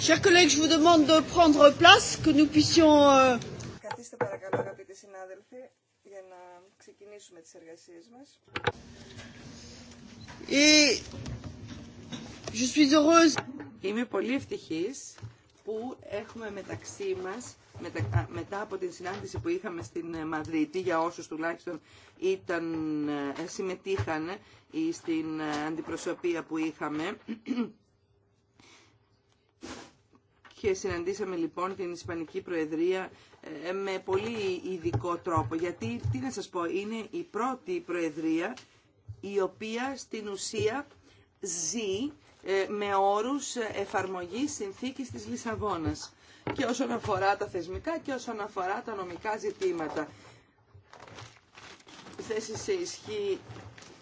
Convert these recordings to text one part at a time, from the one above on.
Chers collègues, je vous demande de prendre place, que nous puissions. Euh, Καθίστε συνάδελφοι, για να ξεκινήσουμε μα. Et je suis heureuse. Είμαι πολύ ευτυχή που έχουμε μεταξύ μα μετα, μετά από την συνάντηση που είχαμε στην ε, Μαδρίτη, για όσου τουλάχιστον ήταν, ε, συμμετείχαν στην ε, αντιπροσωπεία που είχαμε, και συναντήσαμε λοιπόν την Ισπανική Προεδρία ε, με πολύ ειδικό τρόπο. Γιατί, τι να σας πω, είναι η πρώτη Προεδρία η οποία στην ουσία ζει ε, με όρους εφαρμογής συνθήκης της Λισαβόνας και όσον αφορά τα θεσμικά και όσον αφορά τα νομικά ζητήματα. Θέση σε ισχύ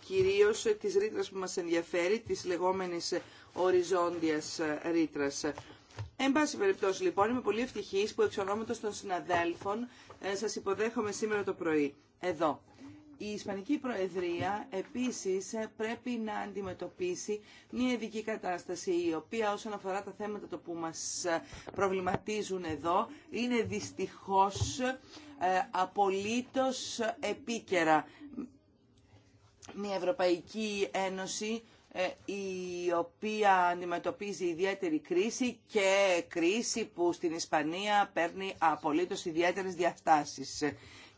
κυρίως της ρήτρας που μας ενδιαφέρει, της λεγόμενης οριζόντιας ρήτρας. Εν πάση περιπτώσει λοιπόν είμαι πολύ ευτυχής που εξ ονόματος των συναδέλφων ε, σας υποδέχομαι σήμερα το πρωί εδώ. Η Ισπανική Προεδρία επίσης ε, πρέπει να αντιμετωπίσει μια ειδική κατάσταση η οποία όσον αφορά τα θέματα το που μας ε, προβληματίζουν εδώ είναι δυστυχώς απολύτως επίκαιρα. Μια Ευρωπαϊκή Ένωση ε, η οποία αντιμετωπίζει ιδιαίτερη κρίση και κρίση που στην Ισπανία παίρνει απολύτως ιδιαίτερες διαστάσεις.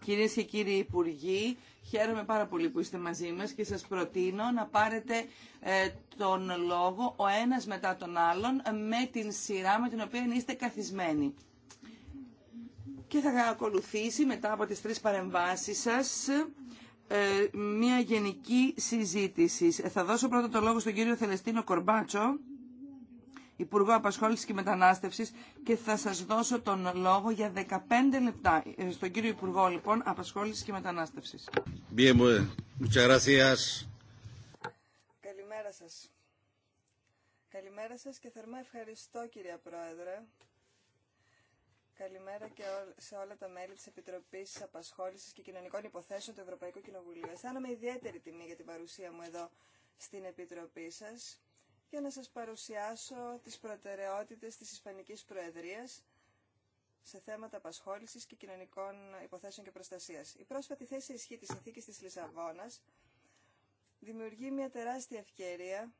Κυρίες και κύριοι Υπουργοί, χαίρομαι πάρα πολύ που είστε μαζί μας και σας προτείνω να πάρετε ε, τον λόγο ο ένας μετά τον άλλον ε, με την σειρά με την οποία είστε καθισμένοι. Και θα ακολουθήσει μετά από τις τρεις παρεμβάσεις σας ε, μια γενική συζήτηση. Θα δώσω πρώτα το λόγο στον κύριο Θελεστίνο Κορμπάτσο, Υπουργό απασχόληση και Μετανάστευσης και θα σας δώσω τον λόγο για 15 λεπτά. Ε, στον κύριο Υπουργό, λοιπόν, απασχόληση και Μετανάστευσης. Καλημέρα σας. Καλημέρα σας και θερμά ευχαριστώ, κύριε Πρόεδρε, Καλημέρα και σε όλα τα μέλη της Επιτροπής Απασχόλησης και Κοινωνικών Υποθέσεων του Ευρωπαϊκού Κοινοβουλίου. Αισθάνομαι ιδιαίτερη τιμή για την παρουσία μου εδώ στην Επιτροπή σας για να σας παρουσιάσω τις προτεραιότητε τη Ισπανική Προεδρία σε θέματα απασχόλησης και κοινωνικών υποθέσεων και προστασία. Η πρόσφατη θέση ισχύ τη συνθήκη τη Λισαβόνα δημιουργεί μια τεράστια ευκαιρία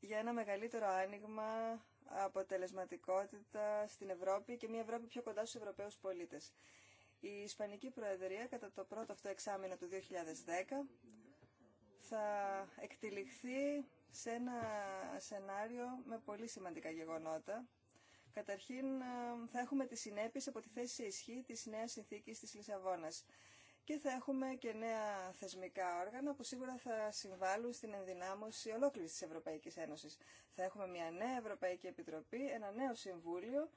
για ένα μεγαλύτερο άνοιγμα αποτελεσματικότητα στην Ευρώπη και μια Ευρώπη πιο κοντά στους Ευρωπαίους πολίτες. Η Ισπανική Προεδρία κατά το πρώτο αυτό εξάμεινο του 2010 θα εκτυλιχθεί σε ένα σενάριο με πολύ σημαντικά γεγονότα. Καταρχήν ε, θα έχουμε τις συνέπειες από τη θέση ισχύ της νέας συνθήκης της Λισαβόνας και θα έχουμε και νέα θεσμικά όργανα που σίγουρα θα συμβάλλουν στην ενδυνάμωση ολόκληρης της Ευρωπαϊκής Ένωσης. Θα έχουμε μια νέα Ευρωπαϊκή Επιτροπή, ένα νέο Συμβούλιο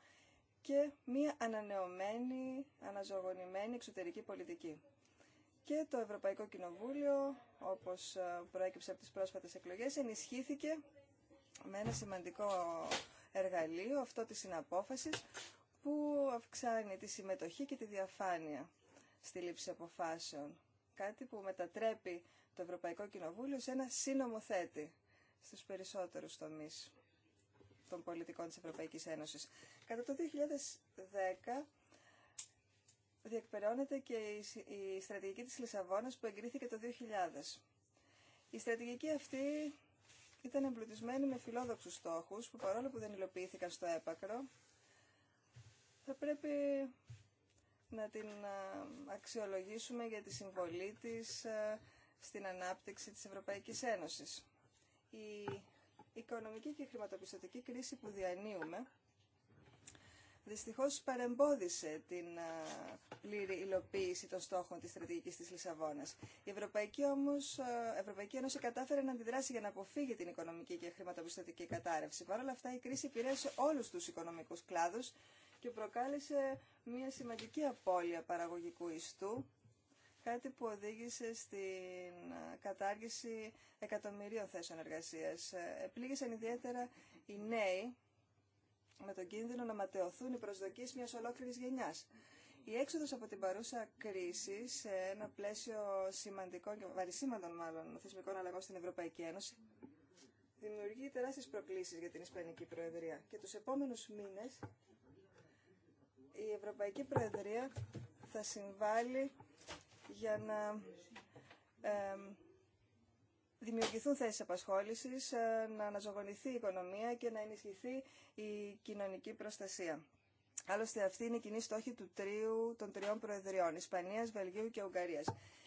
και μια ανανεωμένη, αναζωογονημένη εξωτερική πολιτική. Και το Ευρωπαϊκό Κοινοβούλιο, όπως ε, προέκυψε από τις πρόσφατες εκλογές, ενισχύθηκε με ένα σημαντικό εργαλείο, αυτό της συναπόφασης, που αυξάνει τη συμμετοχή και τη διαφάνεια στη λήψη αποφάσεων. Κάτι που μετατρέπει το Ευρωπαϊκό Κοινοβούλιο σε ένα συνομοθέτη στους περισσότερους τομείς των πολιτικών της Ευρωπαϊκής Ένωσης. Κατά το 2010 διεκπεραιώνεται και η στρατηγική της Λισαβόνας που εγκρίθηκε το 2000. Η στρατηγική αυτή ήταν εμπλουτισμένη με φιλόδοξους στόχους που παρόλο που δεν υλοποιήθηκαν στο έπακρο θα πρέπει να την αξιολογήσουμε για τη συμβολή της στην ανάπτυξη της Ευρωπαϊκής Ένωσης. Η οικονομική και χρηματοπιστωτική κρίση που διανύουμε δυστυχώς παρεμπόδισε την πλήρη υλοποίηση των στόχων της στρατηγικής της Λισαβόνας. Η Ευρωπαϊκή, όμως, Ευρωπαϊκή Ένωση κατάφερε να αντιδράσει για να αποφύγει την οικονομική και χρηματοπιστωτική κατάρρευση. Παρ' όλα αυτά η κρίση επηρέασε όλους τους οικονομικούς κλάδους και προκάλεσε μια σημαντική απώλεια παραγωγικού ιστού, κάτι που οδήγησε στην κατάργηση εκατομμυρίων θέσεων εργασίας. Ε, επλήγησαν ιδιαίτερα οι νέοι με τον κίνδυνο να ματαιωθούν οι προσδοκίες μιας ολόκληρης γενιάς. Η έξοδος από την παρούσα κρίση σε ένα πλαίσιο σημαντικών και βαρισίμαντων μάλλον θεσμικών αλλαγών στην Ευρωπαϊκή Ένωση δημιουργεί τεράστιες προκλήσεις για την Ισπανική Προεδρία και τους επόμενους μήνες η Ευρωπαϊκή Προεδρία θα συμβάλλει για να ε, δημιουργηθούν θέσεις απασχόλησης, ε, να αναζωογονηθεί η οικονομία και να ενισχυθεί η κοινωνική προστασία. Άλλωστε αυτή είναι η κοινή στόχη του τρίου, των τριών προεδριών, Ισπανίας, Βελγίου και Ουγγαρίας.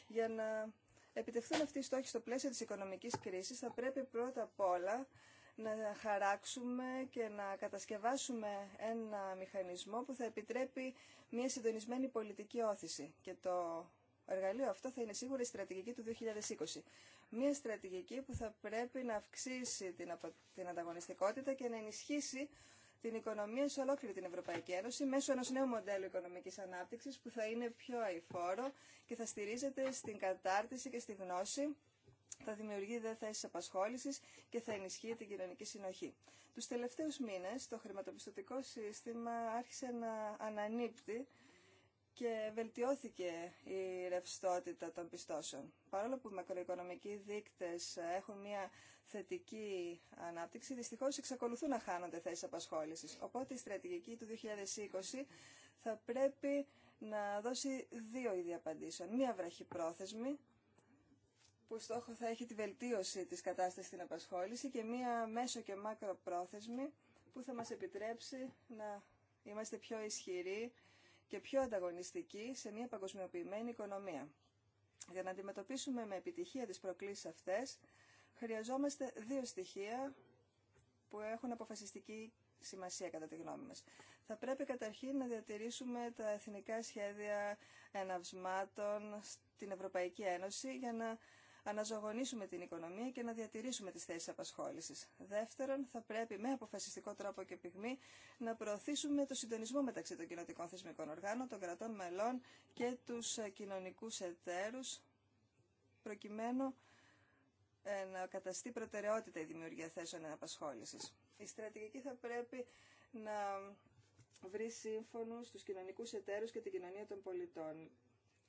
Για να επιτευχθούν αυτοί οι στόχοι στο πλαίσιο της οικονομικής κρίσης θα πρέπει πρώτα απ' όλα να χαράξουμε και να κατασκευάσουμε ένα μηχανισμό που θα επιτρέπει μια συντονισμένη πολιτική όθηση. Και το εργαλείο αυτό θα είναι σίγουρα η στρατηγική του 2020. Μια στρατηγική που θα πρέπει να αυξήσει την, ανταγωνιστικότητα και να ενισχύσει την οικονομία σε ολόκληρη την Ευρωπαϊκή Ένωση μέσω ενός νέου μοντέλου οικονομικής ανάπτυξης που θα είναι πιο αηφόρο και θα στηρίζεται στην κατάρτιση και στη γνώση θα δημιουργεί δε θέσει απασχόληση και θα ενισχύει την κοινωνική συνοχή. Του τελευταίου μήνε το χρηματοπιστωτικό σύστημα άρχισε να ανανύπτει και βελτιώθηκε η ρευστότητα των πιστώσεων. Παρόλο που οι μακροοικονομικοί δείκτες έχουν μια θετική ανάπτυξη, δυστυχώς εξακολουθούν να χάνονται θέσεις απασχόλησης. Οπότε η στρατηγική του 2020 θα πρέπει να δώσει δύο ίδια απαντήσεων. Μία βραχυπρόθεσμη, που στόχο θα έχει τη βελτίωση της κατάστασης στην απασχόληση και μία μέσο και μάκρο πρόθεσμη που θα μας επιτρέψει να είμαστε πιο ισχυροί και πιο ανταγωνιστικοί σε μια παγκοσμιοποιημένη οικονομία. Για να αντιμετωπίσουμε με επιτυχία τις προκλήσεις αυτές, χρειαζόμαστε δύο στοιχεία που έχουν αποφασιστική σημασία κατά τη γνώμη μας. Θα πρέπει καταρχήν να διατηρήσουμε τα εθνικά σχέδια εναυσμάτων στην Ευρωπαϊκή Ένωση για να αναζωογονήσουμε την οικονομία και να διατηρήσουμε τι θέσει απασχόληση. Δεύτερον, θα πρέπει με αποφασιστικό τρόπο και πυγμή να προωθήσουμε το συντονισμό μεταξύ των κοινοτικών θεσμικών οργάνων, των κρατών μελών και του ε, κοινωνικού εταίρου, προκειμένου ε, να καταστεί προτεραιότητα η δημιουργία θέσεων απασχόληση. Η στρατηγική θα πρέπει να βρει σύμφωνο στους κοινωνικούς εταίρους και την κοινωνία των πολιτών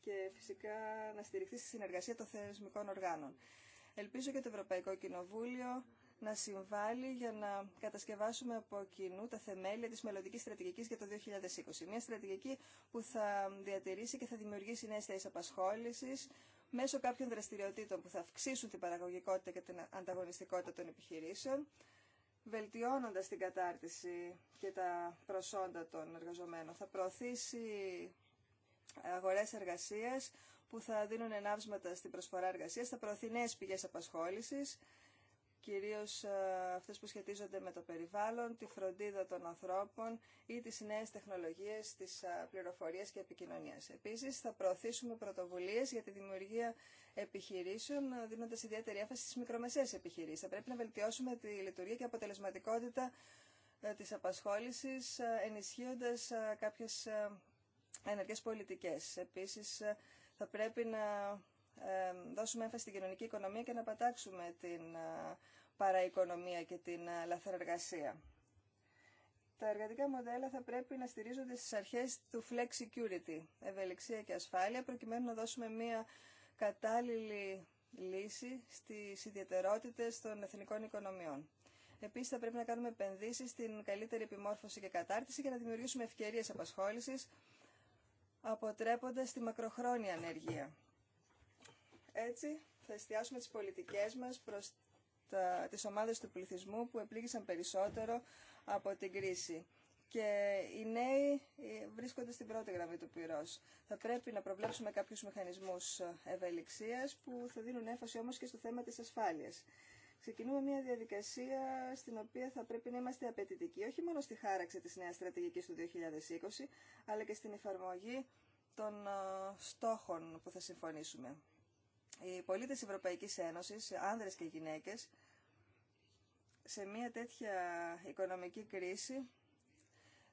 και φυσικά να στηριχθεί στη συνεργασία των θεσμικών οργάνων. Ελπίζω και το Ευρωπαϊκό Κοινοβούλιο να συμβάλλει για να κατασκευάσουμε από κοινού τα θεμέλια της μελλοντικής στρατηγικής για το 2020. Μια στρατηγική που θα διατηρήσει και θα δημιουργήσει νέες θέσεις απασχόλησης μέσω κάποιων δραστηριοτήτων που θα αυξήσουν την παραγωγικότητα και την ανταγωνιστικότητα των επιχειρήσεων, βελτιώνοντας την κατάρτιση και τα προσόντα των εργαζομένων. Θα προωθήσει αγορές εργασίας που θα δίνουν ενάψματα στην προσφορά εργασίας, θα προωθεί νέες πηγές απασχόλησης, κυρίως ε, αυτές που σχετίζονται με το περιβάλλον, τη φροντίδα των ανθρώπων ή τις νέες τεχνολογίες της ε, πληροφορίας και επικοινωνίας. Επίσης, θα προωθήσουμε πρωτοβουλίες για τη δημιουργία επιχειρήσεων, ε, δίνοντας ιδιαίτερη έμφαση στις μικρομεσαίες επιχειρήσεις. Θα πρέπει να βελτιώσουμε τη λειτουργία και αποτελεσματικότητα της απασχόλησης, ενισχύοντας κάποιες ενεργές πολιτικές. Επίσης, θα πρέπει να δώσουμε έμφαση στην κοινωνική οικονομία και να πατάξουμε την ε, παραοικονομία και την ε, λαθρεργασία. Τα εργατικά μοντέλα θα πρέπει να στηρίζονται στις αρχές του flex security, ευελιξία και ασφάλεια, προκειμένου να δώσουμε μια κατάλληλη λύση στις ιδιαιτερότητες των εθνικών οικονομιών. Επίσης θα πρέπει να κάνουμε επενδύσεις στην καλύτερη επιμόρφωση και κατάρτιση για να δημιουργήσουμε ευκαιρίες απασχόλησης αποτρέποντας τη μακροχρόνια ανεργία. Έτσι, θα εστιάσουμε τις πολιτικές μας προς τα, τις ομάδες του πληθυσμού που επλήγησαν περισσότερο από την κρίση. Και οι νέοι ε, βρίσκονται στην πρώτη γραμμή του πυρός. Θα πρέπει να προβλέψουμε κάποιους μηχανισμούς ευελιξίας που θα δίνουν έμφαση όμως και στο θέμα της ασφάλειας ξεκινούμε μια διαδικασία στην οποία θα πρέπει να είμαστε απαιτητικοί, όχι μόνο στη χάραξη της νέας στρατηγικής του 2020, αλλά και στην εφαρμογή των ε, στόχων που θα συμφωνήσουμε. Οι πολίτες Ευρωπαϊκής Ένωσης, άνδρες και γυναίκες, σε μια τέτοια οικονομική κρίση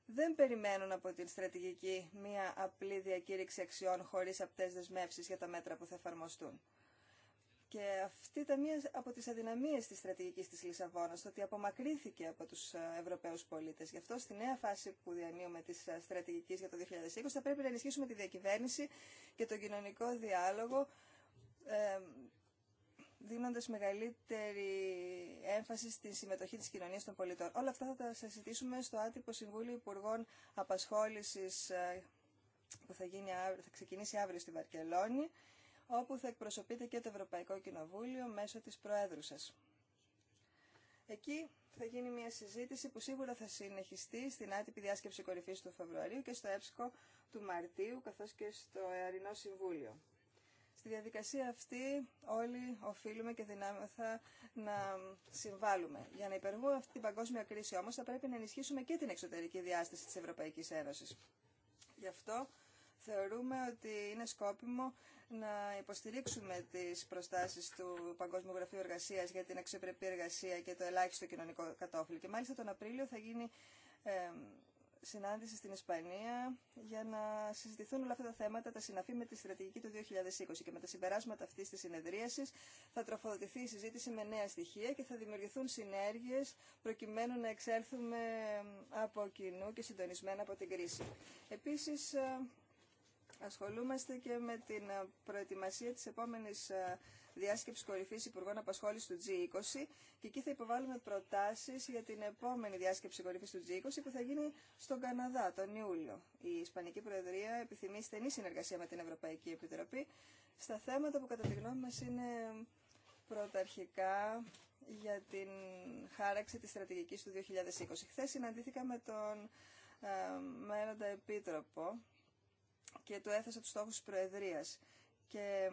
δεν περιμένουν από την στρατηγική μια απλή διακήρυξη αξιών χωρίς απτές δεσμεύσεις για τα μέτρα που θα εφαρμοστούν. Και αυτή ήταν μία από τις αδυναμίες της στρατηγικής της Λισαβόνας, ότι απομακρύθηκε από τους ε, Ευρωπαίους πολίτες. Γι' αυτό στη νέα φάση που διανύουμε της ε, στρατηγική για το 2020 θα πρέπει να ενισχύσουμε τη διακυβέρνηση και τον κοινωνικό διάλογο, ε, δίνοντας μεγαλύτερη έμφαση στη συμμετοχή της κοινωνίας των πολιτών. Όλα αυτά θα τα συζητήσουμε στο άτυπο Συμβούλιο Υπουργών Απασχόλησης που θα, γίνει, θα ξεκινήσει αύριο στη Βαρκελόνη όπου θα εκπροσωπείτε και το Ευρωπαϊκό Κοινοβούλιο μέσω της Προέδρου σας. Εκεί θα γίνει μια συζήτηση που σίγουρα θα συνεχιστεί στην άτυπη διάσκεψη κορυφής του Φεβρουαρίου και στο έψικο του Μαρτίου, καθώς και στο Εαρινό Συμβούλιο. Στη διαδικασία αυτή όλοι οφείλουμε και δυνάμεθα να συμβάλλουμε. Για να υπεργούμε αυτή την παγκόσμια κρίση όμως θα πρέπει να ενισχύσουμε και την εξωτερική διάσταση της Ευρωπαϊκής Ένωσης. Γι' αυτό θεωρούμε ότι είναι σκόπιμο να υποστηρίξουμε τις προστάσεις του Παγκόσμιου Γραφείου Εργασίας για την αξιοπρεπή εργασία και το ελάχιστο κοινωνικό κατόφυλλο. Και μάλιστα τον Απρίλιο θα γίνει συνάντηση στην Ισπανία για να συζητηθούν όλα αυτά τα θέματα, τα συναφή με τη στρατηγική του 2020. Και με τα συμπεράσματα αυτής της συνεδρίασης θα τροφοδοτηθεί η συζήτηση με νέα στοιχεία και θα δημιουργηθούν συνέργειε προκειμένου να εξέλθουμε από κοινού και συντονισμένα από την κρίση. Επίσης, ασχολούμαστε και με την ε, προετοιμασία της επόμενης ε, διάσκεψης κορυφής Υπουργών Απασχόλησης του G20 και εκεί θα υποβάλουμε προτάσεις για την επόμενη διάσκεψη κορυφής του G20 που θα γίνει στον Καναδά τον Ιούλιο. Η Ισπανική Προεδρία επιθυμεί στενή συνεργασία με την Ευρωπαϊκή Επιτροπή στα θέματα που κατά τη γνώμη μας είναι πρωταρχικά για την χάραξη της στρατηγικής του 2020. Χθε συναντήθηκα με τον ε, Επίτροπο και του έθεσα τους στόχους της Προεδρίας και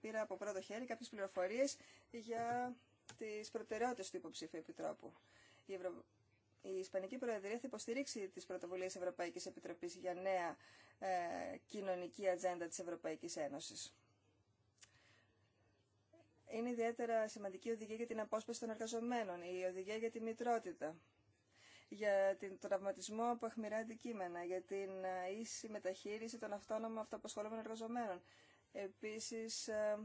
πήρα από πρώτο χέρι κάποιες πληροφορίες για τις προτεραιότητες του υποψήφιου επιτρόπου. Η, η Ισπανική Προεδρία θα υποστηρίξει τις πρωτοβουλίες Ευρωπαϊκής Επιτροπής για νέα ε, κοινωνική ατζέντα της Ευρωπαϊκής Ένωσης. Είναι ιδιαίτερα σημαντική οδηγία για την απόσπαση των εργαζομένων, η οδηγία για τη μητρότητα, για την τραυματισμό από αιχμηρά αντικείμενα, για την ε, ίση μεταχείριση των αυτόνομων αυτοαπασχολούμενων εργαζομένων. Επίσης, ε,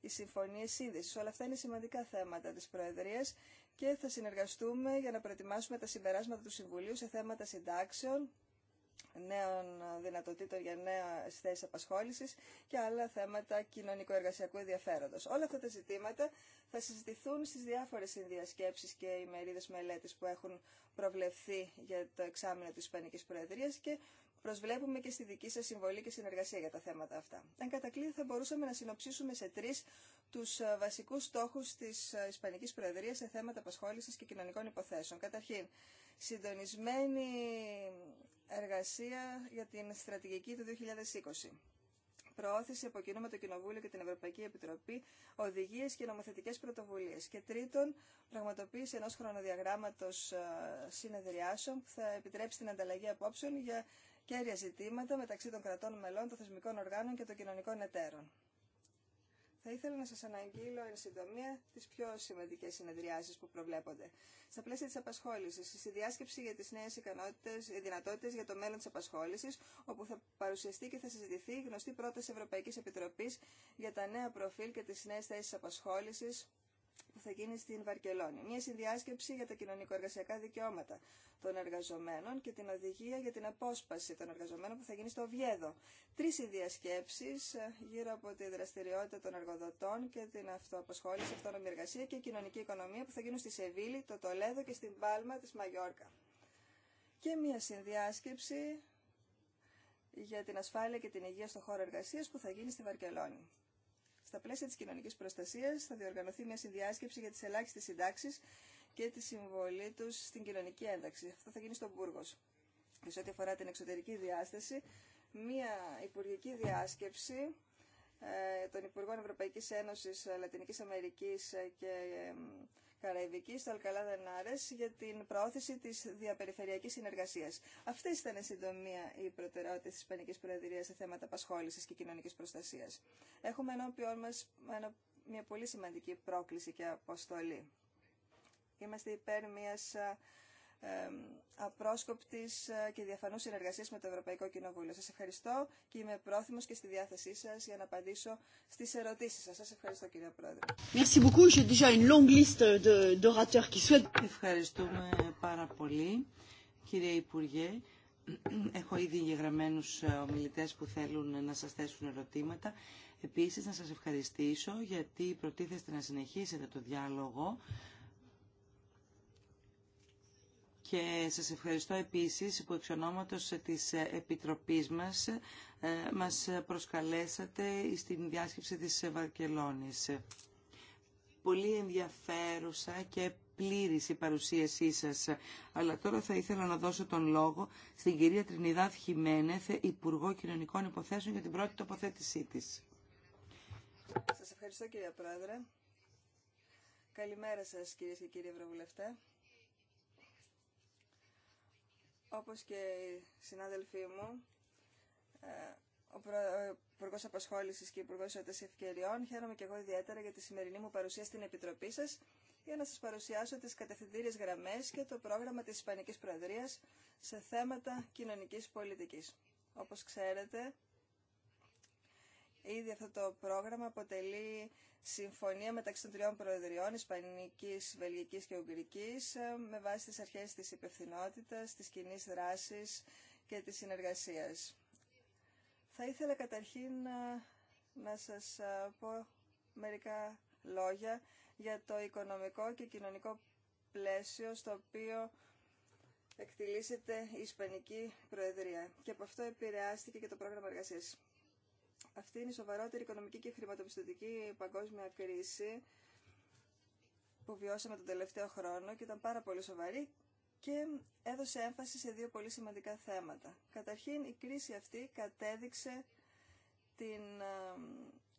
οι συμφωνίες σύνδεσης. Όλα αυτά είναι σημαντικά θέματα της Προεδρίας και θα συνεργαστούμε για να προετοιμάσουμε τα συμπεράσματα του Συμβουλίου σε θέματα συντάξεων, νέων δυνατοτήτων για νέα θέσει απασχόλησης και άλλα θέματα κοινωνικο-εργασιακού ενδιαφέροντος. Όλα αυτά τα ζητήματα θα συζητηθούν στις διάφορες συνδιασκέψεις και οι μερίδες μελέτης που έχουν προβλεφθεί για το εξάμεινο της Ισπανικής Προεδρίας και προσβλέπουμε και στη δική σας συμβολή και συνεργασία για τα θέματα αυτά. Εν κατακλείδη θα μπορούσαμε να συνοψίσουμε σε τρεις τους ε, βασικούς στόχους της ε, Ισπανική Προεδρία σε θέματα απασχόλησης και κοινωνικών υποθέσεων. Καταρχήν, συντονισμένη εργασία για την στρατηγική του 2020. Προώθηση από κοινού με το Κοινοβούλιο και την Ευρωπαϊκή Επιτροπή, οδηγίε και νομοθετικέ πρωτοβουλίε. Και τρίτον, πραγματοποίηση ενό χρονοδιαγράμματο ε, συνεδριάσεων που θα επιτρέψει την ανταλλαγή απόψεων για κέρια ζητήματα μεταξύ των κρατών μελών, των θεσμικών οργάνων και των κοινωνικών εταίρων. Θα ήθελα να σας αναγγείλω εν συντομία τις πιο σημαντικές συνεδριάσεις που προβλέπονται. Στα πλαίσια της απασχόλησης, στη διάσκεψη για τις νέες ικανότητες, ε, δυνατότητες για το μέλλον της απασχόλησης, όπου θα παρουσιαστεί και θα συζητηθεί γνωστή πρόταση Ευρωπαϊκής Επιτροπής για τα νέα προφίλ και τις νέες θέσεις απασχόλησης, θα γίνει στην Βαρκελόνη. Μία συνδιάσκεψη για τα κοινωνικο-εργασιακά δικαιώματα των εργαζομένων και την οδηγία για την απόσπαση των εργαζομένων που θα γίνει στο Βιέδο. Τρει συνδιασκέψει ε, γύρω από τη δραστηριότητα των εργοδοτών και την αυτοαπασχόληση, αυτόνομη εργασία και κοινωνική οικονομία που θα γίνουν στη Σεβίλη, το Τολέδο και στην Πάλμα τη Μαγιόρκα. Και μία συνδιάσκεψη για την ασφάλεια και την υγεία στον χώρο εργασία που θα γίνει στη Βαρκελόνη. Στα πλαίσια της κοινωνικής προστασίας θα διοργανωθεί μια συνδιάσκεψη για τις ελάχιστες συντάξεις και τη συμβολή του στην κοινωνική ένταξη. Αυτό θα γίνει στον Πούργος. Και σε ό,τι αφορά την εξωτερική διάσταση, μια υπουργική διάσκεψη ε, των Υπουργών Ευρωπαϊκής Ένωσης, Λατινικής Αμερικής και ε, Καραϊβική, στο Αλκαλά για την προώθηση τη διαπεριφερειακή συνεργασία. Αυτέ ήταν συντομία οι προτεραιότητε τη Ισπανική Προεδρία σε θέματα απασχόληση και κοινωνική προστασία. Έχουμε ενώπιον μα μια πολύ σημαντική πρόκληση και αποστολή. Είμαστε υπέρ απρόσκοπτης ε, και διαφανούς συνεργασίας με το Ευρωπαϊκό Κοινοβούλιο. Σας ευχαριστώ και είμαι πρόθυμος και στη διάθεσή σας για να απαντήσω στις ερωτήσεις σας. Σας ευχαριστώ κύριε Πρόεδρε. Ευχαριστούμε πάρα πολύ κύριε Υπουργέ. Έχω ήδη γεγραμμένους ε, ομιλητές που θέλουν να σας θέσουν ερωτήματα. Επίσης να σας ευχαριστήσω γιατί προτίθεστε να συνεχίσετε το διάλογο και σας ευχαριστώ επίσης που εξ ονόματος της Επιτροπής μας ε, μας προσκαλέσατε στην διάσκεψη της Βαρκελόνης. Πολύ ενδιαφέρουσα και πλήρης η παρουσίασή σας. Αλλά τώρα θα ήθελα να δώσω τον λόγο στην κυρία Τρινιδάδ Χιμένεθ, Υπουργό Κοινωνικών Υποθέσεων, για την πρώτη τοποθέτησή της. Σας ευχαριστώ κυρία Πρόεδρε. Καλημέρα σας κυρίες και κύριοι Ευρωβουλευτέ. Όπως και οι συνάδελφοί μου, ε, ο Υπουργό Απασχόληση και Υπουργό Ισότητα Ευκαιριών, χαίρομαι και εγώ ιδιαίτερα για τη σημερινή μου παρουσία στην Επιτροπή σα για να σα παρουσιάσω τι κατευθυντήριε γραμμέ και το πρόγραμμα τη Ισπανική Προεδρία σε θέματα κοινωνική πολιτική. Όπω ξέρετε, Ήδη αυτό το πρόγραμμα αποτελεί συμφωνία μεταξύ των τριών προεδριών, Ισπανικής, Βελγικής και Ουγγρικής, με βάση τις αρχές της υπευθυνότητας, της κοινή δράσης και της συνεργασίας. Θα ήθελα καταρχήν ε, να σας ε, πω μερικά λόγια για το οικονομικό και κοινωνικό πλαίσιο στο οποίο εκτιλήσεται η Ισπανική Προεδρία. Και από αυτό επηρεάστηκε και το πρόγραμμα εργασίας αυτή είναι η σοβαρότερη οικονομική και χρηματοπιστωτική παγκόσμια κρίση που βιώσαμε τον τελευταίο χρόνο και ήταν πάρα πολύ σοβαρή και έδωσε έμφαση σε δύο πολύ σημαντικά θέματα. Καταρχήν, η κρίση αυτή κατέδειξε την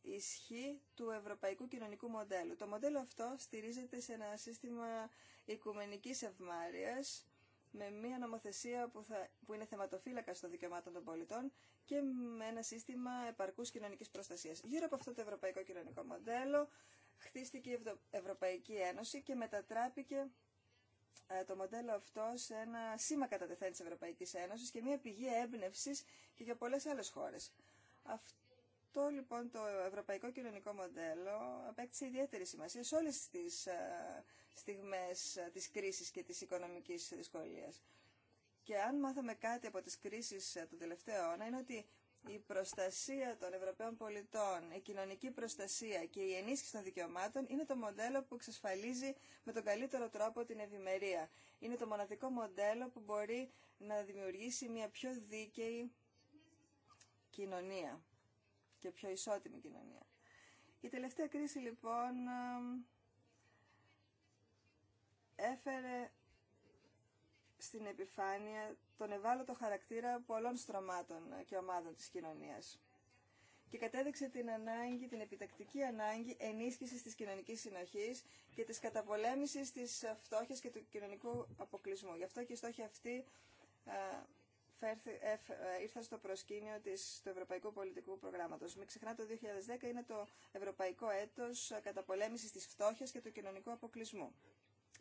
ε, ισχύ του ευρωπαϊκού κοινωνικού μοντέλου. Το μοντέλο αυτό στηρίζεται σε ένα σύστημα οικουμενικής ευμάρειας με μια νομοθεσία που, θα, που είναι θεματοφύλακα των δικαιωμάτων των πολιτών και με ένα σύστημα επαρκούς κοινωνικής προστασίας. Γύρω από αυτό το ευρωπαϊκό κοινωνικό μοντέλο χτίστηκε η Ευρωπαϊκή Ένωση και μετατράπηκε ε, το μοντέλο αυτό σε ένα σήμα κατά τη της Ευρωπαϊκής Ένωσης και μια πηγή έμπνευση και για πολλές άλλες χώρες λοιπόν το ευρωπαϊκό κοινωνικό μοντέλο απέκτησε ιδιαίτερη σημασία σε όλες τις ε, στιγμές ε, της κρίσης και της οικονομικής δυσκολίας. Και αν μάθαμε κάτι από τις κρίσεις ε, του τελευταίου αιώνα είναι ότι η προστασία των Ευρωπαίων πολιτών, η κοινωνική προστασία και η ενίσχυση των δικαιωμάτων είναι το μοντέλο που εξασφαλίζει με τον καλύτερο τρόπο την ευημερία. Είναι το μοναδικό μοντέλο που μπορεί να δημιουργήσει μια πιο δίκαιη κοινωνία και πιο ισότιμη κοινωνία. Η τελευταία κρίση λοιπόν έφερε στην επιφάνεια τον ευάλωτο χαρακτήρα πολλών στρωμάτων και ομάδων της κοινωνίας και κατέδειξε την ανάγκη, την επιτακτική ανάγκη ενίσχυσης της κοινωνικής συνοχής και της καταπολέμησης της φτώχειας και του κοινωνικού αποκλεισμού. Γι' αυτό και η στόχη αυτή... Ε, ε, ε, ήρθα στο προσκήνιο της, του Ευρωπαϊκού Πολιτικού Προγράμματος. Μην ξεχνάτε, το 2010 είναι το Ευρωπαϊκό Έτος Καταπολέμησης της Φτώχειας και του Κοινωνικού Αποκλεισμού.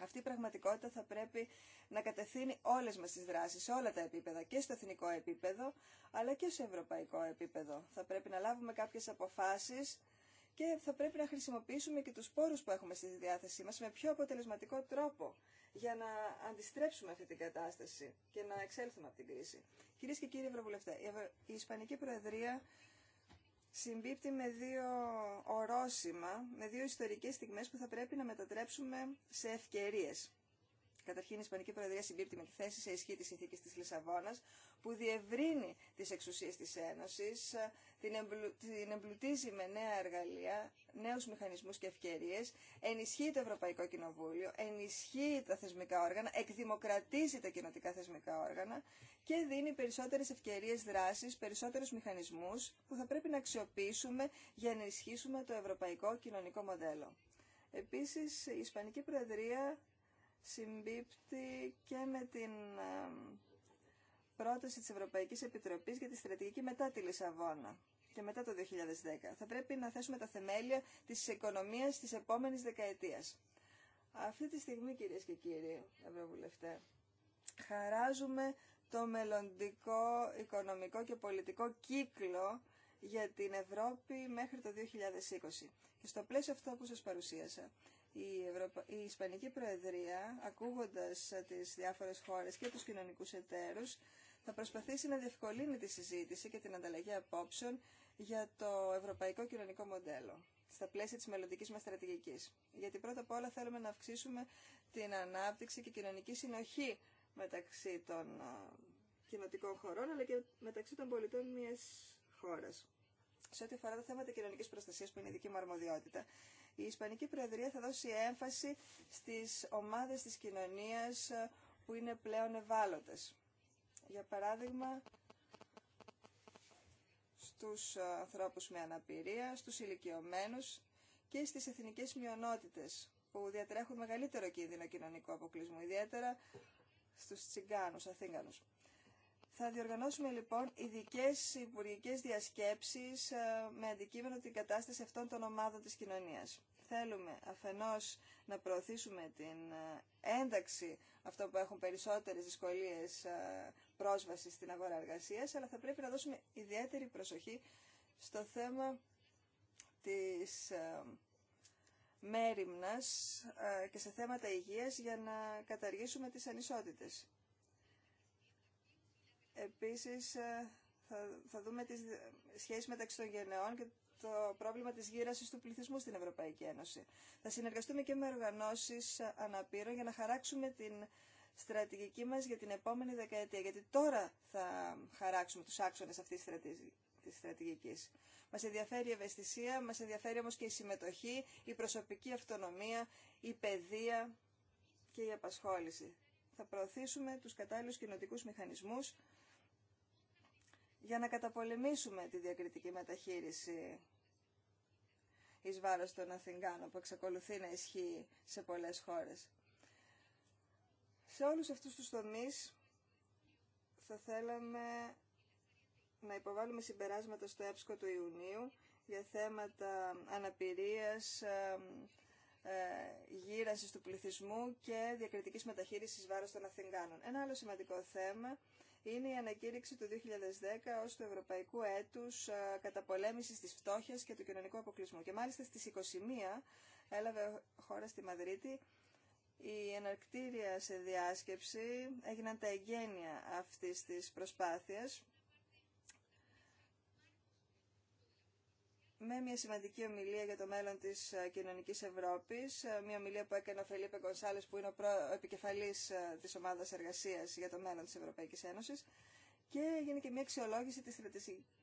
Αυτή η πραγματικότητα θα πρέπει να κατευθύνει όλες μας τις δράσεις, σε όλα τα επίπεδα, και στο εθνικό επίπεδο, αλλά και σε ευρωπαϊκό επίπεδο. Θα πρέπει να λάβουμε κάποιες αποφάσεις και θα πρέπει να χρησιμοποιήσουμε και τους πόρους που έχουμε στη διάθεσή μας με πιο αποτελεσματικό τρόπο για να αντιστρέψουμε αυτή την κατάσταση και να εξέλθουμε από την κρίση. Κυρίες και κύριοι Ευρωβουλευτέ, η Ισπανική Προεδρία συμπίπτει με δύο ορόσημα, με δύο ιστορικές στιγμές που θα πρέπει να μετατρέψουμε σε ευκαιρίες. Καταρχήν, η Ισπανική Προεδρία συμπίπτει με τη θέση σε ισχύ τη συνθήκη τη Λισαβόνα, που διευρύνει τι εξουσίε τη Ένωση την, εμπλου, την εμπλουτίζει με νέα εργαλεία, νέους μηχανισμούς και ευκαιρίες, ενισχύει το Ευρωπαϊκό Κοινοβούλιο, ενισχύει τα θεσμικά όργανα, εκδημοκρατίζει τα κοινοτικά θεσμικά όργανα και δίνει περισσότερες ευκαιρίες δράσης, περισσότερους μηχανισμούς που θα πρέπει να αξιοποιήσουμε για να ενισχύσουμε το ευρωπαϊκό κοινωνικό μοντέλο. Επίσης, η Ισπανική Προεδρία συμπίπτει και με την ε, πρόταση της Ευρωπαϊκής Επιτροπής για τη στρατηγική μετά τη Λισαβόνα και μετά το 2010. Θα πρέπει να θέσουμε τα θεμέλια της οικονομίας της επόμενης δεκαετίας. Αυτή τη στιγμή, κυρίες και κύριοι, ευρωβουλευτέ, χαράζουμε το μελλοντικό οικονομικό και πολιτικό κύκλο για την Ευρώπη μέχρι το 2020. Και στο πλαίσιο αυτό που σας παρουσίασα, η, η Ισπανική Προεδρία, ακούγοντας τις διάφορες χώρες και τους κοινωνικούς εταίρους, θα προσπαθήσει να διευκολύνει τη συζήτηση και την ανταλλαγή απόψεων για το ευρωπαϊκό κοινωνικό μοντέλο στα πλαίσια της μελλοντική μας στρατηγικής. Γιατί πρώτα απ' όλα θέλουμε να αυξήσουμε την ανάπτυξη και κοινωνική συνοχή μεταξύ των κοινοτικών χωρών, αλλά και μεταξύ των πολιτών μιας χώρας. Σε ό,τι αφορά τα θέματα κοινωνική προστασία, που είναι η δική μου αρμοδιότητα, η Ισπανική Προεδρία θα δώσει έμφαση στι ομάδε τη κοινωνία που είναι πλέον ευάλωτε. Για παράδειγμα, στους ε, ανθρώπους με αναπηρία, στους ηλικιωμένους και στις εθνικές μειονότητες που διατρέχουν μεγαλύτερο κίνδυνο κοινωνικού αποκλεισμού, ιδιαίτερα στους τσιγκάνους, αθήγανους. Θα διοργανώσουμε λοιπόν ειδικέ υπουργικέ διασκέψει ε, με αντικείμενο την κατάσταση αυτών των ομάδων της κοινωνία. Θέλουμε αφενός να προωθήσουμε την ε, ένταξη αυτών που έχουν περισσότερε δυσκολίε πρόσβαση στην αγορά εργασία, αλλά θα πρέπει να δώσουμε ιδιαίτερη προσοχή στο θέμα της ε, μέρημνας ε, και σε θέματα υγείας για να καταργήσουμε τις ανισότητες. Επίσης, ε, θα δούμε τις σχέσεις μεταξύ των γενεών και το πρόβλημα της γύρασης του πληθυσμού στην Ευρωπαϊκή Ένωση. Θα συνεργαστούμε και με οργανώσεις αναπήρων για να χαράξουμε την στρατηγική μας για την επόμενη δεκαετία, γιατί τώρα θα χαράξουμε τους άξονες αυτής της στρατηγικής. Μας ενδιαφέρει η ευαισθησία, μας ενδιαφέρει όμως και η συμμετοχή, η προσωπική αυτονομία, η παιδεία και η απασχόληση. Θα προωθήσουμε τους κατάλληλους κοινωτικούς μηχανισμούς για να καταπολεμήσουμε τη διακριτική μεταχείριση εις βάρος των Αθηγάνων που εξακολουθεί να ισχύει σε πολλές χώρες. Σε όλους αυτούς τους τομείς θα θέλαμε να υποβάλουμε συμπεράσματα στο έπσκο του Ιουνίου για θέματα αναπηρίας, ε, γύρασης του πληθυσμού και διακριτικής μεταχείρισης βάρος των Αθηγάνων. Ένα άλλο σημαντικό θέμα είναι η ανακήρυξη του 2010 ως του Ευρωπαϊκού Έτους ε, καταπολέμησης της φτώχειας και του κοινωνικού αποκλεισμού. Και μάλιστα στις 21 έλαβε χώρα στη Μαδρίτη η εναρκτήρια σε διάσκεψη έγιναν τα εγγένεια αυτής της προσπάθειας με μια σημαντική ομιλία για το μέλλον της κοινωνικής Ευρώπης, μια ομιλία που έκανε ο Φελίπε Κονσάλες που είναι ο επικεφαλής ε, της ομάδας εργασίας για το μέλλον της Ευρωπαϊκής Ένωσης και έγινε και μια αξιολόγηση της,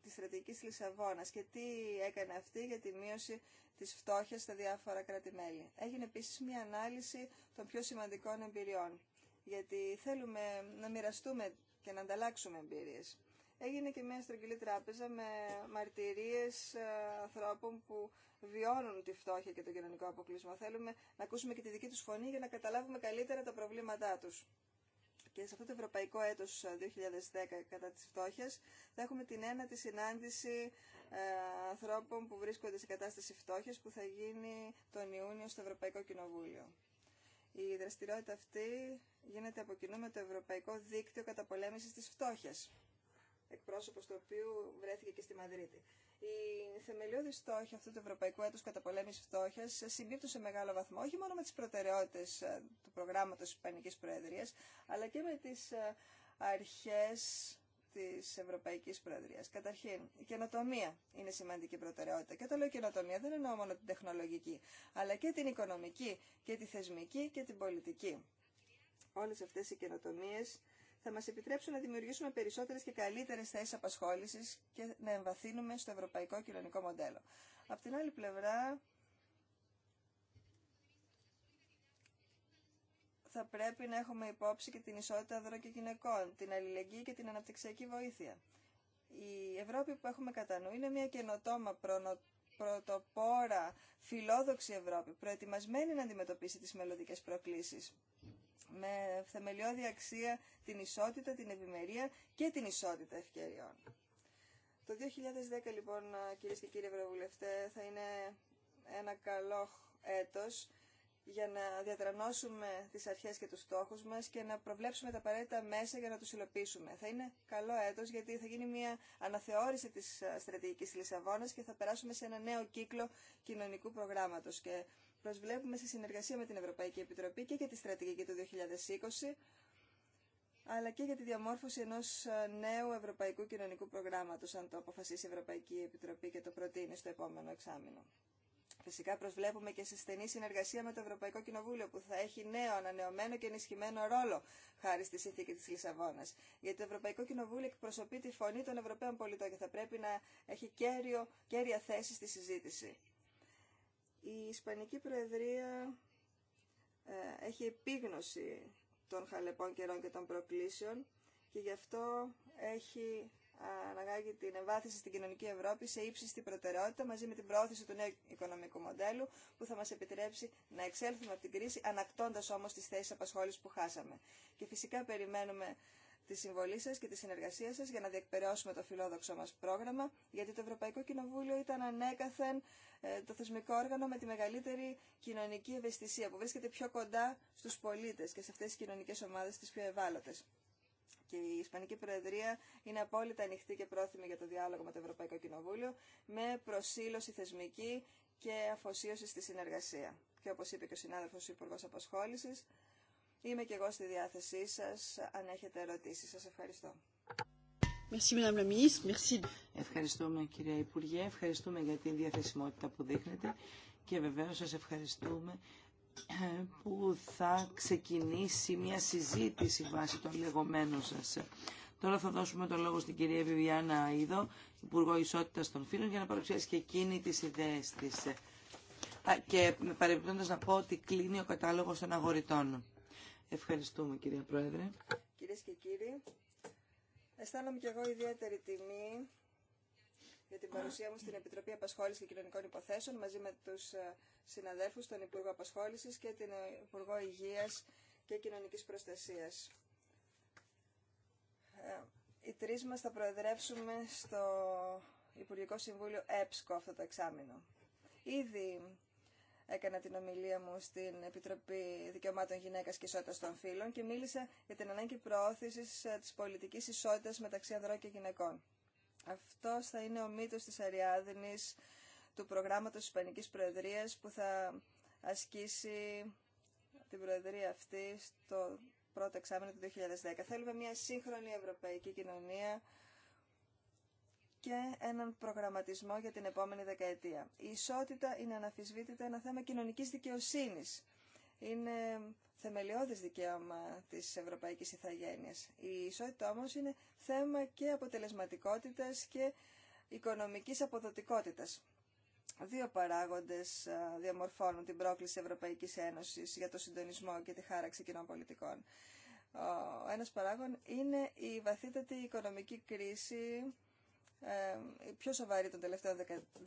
της στρατηγικής Λισαβόνας και τι έκανε αυτή για τη μείωση της φτώχειας στα διάφορα κράτη-μέλη. Έγινε επίσης μια ανάλυση των πιο σημαντικών εμπειριών, γιατί θέλουμε να μοιραστούμε και να ανταλλάξουμε εμπειρίες. Έγινε και μια στρογγυλή τράπεζα με μαρτυρίες ε, ανθρώπων που βιώνουν τη φτώχεια και τον κοινωνικό αποκλεισμό. Θέλουμε να ακούσουμε και τη δική τους φωνή για να καταλάβουμε καλύτερα τα προβλήματά τους και σε αυτό το Ευρωπαϊκό έτος 2010 ε, κατά τις φτώχειες θα έχουμε την ένατη συνάντηση ε, ανθρώπων που βρίσκονται σε κατάσταση φτώχειας που θα γίνει τον Ιούνιο στο Ευρωπαϊκό Κοινοβούλιο. Η δραστηριότητα αυτή γίνεται από κοινού με το Ευρωπαϊκό Δίκτυο Καταπολέμησης της Φτώχειας, εκπρόσωπος του οποίου βρέθηκε και στη Μαδρίτη. Η θεμελιώδη στόχη αυτού του Ευρωπαϊκού Έτου Καταπολέμηση Φτώχεια συμπίπτουν σε μεγάλο βαθμό όχι μόνο με τι προτεραιότητε ε, του προγράμματο τη Ισπανική Προεδρία, αλλά και με τι ε, αρχέ τη Ευρωπαϊκή Προεδρία. Καταρχήν, η καινοτομία είναι σημαντική προτεραιότητα. Και όταν λέω καινοτομία, δεν εννοώ μόνο την τεχνολογική, αλλά και την οικονομική και τη θεσμική και την πολιτική. Όλε αυτέ οι καινοτομίε θα μας επιτρέψουν να δημιουργήσουμε περισσότερες και καλύτερες θέσεις απασχόλησης και να εμβαθύνουμε στο ευρωπαϊκό κοινωνικό μοντέλο. Από την άλλη πλευρά, θα πρέπει να έχουμε υπόψη και την ισότητα ανδρών και γυναικών, την αλληλεγγύη και την αναπτυξιακή βοήθεια. Η Ευρώπη που έχουμε κατά νου είναι μια καινοτόμα πρωτοπόρα φιλόδοξη Ευρώπη, προετοιμασμένη να αντιμετωπίσει τις μελλοντικές προκλήσεις με θεμελιώδη αξία την ισότητα, την ευημερία και την ισότητα ευκαιριών. Το 2010 λοιπόν κύριε και κύριοι Ευρωβουλευτέ θα είναι ένα καλό έτος για να διατρανώσουμε τις αρχές και τους στόχους μας και να προβλέψουμε τα απαραίτητα μέσα για να τους υλοποιήσουμε. Θα είναι καλό έτος γιατί θα γίνει μια αναθεώρηση της στρατηγικής Λισαβόνας και θα περάσουμε σε ένα νέο κύκλο κοινωνικού προγράμματος και Προσβλέπουμε σε συνεργασία με την Ευρωπαϊκή Επιτροπή και για τη στρατηγική του 2020, αλλά και για τη διαμόρφωση ενός ε, νέου Ευρωπαϊκού Κοινωνικού Προγράμματος, αν το αποφασίσει η Ευρωπαϊκή Επιτροπή και το προτείνει στο επόμενο εξάμεινο. Φυσικά προσβλέπουμε και σε στενή συνεργασία με το Ευρωπαϊκό Κοινοβούλιο που θα έχει νέο, ανανεωμένο και ενισχυμένο ρόλο χάρη στη συνθήκη της Λισαβόνας. Γιατί το Ευρωπαϊκό Κοινοβούλιο εκπροσωπεί τη φωνή των Ευρωπαίων πολιτών και θα πρέπει να έχει κέρια θέση στη συζήτηση. Η Ισπανική Προεδρία ε, έχει επίγνωση των χαλεπών καιρών και των προκλήσεων και γι' αυτό έχει ε, αναγάγει την εμβάθυνση στην κοινωνική Ευρώπη σε ύψιστη προτεραιότητα μαζί με την προώθηση του νέου οικονομικού μοντέλου που θα μας επιτρέψει να εξέλθουμε από την κρίση ανακτώντας όμως τις θέσεις απασχόλησης που χάσαμε. Και φυσικά περιμένουμε τη συμβολή σα και τη συνεργασία σα για να διεκπαιρεώσουμε το φιλόδοξό μα πρόγραμμα, γιατί το Ευρωπαϊκό Κοινοβούλιο ήταν ανέκαθεν ε, το θεσμικό όργανο με τη μεγαλύτερη κοινωνική ευαισθησία, που βρίσκεται πιο κοντά στου πολίτε και σε αυτέ τι κοινωνικέ ομάδε τι πιο ευάλωτε. Και η Ισπανική Προεδρία είναι απόλυτα ανοιχτή και πρόθυμη για το διάλογο με το Ευρωπαϊκό Κοινοβούλιο, με προσήλωση θεσμική και αφοσίωση στη συνεργασία. Και όπω είπε και ο συνάδελφο Υπουργό Απασχόληση. Είμαι και εγώ στη διάθεσή σας αν έχετε ερωτήσεις. Σας ευχαριστώ. Ευχαριστούμε κυρία Υπουργέ, ευχαριστούμε για την διαθεσιμότητα που δείχνετε και βεβαίως σας ευχαριστούμε ε, που θα ξεκινήσει μια συζήτηση βάσει των λεγόμενων σας. Τώρα θα δώσουμε το λόγο στην κυρία Βιβιάννα Αίδο, Υπουργό Ισότητας των Φίλων, για να παρουσιάσει και εκείνη τις ιδέες της. Και παρεμπιπτόντως να πω ότι κλείνει ο κατάλογος των αγορητών. Ευχαριστούμε κυρία Πρόεδρε. Κυρίες και κύριοι, αισθάνομαι και εγώ ιδιαίτερη τιμή για την παρουσία μου στην Επιτροπή Απασχόληση και Κοινωνικών Υποθέσεων μαζί με τους ε, συναδέλφους, τον Υπουργό Απασχόλησης και την ε, Υπουργό Υγείας και Κοινωνικής Προστασίας. Ε, οι τρεις μας θα προεδρεύσουμε στο Υπουργικό Συμβούλιο ΕΠΣΚΟ αυτό το εξάμεινο. Ήδη έκανα την ομιλία μου στην Επιτροπή Δικαιωμάτων Γυναίκας και ισότητα των Φύλων και μίλησα για την ανάγκη προώθηση ε, της πολιτικής ισότητα μεταξύ ανδρών και γυναικών. Αυτό θα είναι ο μύτος της Αριάδνης του προγράμματος της Προεδρία Προεδρίας που θα ασκήσει την Προεδρία αυτή στο πρώτο εξάμεινο του 2010. Θέλουμε μια σύγχρονη ευρωπαϊκή κοινωνία και έναν προγραμματισμό για την επόμενη δεκαετία. Η ισότητα είναι αναφυσβήτητα ένα θέμα κοινωνικής δικαιοσύνης. Είναι θεμελιώδης δικαίωμα της ευρωπαϊκής ηθαγένειας. Η ισότητα όμως είναι θέμα και αποτελεσματικότητας και οικονομικής αποδοτικότητας. Δύο παράγοντες διαμορφώνουν την πρόκληση Ευρωπαϊκής Ένωσης για το συντονισμό και τη χάραξη κοινών πολιτικών. Ο ένας παράγον είναι η βαθύτατη οικονομική κρίση η ε, πιο σοβαρή των τελευταίων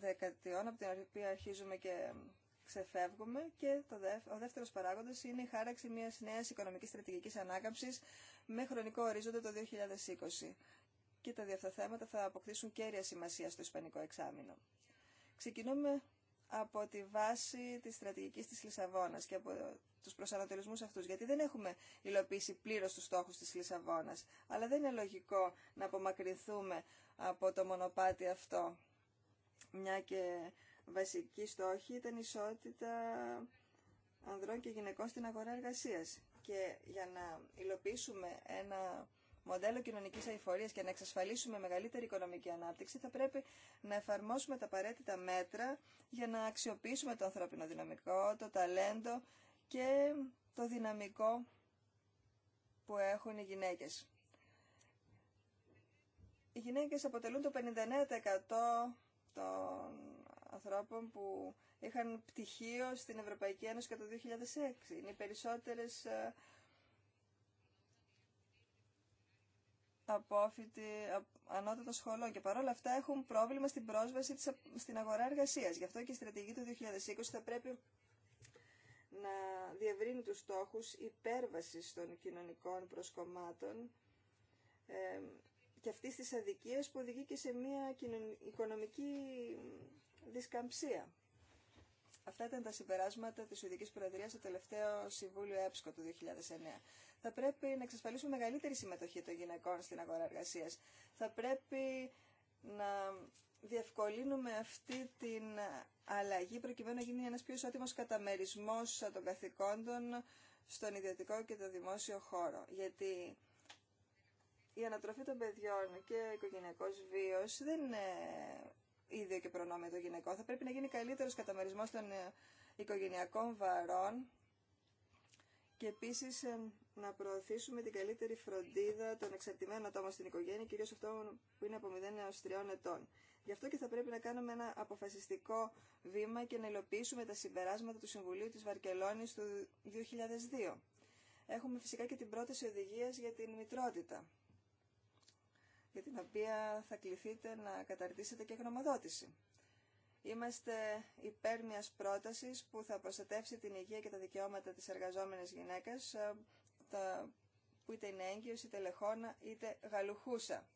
δεκαετιών, από την οποία αρχίζουμε και ξεφεύγουμε. Και το ο δεύτερος παράγοντας είναι η χάραξη μιας νέας οικονομικής στρατηγικής ανάκαμψης με χρονικό ορίζοντα το 2020. Και τα δύο αυτά θέματα θα αποκτήσουν κέρια σημασία στο Ισπανικό εξάμεινο. Ξεκινούμε από τη βάση της στρατηγικής της Λισαβόνας και από τους προσανατολισμούς αυτούς, γιατί δεν έχουμε υλοποιήσει πλήρως τους στόχους της Λισαβόνας. Αλλά δεν είναι λογικό να απομακρυνθούμε από το μονοπάτι αυτό, μια και βασική στόχη ήταν η ισότητα ανδρών και γυναικών στην αγορά εργασίας. Και για να υλοποιήσουμε ένα μοντέλο κοινωνική αηφορία και να εξασφαλίσουμε μεγαλύτερη οικονομική ανάπτυξη, θα πρέπει να εφαρμόσουμε τα απαραίτητα μέτρα για να αξιοποιήσουμε το ανθρώπινο δυναμικό, το ταλέντο και το δυναμικό που έχουν οι γυναίκες. Οι γυναίκες αποτελούν το 59% των ανθρώπων που είχαν πτυχίο στην Ευρωπαϊκή Ένωση κατά το 2006. Είναι οι περισσότερες ε, απόφυτοι, ανώτατο σχολό και παρόλα αυτά έχουν πρόβλημα στην πρόσβαση στην αγορά εργασίας. Γι' αυτό και η στρατηγή του 2020 θα πρέπει να διευρύνει τους στόχους υπέρβασης των κοινωνικών προσκομμάτων ε, και αυτής της αδικίας που οδηγεί και σε μια οικονομική δισκαμψία. Αυτά ήταν τα συμπεράσματα της Σουηδική Προεδρία στο τελευταίο Συμβούλιο ΕΠΣΚΟ του 2009. Θα πρέπει να εξασφαλίσουμε μεγαλύτερη συμμετοχή των γυναικών στην αγορά εργασία. Θα πρέπει να διευκολύνουμε αυτή την αλλαγή προκειμένου να γίνει ένας πιο ισότιμος καταμερισμός των καθηκόντων στον ιδιωτικό και το δημόσιο χώρο. Γιατί η ανατροφή των παιδιών και ο οικογενειακό βίος δεν είναι ίδιο και προνόμιο το γυναικό. Θα πρέπει να γίνει καλύτερος καταμερισμός των ε, οικογενειακών βαρών και επίσης ε, να προωθήσουμε την καλύτερη φροντίδα των εξαρτημένων ατόμων στην οικογένεια, κυρίως αυτών που είναι από 0 έως 3 ετών. Γι' αυτό και θα πρέπει να κάνουμε ένα αποφασιστικό βήμα και να υλοποιήσουμε τα συμπεράσματα του Συμβουλίου της Βαρκελόνης του 2002. Έχουμε φυσικά και την πρόταση οδηγία για την μητρότητα για την οποία θα κληθείτε να καταρτήσετε και γνωμοδότηση. Είμαστε υπέρ μιας πρότασης που θα προστατεύσει την υγεία και τα δικαιώματα της εργαζόμενης γυναίκας, ε, που είτε είναι έγκυος, είτε λεχόνα, είτε γαλουχούσα.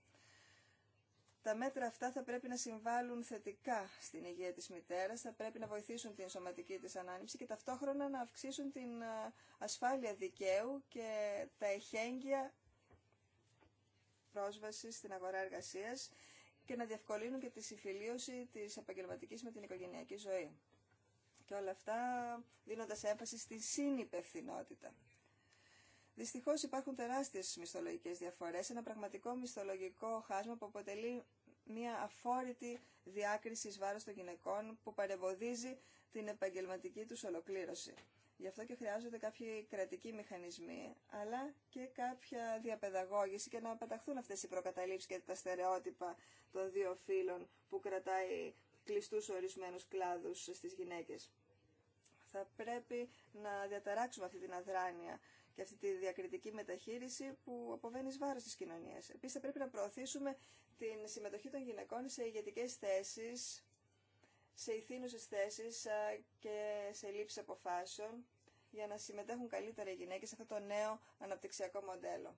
Τα μέτρα αυτά θα πρέπει να συμβάλλουν θετικά στην υγεία της μητέρας, θα πρέπει να βοηθήσουν την σωματική της ανάνυψη και ταυτόχρονα να αυξήσουν την ε, ασφάλεια δικαίου και τα εχέγγυα πρόσβαση στην αγορά εργασία και να διευκολύνουν και τη συμφιλίωση της επαγγελματική με την οικογενειακή ζωή. Και όλα αυτά δίνοντα έμφαση στη συνυπευθυνότητα. Δυστυχώ υπάρχουν τεράστιε μισθολογικέ διαφορέ, ένα πραγματικό μισθολογικό χάσμα που αποτελεί μια αφόρητη διάκριση ει βάρο των γυναικών που παρεμποδίζει την επαγγελματική του ολοκλήρωση. Γι' αυτό και χρειάζονται κάποιοι κρατικοί μηχανισμοί, αλλά και κάποια διαπαιδαγώγηση και να πεταχθούν αυτές οι προκαταλήψεις και τα στερεότυπα των δύο φύλων που κρατάει κλειστού ορισμένου κλάδους στις γυναίκες. Θα πρέπει να διαταράξουμε αυτή την αδράνεια και αυτή τη διακριτική μεταχείριση που αποβαίνει βάρο τη κοινωνία. Επίση, θα πρέπει να προωθήσουμε την συμμετοχή των γυναικών σε ηγετικέ θέσει σε ηθήνουσες θέσεις και σε λήψη αποφάσεων για να συμμετέχουν καλύτερα οι γυναίκες σε αυτό το νέο αναπτυξιακό μοντέλο.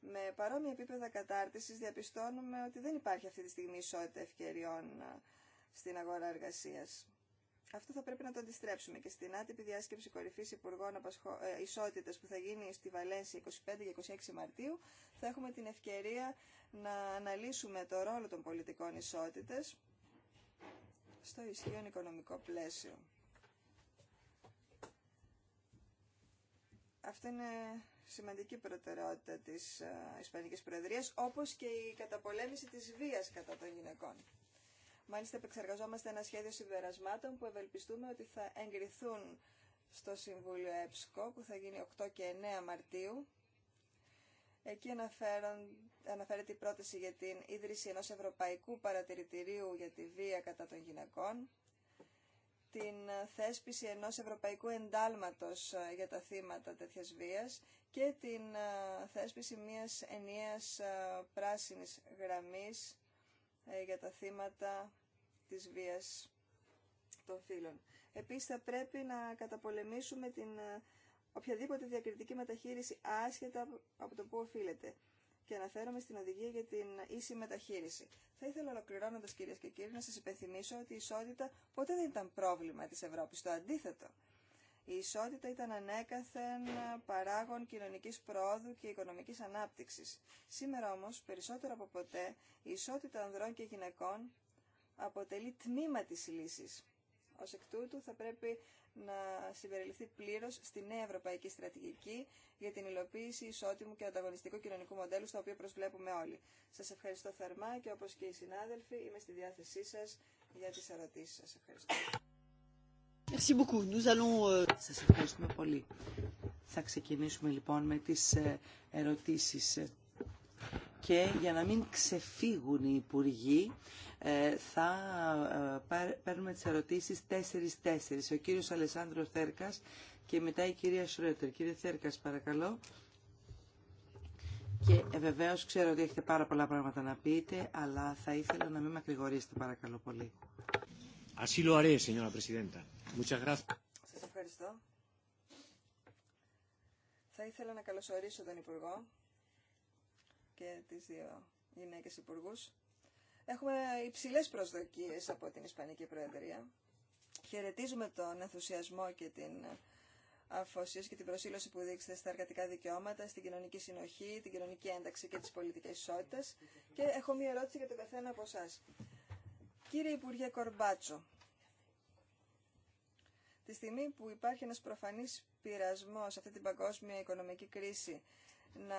Με παρόμοια επίπεδα κατάρτισης διαπιστώνουμε ότι δεν υπάρχει αυτή τη στιγμή ισότητα ευκαιριών στην αγορά εργασίας. Αυτό θα πρέπει να το αντιστρέψουμε και στην άτυπη διάσκεψη κορυφή Υπουργών Απασχο... Ε, Ισότητας που θα γίνει στη Βαλένση 25 και 26 Μαρτίου θα έχουμε την ευκαιρία να αναλύσουμε το ρόλο των πολιτικών ισότητες στο ισχύον οικονομικό πλαίσιο. Αυτή είναι σημαντική προτεραιότητα της ε, Ισπανικής Προεδρίας, όπως και η καταπολέμηση της βίας κατά των γυναικών. Μάλιστα, επεξεργαζόμαστε ένα σχέδιο συμπερασμάτων που ευελπιστούμε ότι θα εγκριθούν στο Συμβούλιο ΕΠΣΚΟ, που θα γίνει 8 και 9 Μαρτίου. Εκεί αναφέρον, αναφέρεται η πρόταση για την ίδρυση ενός Ευρωπαϊκού Παρατηρητηρίου για τη βία κατά των γυναικών, την θέσπιση ενός Ευρωπαϊκού Εντάλματος ε, για τα θύματα τέτοιας βίας και την ε, θέσπιση μιας ενιαίας ε, πράσινης γραμμής για τα θύματα της βίας των φύλων. Επίσης θα πρέπει να καταπολεμήσουμε την οποιαδήποτε διακριτική μεταχείριση άσχετα από το που οφείλεται και αναφέρομαι στην οδηγία για την ίση μεταχείριση. Θα ήθελα ολοκληρώνοντα, κυρίε και κύριοι, να σα υπενθυμίσω ότι η ισότητα ποτέ δεν ήταν πρόβλημα τη Ευρώπη. Το αντίθετο. Η ισότητα ήταν ανέκαθεν παράγων κοινωνικής πρόοδου και οικονομικής ανάπτυξης. Σήμερα όμως, περισσότερο από ποτέ, η ισότητα ανδρών και γυναικών αποτελεί τμήμα της λύσης. Ως εκ τούτου θα πρέπει να συμπεριληφθεί πλήρω στη νέα ευρωπαϊκή στρατηγική για την υλοποίηση ισότιμου και ανταγωνιστικού κοινωνικού μοντέλου, στο οποίο προσβλέπουμε όλοι. Σα ευχαριστώ θερμά και όπω και οι συνάδελφοι, είμαι στη διάθεσή σα για τι ερωτήσει σα. Ευχαριστώ. Merci beaucoup. Nous allons... Euh, σας ευχαριστούμε πολύ. Θα ξεκινήσουμε λοιπόν με τις ε, ερωτήσεις και για να μην ξεφύγουν οι υπουργοί ε, θα ε, παίρνουμε τις ερωτήσεις 4-4. Ο κύριος Αλεσάνδρος Θέρκας και μετά η κυρία Σρέτερ. Κύριε Θέρκας παρακαλώ. Και ε, βεβαίω ξέρω ότι έχετε πάρα πολλά πράγματα να πείτε, αλλά θα ήθελα να μην μακρηγορήσετε παρακαλώ πολύ. Así Σας ευχαριστώ. Θα ήθελα να καλωσορίσω τον Υπουργό και τις δύο γυναίκες υπουργού. Έχουμε υψηλές προσδοκίες από την Ισπανική Προεδρία. Χαιρετίζουμε τον ενθουσιασμό και την αφοσίωση και την προσήλωση που δείξετε στα εργατικά δικαιώματα, στην κοινωνική συνοχή, την κοινωνική ένταξη και τις πολιτικές ισότητες. Και έχω μία ερώτηση για τον καθένα από εσά. Κύριε Υπουργέ Κορμπάτσο, τη στιγμή που υπάρχει ένας προφανής πειρασμός σε αυτή την παγκόσμια οικονομική κρίση να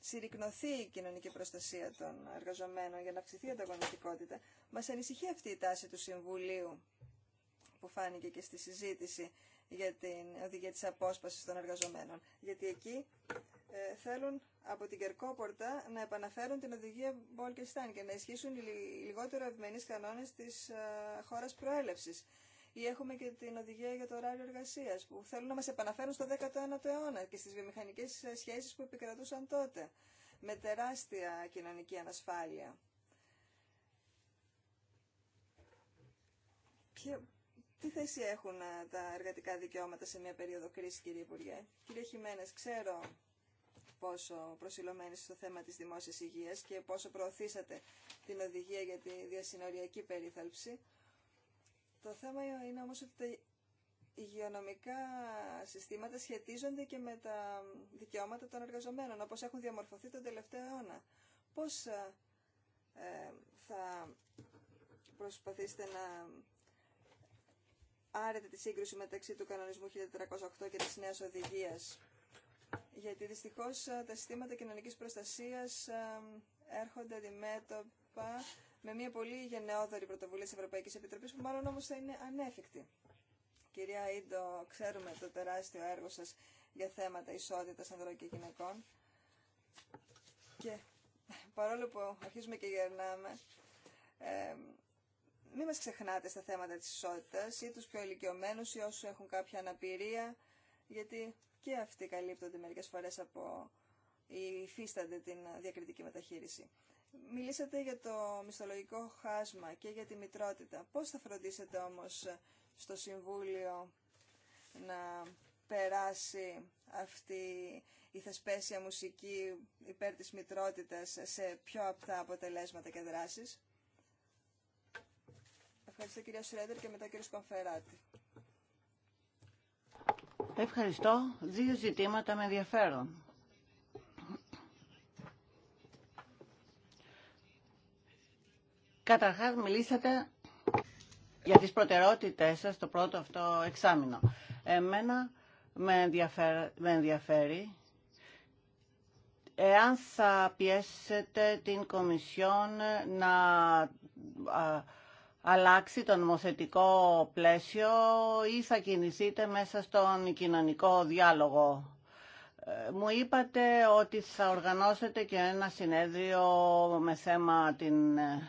συρρυκνωθεί η κοινωνική προστασία των εργαζομένων για να αυξηθεί η ανταγωνιστικότητα. Μας ανησυχεί αυτή η τάση του Συμβουλίου που φάνηκε και στη συζήτηση για την οδηγία της απόσπασης των εργαζομένων. Γιατί εκεί ε, θέλουν από την Κερκόπορτα να επαναφέρουν την οδηγία Μπόλκεστάν και να ισχύσουν οι λιγότερο ευμενείς κανόνες της ε, χώρας ή έχουμε και την οδηγία για το ωράριο εργασία που θέλουν να μα επαναφέρουν στο 19ο αιώνα και στι βιομηχανικέ σχέσει που επικρατούσαν τότε με τεράστια κοινωνική ανασφάλεια. τι θέση έχουν ε, τα εργατικά δικαιώματα σε μια περίοδο κρίση, κύριε Υπουργέ. Κύριε Χιμένε, ξέρω πόσο προσιλωμένη στο θέμα της δημόσιας υγείας και πόσο προωθήσατε την οδηγία για τη διασυνοριακή περίθαλψη. Το θέμα είναι όμως ότι τα υγειονομικά συστήματα σχετίζονται και με τα δικαιώματα των εργαζομένων, όπως έχουν διαμορφωθεί τον τελευταίο αιώνα. Πώς ε, ε θα προσπαθήσετε να άρετε τη σύγκρουση μεταξύ του κανονισμού 1408 και της νέας οδηγίας. Γιατί δυστυχώς ε, τα συστήματα κοινωνικής προστασίας ε, έρχονται αντιμέτωπα με μια πολύ γενναιόδορη πρωτοβουλία της Ευρωπαϊκής Επιτροπής που μάλλον όμως θα είναι ανέφικτη. Κυρία Ίντο, ξέρουμε το τεράστιο έργο σας για θέματα ισότητας ανδρών και γυναικών και παρόλο που αρχίζουμε και γερνάμε, ε, μην μας ξεχνάτε στα θέματα της ισότητας ή τους πιο ηλικιωμένου ή όσους έχουν κάποια αναπηρία, γιατί και αυτοί καλύπτονται μερικές φορές από ή υφίστανται την διακριτική μεταχείριση. Μιλήσατε για το μισθολογικό χάσμα και για τη μητρότητα. Πώς θα φροντίσετε όμως στο Συμβούλιο να περάσει αυτή η θεσπέσια μουσική υπέρ της μητρότητας σε πιο απτά αποτελέσματα και δράσεις. Ευχαριστώ κυρία Σρέντερ και μετά κύριο Σκομφεράτη. Ευχαριστώ. Δύο ζητήματα με ενδιαφέρον. Καταρχάς μιλήσατε για τις προτεραιότητες σας το πρώτο αυτό εξάμεινο. Εμένα με, ενδιαφέρει, με ενδιαφέρει εάν θα πιέσετε την Κομισιόν να αλλάξει το νομοθετικό πλαίσιο ή θα κινηθείτε μέσα στον κοινωνικό διάλογο. Ε, μου είπατε ότι θα οργανώσετε και ένα συνέδριο με θέμα την ε,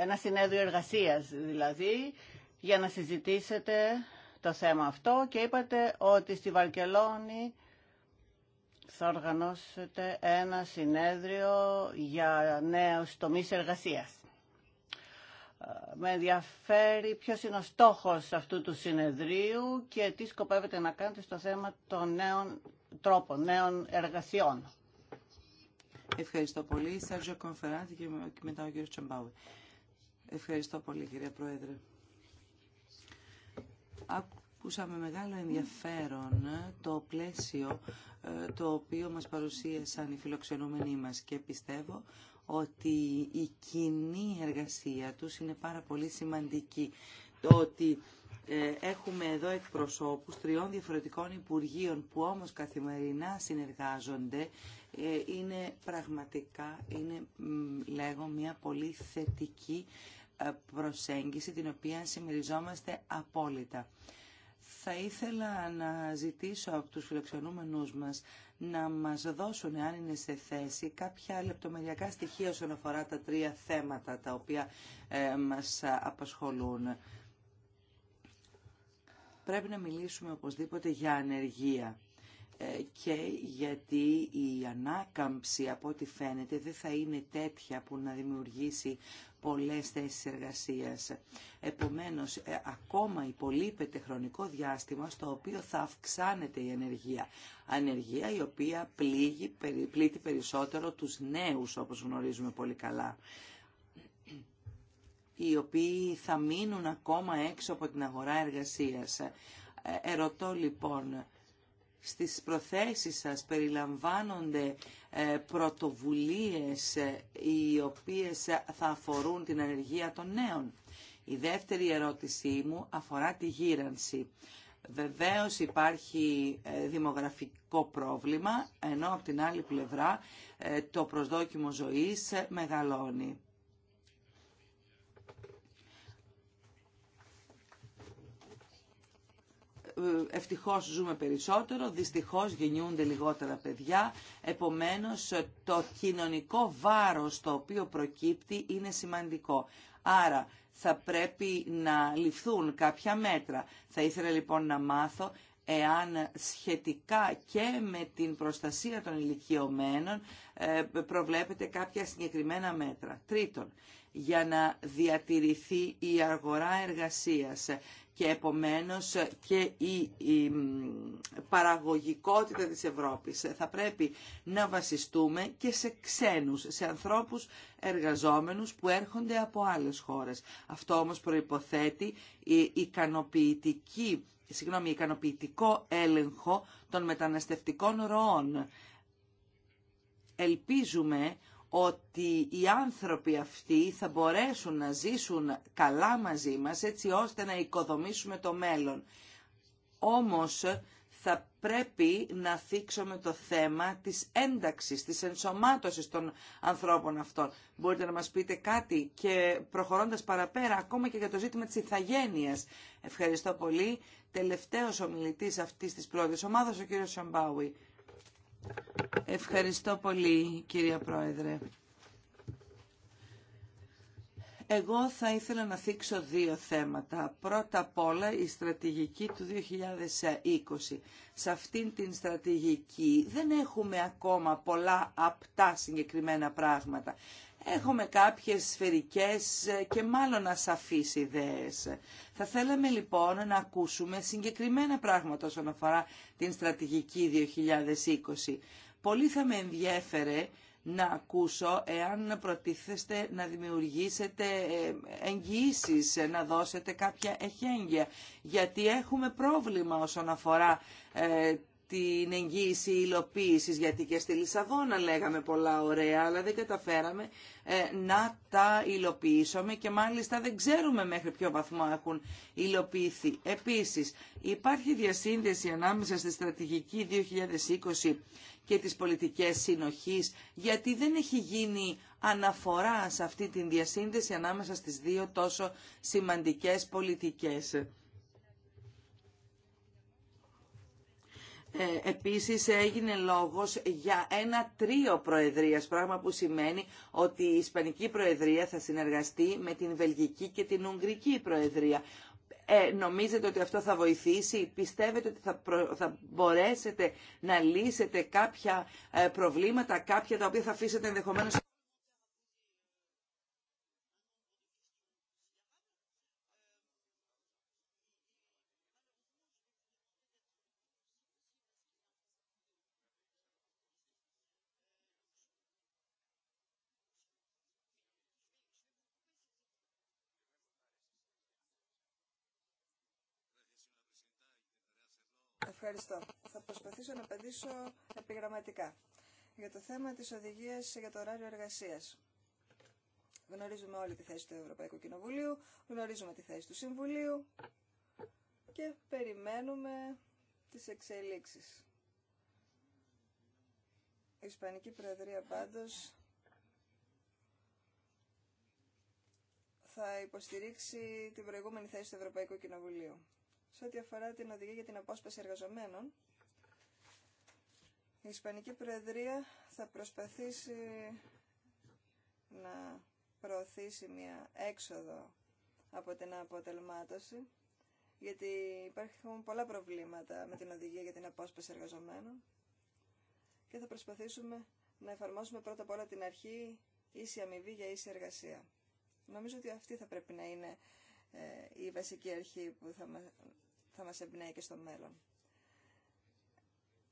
ένα συνέδριο εργασίας δηλαδή για να συζητήσετε το θέμα αυτό και είπατε ότι στη Βαρκελόνη θα οργανώσετε ένα συνέδριο για νέους τομείς εργασίας. Με ενδιαφέρει ποιος είναι ο στόχος αυτού του συνεδρίου και τι σκοπεύετε να κάνετε στο θέμα των νέων τρόπων, νέων εργασιών. Ευχαριστώ πολύ. Σάρζο Κονφεράτη και μετά ο κύριο Τσεμπάουε. Ευχαριστώ πολύ κυρία Πρόεδρε. Ακούσαμε μεγάλο ενδιαφέρον το πλαίσιο ε, το οποίο μας παρουσίασαν οι φιλοξενούμενοι μας και πιστεύω ότι η κοινή εργασία τους είναι πάρα πολύ σημαντική. Το ότι ε, έχουμε εδώ εκπροσώπους τριών διαφορετικών Υπουργείων που όμως καθημερινά συνεργάζονται. Ε, είναι πραγματικά, είναι λέγω, μια πολύ θετική ε, προσέγγιση την οποία συμμεριζόμαστε απόλυτα. Θα ήθελα να ζητήσω από τους φιλοξενούμενους μας να μας δώσουν, αν είναι σε θέση, κάποια λεπτομεριακά στοιχεία όσον αφορά τα τρία θέματα τα οποία μας απασχολούν. Πρέπει να μιλήσουμε οπωσδήποτε για ανεργία ε, και γιατί η ανάκαμψη από ό,τι φαίνεται δεν θα είναι τέτοια που να δημιουργήσει πολλές θέσεις εργασίας. Επομένως, ε, ακόμα υπολείπεται χρονικό διάστημα στο οποίο θα αυξάνεται η ανεργία. Ανεργία η οποία πλήγει, πλήττει περισσότερο τους νέους, όπως γνωρίζουμε πολύ καλά οι οποίοι θα μείνουν ακόμα έξω από την αγορά εργασίας. Ε, ερωτώ λοιπόν, στις προθέσεις σας περιλαμβάνονται ε, πρωτοβουλίες ε, οι οποίες θα αφορούν την ανεργία των νέων. Η δεύτερη ερώτησή μου αφορά τη γύρανση. Βεβαίως υπάρχει δημογραφικό πρόβλημα, ενώ από την άλλη πλευρά το προσδόκιμο ζωής μεγαλώνει. Ε, ευτυχώς ζούμε περισσότερο, δυστυχώς γεννιούνται λιγότερα παιδιά, επομένως το κοινωνικό βάρος το οποίο προκύπτει είναι σημαντικό. Άρα θα πρέπει να ληφθούν κάποια μέτρα. Θα ήθελα λοιπόν να μάθω εάν σχετικά και με την προστασία των ηλικιωμένων ε, προβλέπεται κάποια συγκεκριμένα μέτρα. Τρίτον, για να διατηρηθεί η αγορά εργασίας και επομένως και η, παραγωγικότητα της Ευρώπης. Θα πρέπει να βασιστούμε και σε ξένους, σε ανθρώπους εργαζόμενους που έρχονται από άλλες χώρες. Αυτό όμως προϋποθέτει η ικανοποιητική, συγγνώμη, ικανοποιητικό έλεγχο των μεταναστευτικών ροών. Ελπίζουμε ότι οι άνθρωποι αυτοί θα μπορέσουν να ζήσουν καλά μαζί μας έτσι ώστε να οικοδομήσουμε το μέλλον. Όμως θα πρέπει να θίξουμε το θέμα της ένταξης, της ενσωμάτωσης των ανθρώπων αυτών. Μπορείτε να μας πείτε κάτι και προχωρώντας παραπέρα ακόμα και για το ζήτημα της ηθαγένειας. Ευχαριστώ πολύ. Τελευταίος ομιλητής αυτής της πρώτης ομάδας, ο κύριος Σαμπάουι. Ευχαριστώ πολύ, κυρία Πρόεδρε. Εγώ θα ήθελα να θίξω δύο θέματα. Πρώτα απ' όλα η στρατηγική του 2020. Σε αυτήν την στρατηγική δεν έχουμε ακόμα πολλά απτά συγκεκριμένα πράγματα. Έχουμε κάποιες σφαιρικές ε, και μάλλον ασαφείς ιδέες. Θα θέλαμε λοιπόν να ακούσουμε συγκεκριμένα πράγματα όσον αφορά την στρατηγική 2020. Πολύ θα με ενδιέφερε να ακούσω εάν προτίθεστε να δημιουργήσετε ε, εγγυήσει, ε, να δώσετε κάποια εχέγγυα. Γιατί έχουμε πρόβλημα όσον αφορά την εγγύηση υλοποίησης, γιατί και στη Λισαβόνα λέγαμε πολλά ωραία, αλλά δεν καταφέραμε ε, να τα υλοποιήσουμε και μάλιστα δεν ξέρουμε μέχρι ποιο βαθμό έχουν υλοποιηθεί. Επίσης, υπάρχει διασύνδεση ανάμεσα στη στρατηγική 2020 και τις πολιτικές συνοχής, γιατί δεν έχει γίνει αναφορά σε αυτή την διασύνδεση ανάμεσα στις δύο τόσο σημαντικές πολιτικές. Ε, επίσης έγινε λόγος για ένα τρίο προεδρίας, πράγμα που σημαίνει ότι η Ισπανική Προεδρία θα συνεργαστεί με την Βελγική και την Ουγγρική Προεδρία. Ε, νομίζετε ότι αυτό θα βοηθήσει, πιστεύετε ότι θα, θα μπορέσετε να λύσετε κάποια ε, προβλήματα, κάποια τα οποία θα αφήσετε ενδεχομένως... Ευχαριστώ. Θα προσπαθήσω να απαντήσω επιγραμματικά. Για το θέμα της οδηγίας για το ωράριο εργασίας. Γνωρίζουμε όλη τη θέση του Ευρωπαϊκού Κοινοβουλίου, γνωρίζουμε τη θέση του Συμβουλίου και περιμένουμε τις εξελίξεις. Η Ισπανική Προεδρία πάντως θα υποστηρίξει την προηγούμενη θέση του Ευρωπαϊκού Κοινοβουλίου σε ό,τι αφορά την οδηγία για την απόσπαση εργαζομένων. Η Ισπανική Προεδρία θα προσπαθήσει να προωθήσει μια έξοδο από την αποτελμάτωση, γιατί υπάρχουν πολλά προβλήματα με την οδηγία για την απόσπαση εργαζομένων και θα προσπαθήσουμε να εφαρμόσουμε πρώτα απ' όλα την αρχή ίση αμοιβή για ίση εργασία. Νομίζω ότι αυτή θα πρέπει να είναι ε, η βασική αρχή που θα, μα, θα μας εμπνέει και στο μέλλον.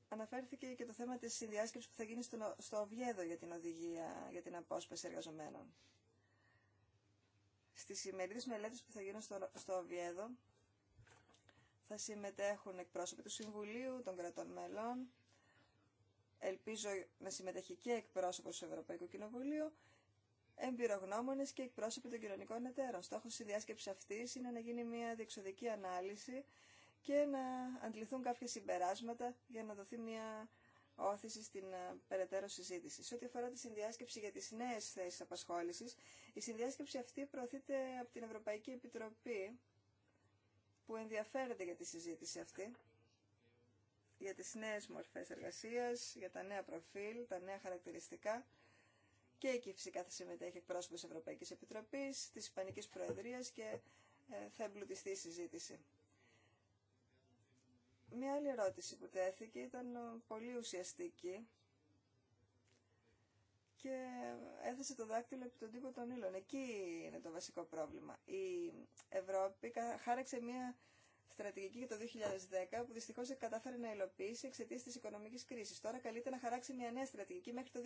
Αναφέρθηκε και το θέμα της συνδιάσκεψης που θα γίνει στο, στο Οβιέδο για την οδηγία, για την απόσπαση εργαζομένων. Στις σημερινές μελέτες που θα γίνουν στο, στο Οβιέδο θα συμμετέχουν εκπρόσωποι του Συμβουλίου, των κρατών μελών, ελπίζω να συμμετέχει και εκπρόσωπος του Ευρωπαϊκού Κοινοβουλίου εμπειρογνώμονε και εκπρόσωποι των κοινωνικών εταίρων. Στόχο τη διάσκεψη αυτή είναι να γίνει μια διεξοδική ανάλυση και να αντληθούν κάποια συμπεράσματα για να δοθεί μια όθηση στην ε, περαιτέρω συζήτηση. Σε ό,τι αφορά τη συνδιάσκεψη για τι νέε θέσει απασχόληση, η συνδιάσκεψη αυτή προωθείται από την Ευρωπαϊκή Επιτροπή που ενδιαφέρεται για τη συζήτηση αυτή για τις νέες μορφές εργασίας, για τα νέα προφίλ, τα νέα χαρακτηριστικά και εκεί φυσικά θα συμμετέχει εκπρόσωπο τη Ευρωπαϊκή Επιτροπή, τη Ισπανική Προεδρία και ε, θα εμπλουτιστεί η συζήτηση. Μια άλλη ερώτηση που τέθηκε ήταν ε, πολύ ουσιαστική και έθεσε το δάκτυλο επί τον τύπο των ήλων. Εκεί είναι το βασικό πρόβλημα. Η Ευρώπη χάραξε μια στρατηγική για το 2010 που δυστυχώς δεν κατάφερε να υλοποιήσει εξαιτία της οικονομικής κρίσης. Τώρα καλείται να χαράξει μια νέα στρατηγική μέχρι το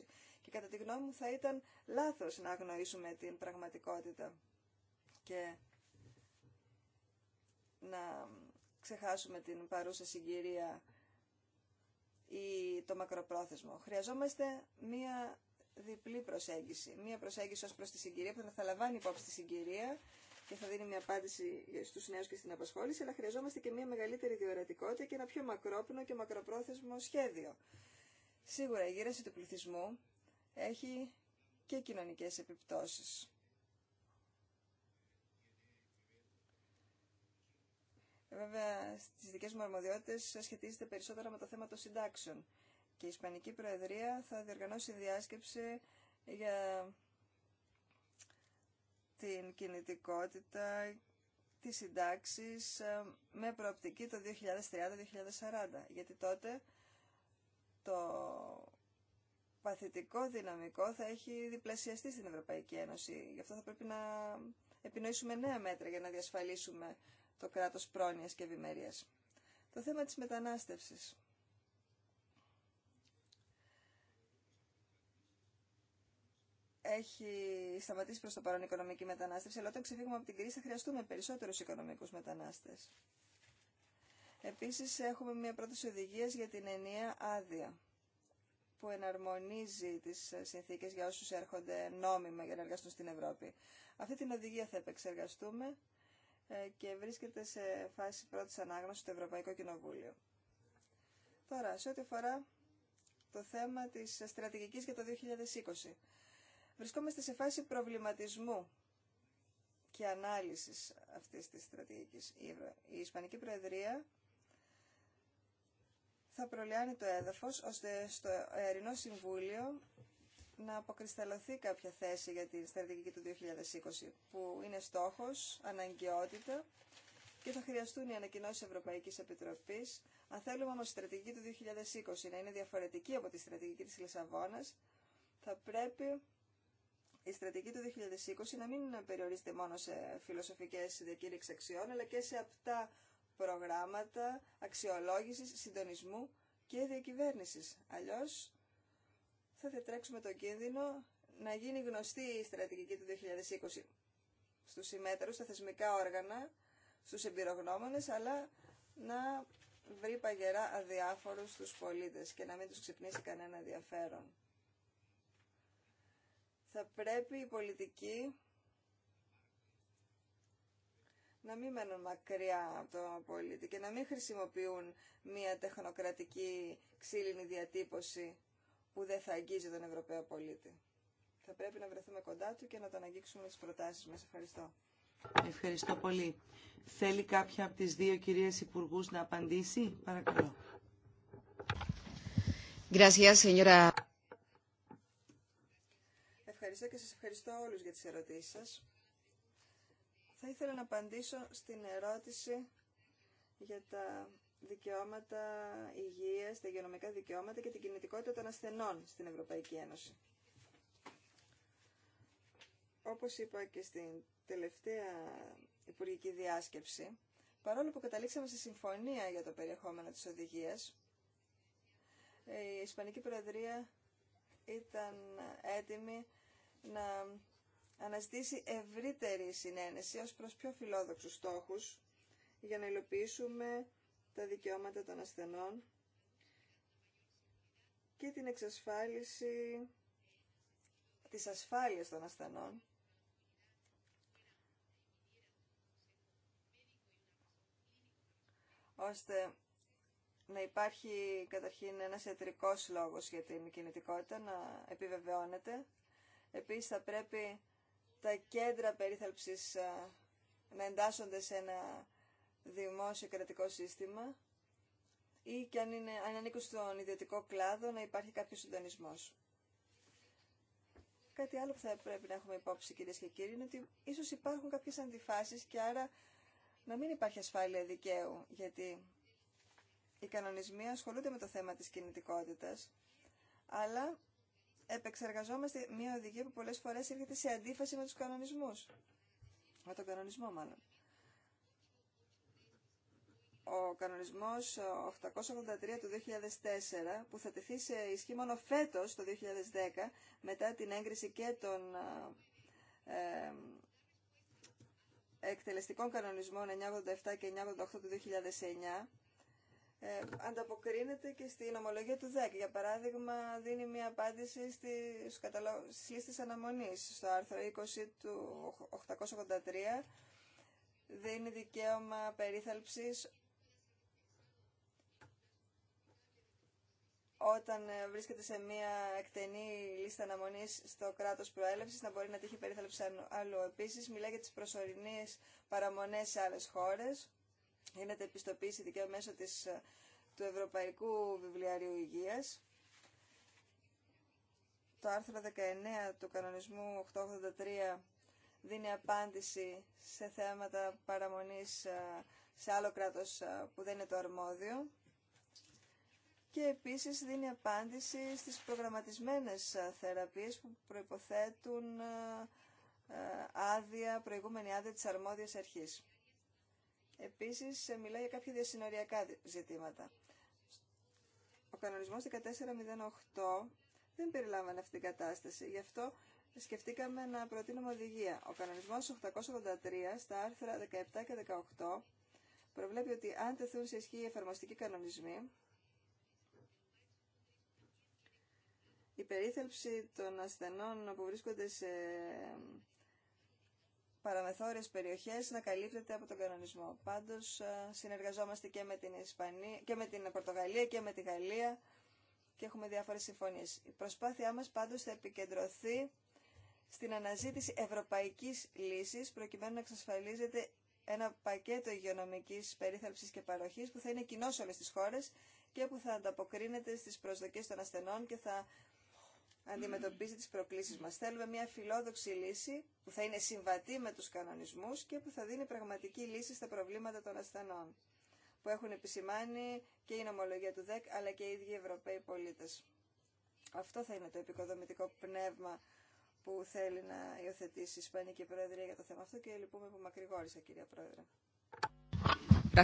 2020 και κατά τη γνώμη μου θα ήταν λάθος να αγνοήσουμε την πραγματικότητα και να ξεχάσουμε την παρούσα συγκυρία ή το μακροπρόθεσμο. Χρειαζόμαστε μία διπλή προσέγγιση. Μία προσέγγιση ως προς τη συγκυρία που θα λαμβάνει υπόψη τη συγκυρία και θα δίνει μια απάντηση στους νέους και στην απασχόληση, αλλά χρειαζόμαστε και μια μεγαλύτερη διορατικότητα και ένα πιο μακρόπνο και μακροπρόθεσμο σχέδιο. Σίγουρα η γύραση του πληθυσμού έχει και κοινωνικές επιπτώσεις. Βέβαια, στις δικές μου αρμοδιότητες σχετίζεται περισσότερο με το θέμα των συντάξεων. Και η Ισπανική Προεδρία θα διοργανώσει διάσκεψη για την κινητικότητα, τις συντάξεις ε, με προοπτική το 2030-2040. Γιατί τότε το παθητικό δυναμικό θα έχει διπλασιαστεί στην Ευρωπαϊκή Ένωση. Γι' αυτό θα πρέπει να επινοήσουμε νέα μέτρα για να διασφαλίσουμε το κράτος πρόνοιας και ευημερίας. Το θέμα της μετανάστευσης. έχει σταματήσει προ το παρόν η οικονομική μετανάστευση, αλλά όταν ξεφύγουμε από την κρίση θα χρειαστούμε περισσότερου οικονομικού μετανάστε. Επίση, έχουμε μια πρόταση οδηγία για την ενιαία άδεια που εναρμονίζει τι συνθήκε για όσου έρχονται νόμιμα για να εργαστούν στην Ευρώπη. Αυτή την οδηγία θα επεξεργαστούμε ε, και βρίσκεται σε φάση πρώτη ανάγνωσης στο Ευρωπαϊκό Κοινοβούλιο. Τώρα, σε ό,τι αφορά το θέμα της στρατηγικής για το 2020. Βρισκόμαστε σε φάση προβληματισμού και ανάλυσης αυτής της στρατηγικής. Η Ισπανική Προεδρία θα προλειάνει το έδαφος ώστε στο Ερεινό Συμβούλιο να αποκρισταλωθεί κάποια θέση για τη στρατηγική του 2020 που είναι στόχος, αναγκαιότητα και θα χρειαστούν οι ανακοινώσει Ευρωπαϊκή Επιτροπή. Αν θέλουμε όμω η στρατηγική του 2020 να είναι διαφορετική από τη στρατηγική τη Λισαβόνα, θα πρέπει η στρατηγική του 2020 να μην περιορίζεται μόνο σε φιλοσοφικές διακήρυξεις αξιών, αλλά και σε αυτά προγράμματα αξιολόγησης, συντονισμού και διακυβέρνησης. Αλλιώς θα διατρέξουμε τον κίνδυνο να γίνει γνωστή η στρατηγική του 2020 στους συμμέτερους, στα θεσμικά όργανα, στους εμπειρογνώμονες, αλλά να βρει παγερά αδιάφορους τους πολίτες και να μην τους ξυπνήσει κανένα ενδιαφέρον θα πρέπει οι πολιτικοί να μην μένουν μακριά από το πολίτη και να μην χρησιμοποιούν μια τεχνοκρατική ξύλινη διατύπωση που δεν θα αγγίζει τον Ευρωπαίο πολίτη. Θα πρέπει να βρεθούμε κοντά του και να τον αγγίξουμε τις προτάσεις μας. Ευχαριστώ. Ευχαριστώ πολύ. Θέλει κάποια από τις δύο κυρίες Υπουργούς να απαντήσει. Παρακαλώ ευχαριστώ και σας ευχαριστώ όλους για τις ερωτήσεις σας. Θα ήθελα να απαντήσω στην ερώτηση για τα δικαιώματα υγείας, τα υγειονομικά δικαιώματα και την κινητικότητα των ασθενών στην Ευρωπαϊκή Ένωση. Όπως είπα και στην τελευταία υπουργική διάσκεψη, παρόλο που καταλήξαμε σε συμφωνία για το περιεχόμενο της οδηγίας, η Ισπανική Προεδρία ήταν έτοιμη να αναστήσει ευρύτερη συνένεση ως προς πιο φιλόδοξους στόχους για να υλοποιήσουμε τα δικαιώματα των ασθενών και την εξασφάλιση της ασφάλειας των ασθενών ώστε να υπάρχει καταρχήν ένας ιατρικός λόγος για την κινητικότητα, να επιβεβαιώνεται Επίσης θα πρέπει τα κέντρα περίθαλψης να εντάσσονται σε ένα δημόσιο κρατικό σύστημα ή και αν, είναι, αν ανήκουν στον ιδιωτικό κλάδο να υπάρχει κάποιος συντονισμό. Κάτι άλλο που θα πρέπει να έχουμε υπόψη κυρίες και κύριοι είναι ότι ίσως υπάρχουν κάποιες αντιφάσεις και άρα να μην υπάρχει ασφάλεια δικαίου γιατί οι κανονισμοί ασχολούνται με το θέμα της κινητικότητας αλλά επεξεργαζόμαστε μια οδηγία που πολλές φορές έρχεται σε αντίφαση με τους κανονισμούς. Με τον κανονισμό μάλλον. Ο κανονισμός 883 του 2004 που θα τεθεί σε ισχύ μόνο φέτος το 2010 μετά την έγκριση και των ε, ε εκτελεστικών κανονισμών 987 και 988 του 2009 ε, ανταποκρίνεται και στην ομολογία του ΔΕΚ. Για παράδειγμα, δίνει μια απάντηση στις, στις λίστες αναμονής. Στο άρθρο 20 του 883 δίνει δικαίωμα περίθαλψης όταν ε, βρίσκεται σε μια εκτενή λίστα αναμονή στο κράτο προέλευση να μπορεί να τύχει περίθαλψη αλλού. Επίση, μιλάει για τι προσωρινέ παραμονέ σε άλλε χώρε. Γίνεται επιστοποίηση δικαίου μέσω της, ε, του Ευρωπαϊκού Βιβλιαρίου Υγείας. Το άρθρο 19 του κανονισμού 883 δίνει απάντηση σε θέματα παραμονής ε, σε άλλο κράτος ε, που δεν είναι το αρμόδιο και επίσης δίνει απάντηση στις προγραμματισμένες θεραπείες που προϋποθέτουν άδεια, προηγούμενη άδεια της αρμόδιας αρχής. Επίσης, ε, μιλάει για κάποια διασυνοριακά ζητήματα. Ο κανονισμός 1408 δεν περιλάμβανε αυτή την κατάσταση. Γι' αυτό σκεφτήκαμε να προτείνουμε οδηγία. Ο κανονισμός 883 στα άρθρα 17 και 18 προβλέπει ότι αν τεθούν σε ισχύ οι εφαρμοστικοί κανονισμοί, η περίθαλψη των ασθενών που βρίσκονται σε παραμεθόρειες περιοχές να καλύπτεται από τον κανονισμό. Πάντως ε, συνεργαζόμαστε και με την, Ισπανία, και με την Πορτογαλία και με τη Γαλλία και έχουμε διάφορες συμφωνίες. Η προσπάθειά μας πάντως θα επικεντρωθεί στην αναζήτηση ευρωπαϊκής λύσης προκειμένου να εξασφαλίζεται ένα πακέτο υγειονομικής περίθαλψης και παροχής που θα είναι κοινό σε όλες τις χώρες και που θα ανταποκρίνεται στις προσδοκίες των ασθενών και θα αντιμετωπίζει τις προκλήσεις μας. Θέλουμε μια φιλόδοξη λύση που θα είναι συμβατή με τους κανονισμούς και που θα δίνει πραγματική λύση στα προβλήματα των ασθενών που έχουν επισημάνει και η νομολογία του ΔΕΚ αλλά και οι ίδιοι Ευρωπαίοι πολίτες. Αυτό θα είναι το επικοδομητικό πνεύμα που θέλει να υιοθετήσει η Ισπανική Προεδρία για το θέμα αυτό και λυπούμε που μακρηγόρησα κυρία Πρόεδρε. Θα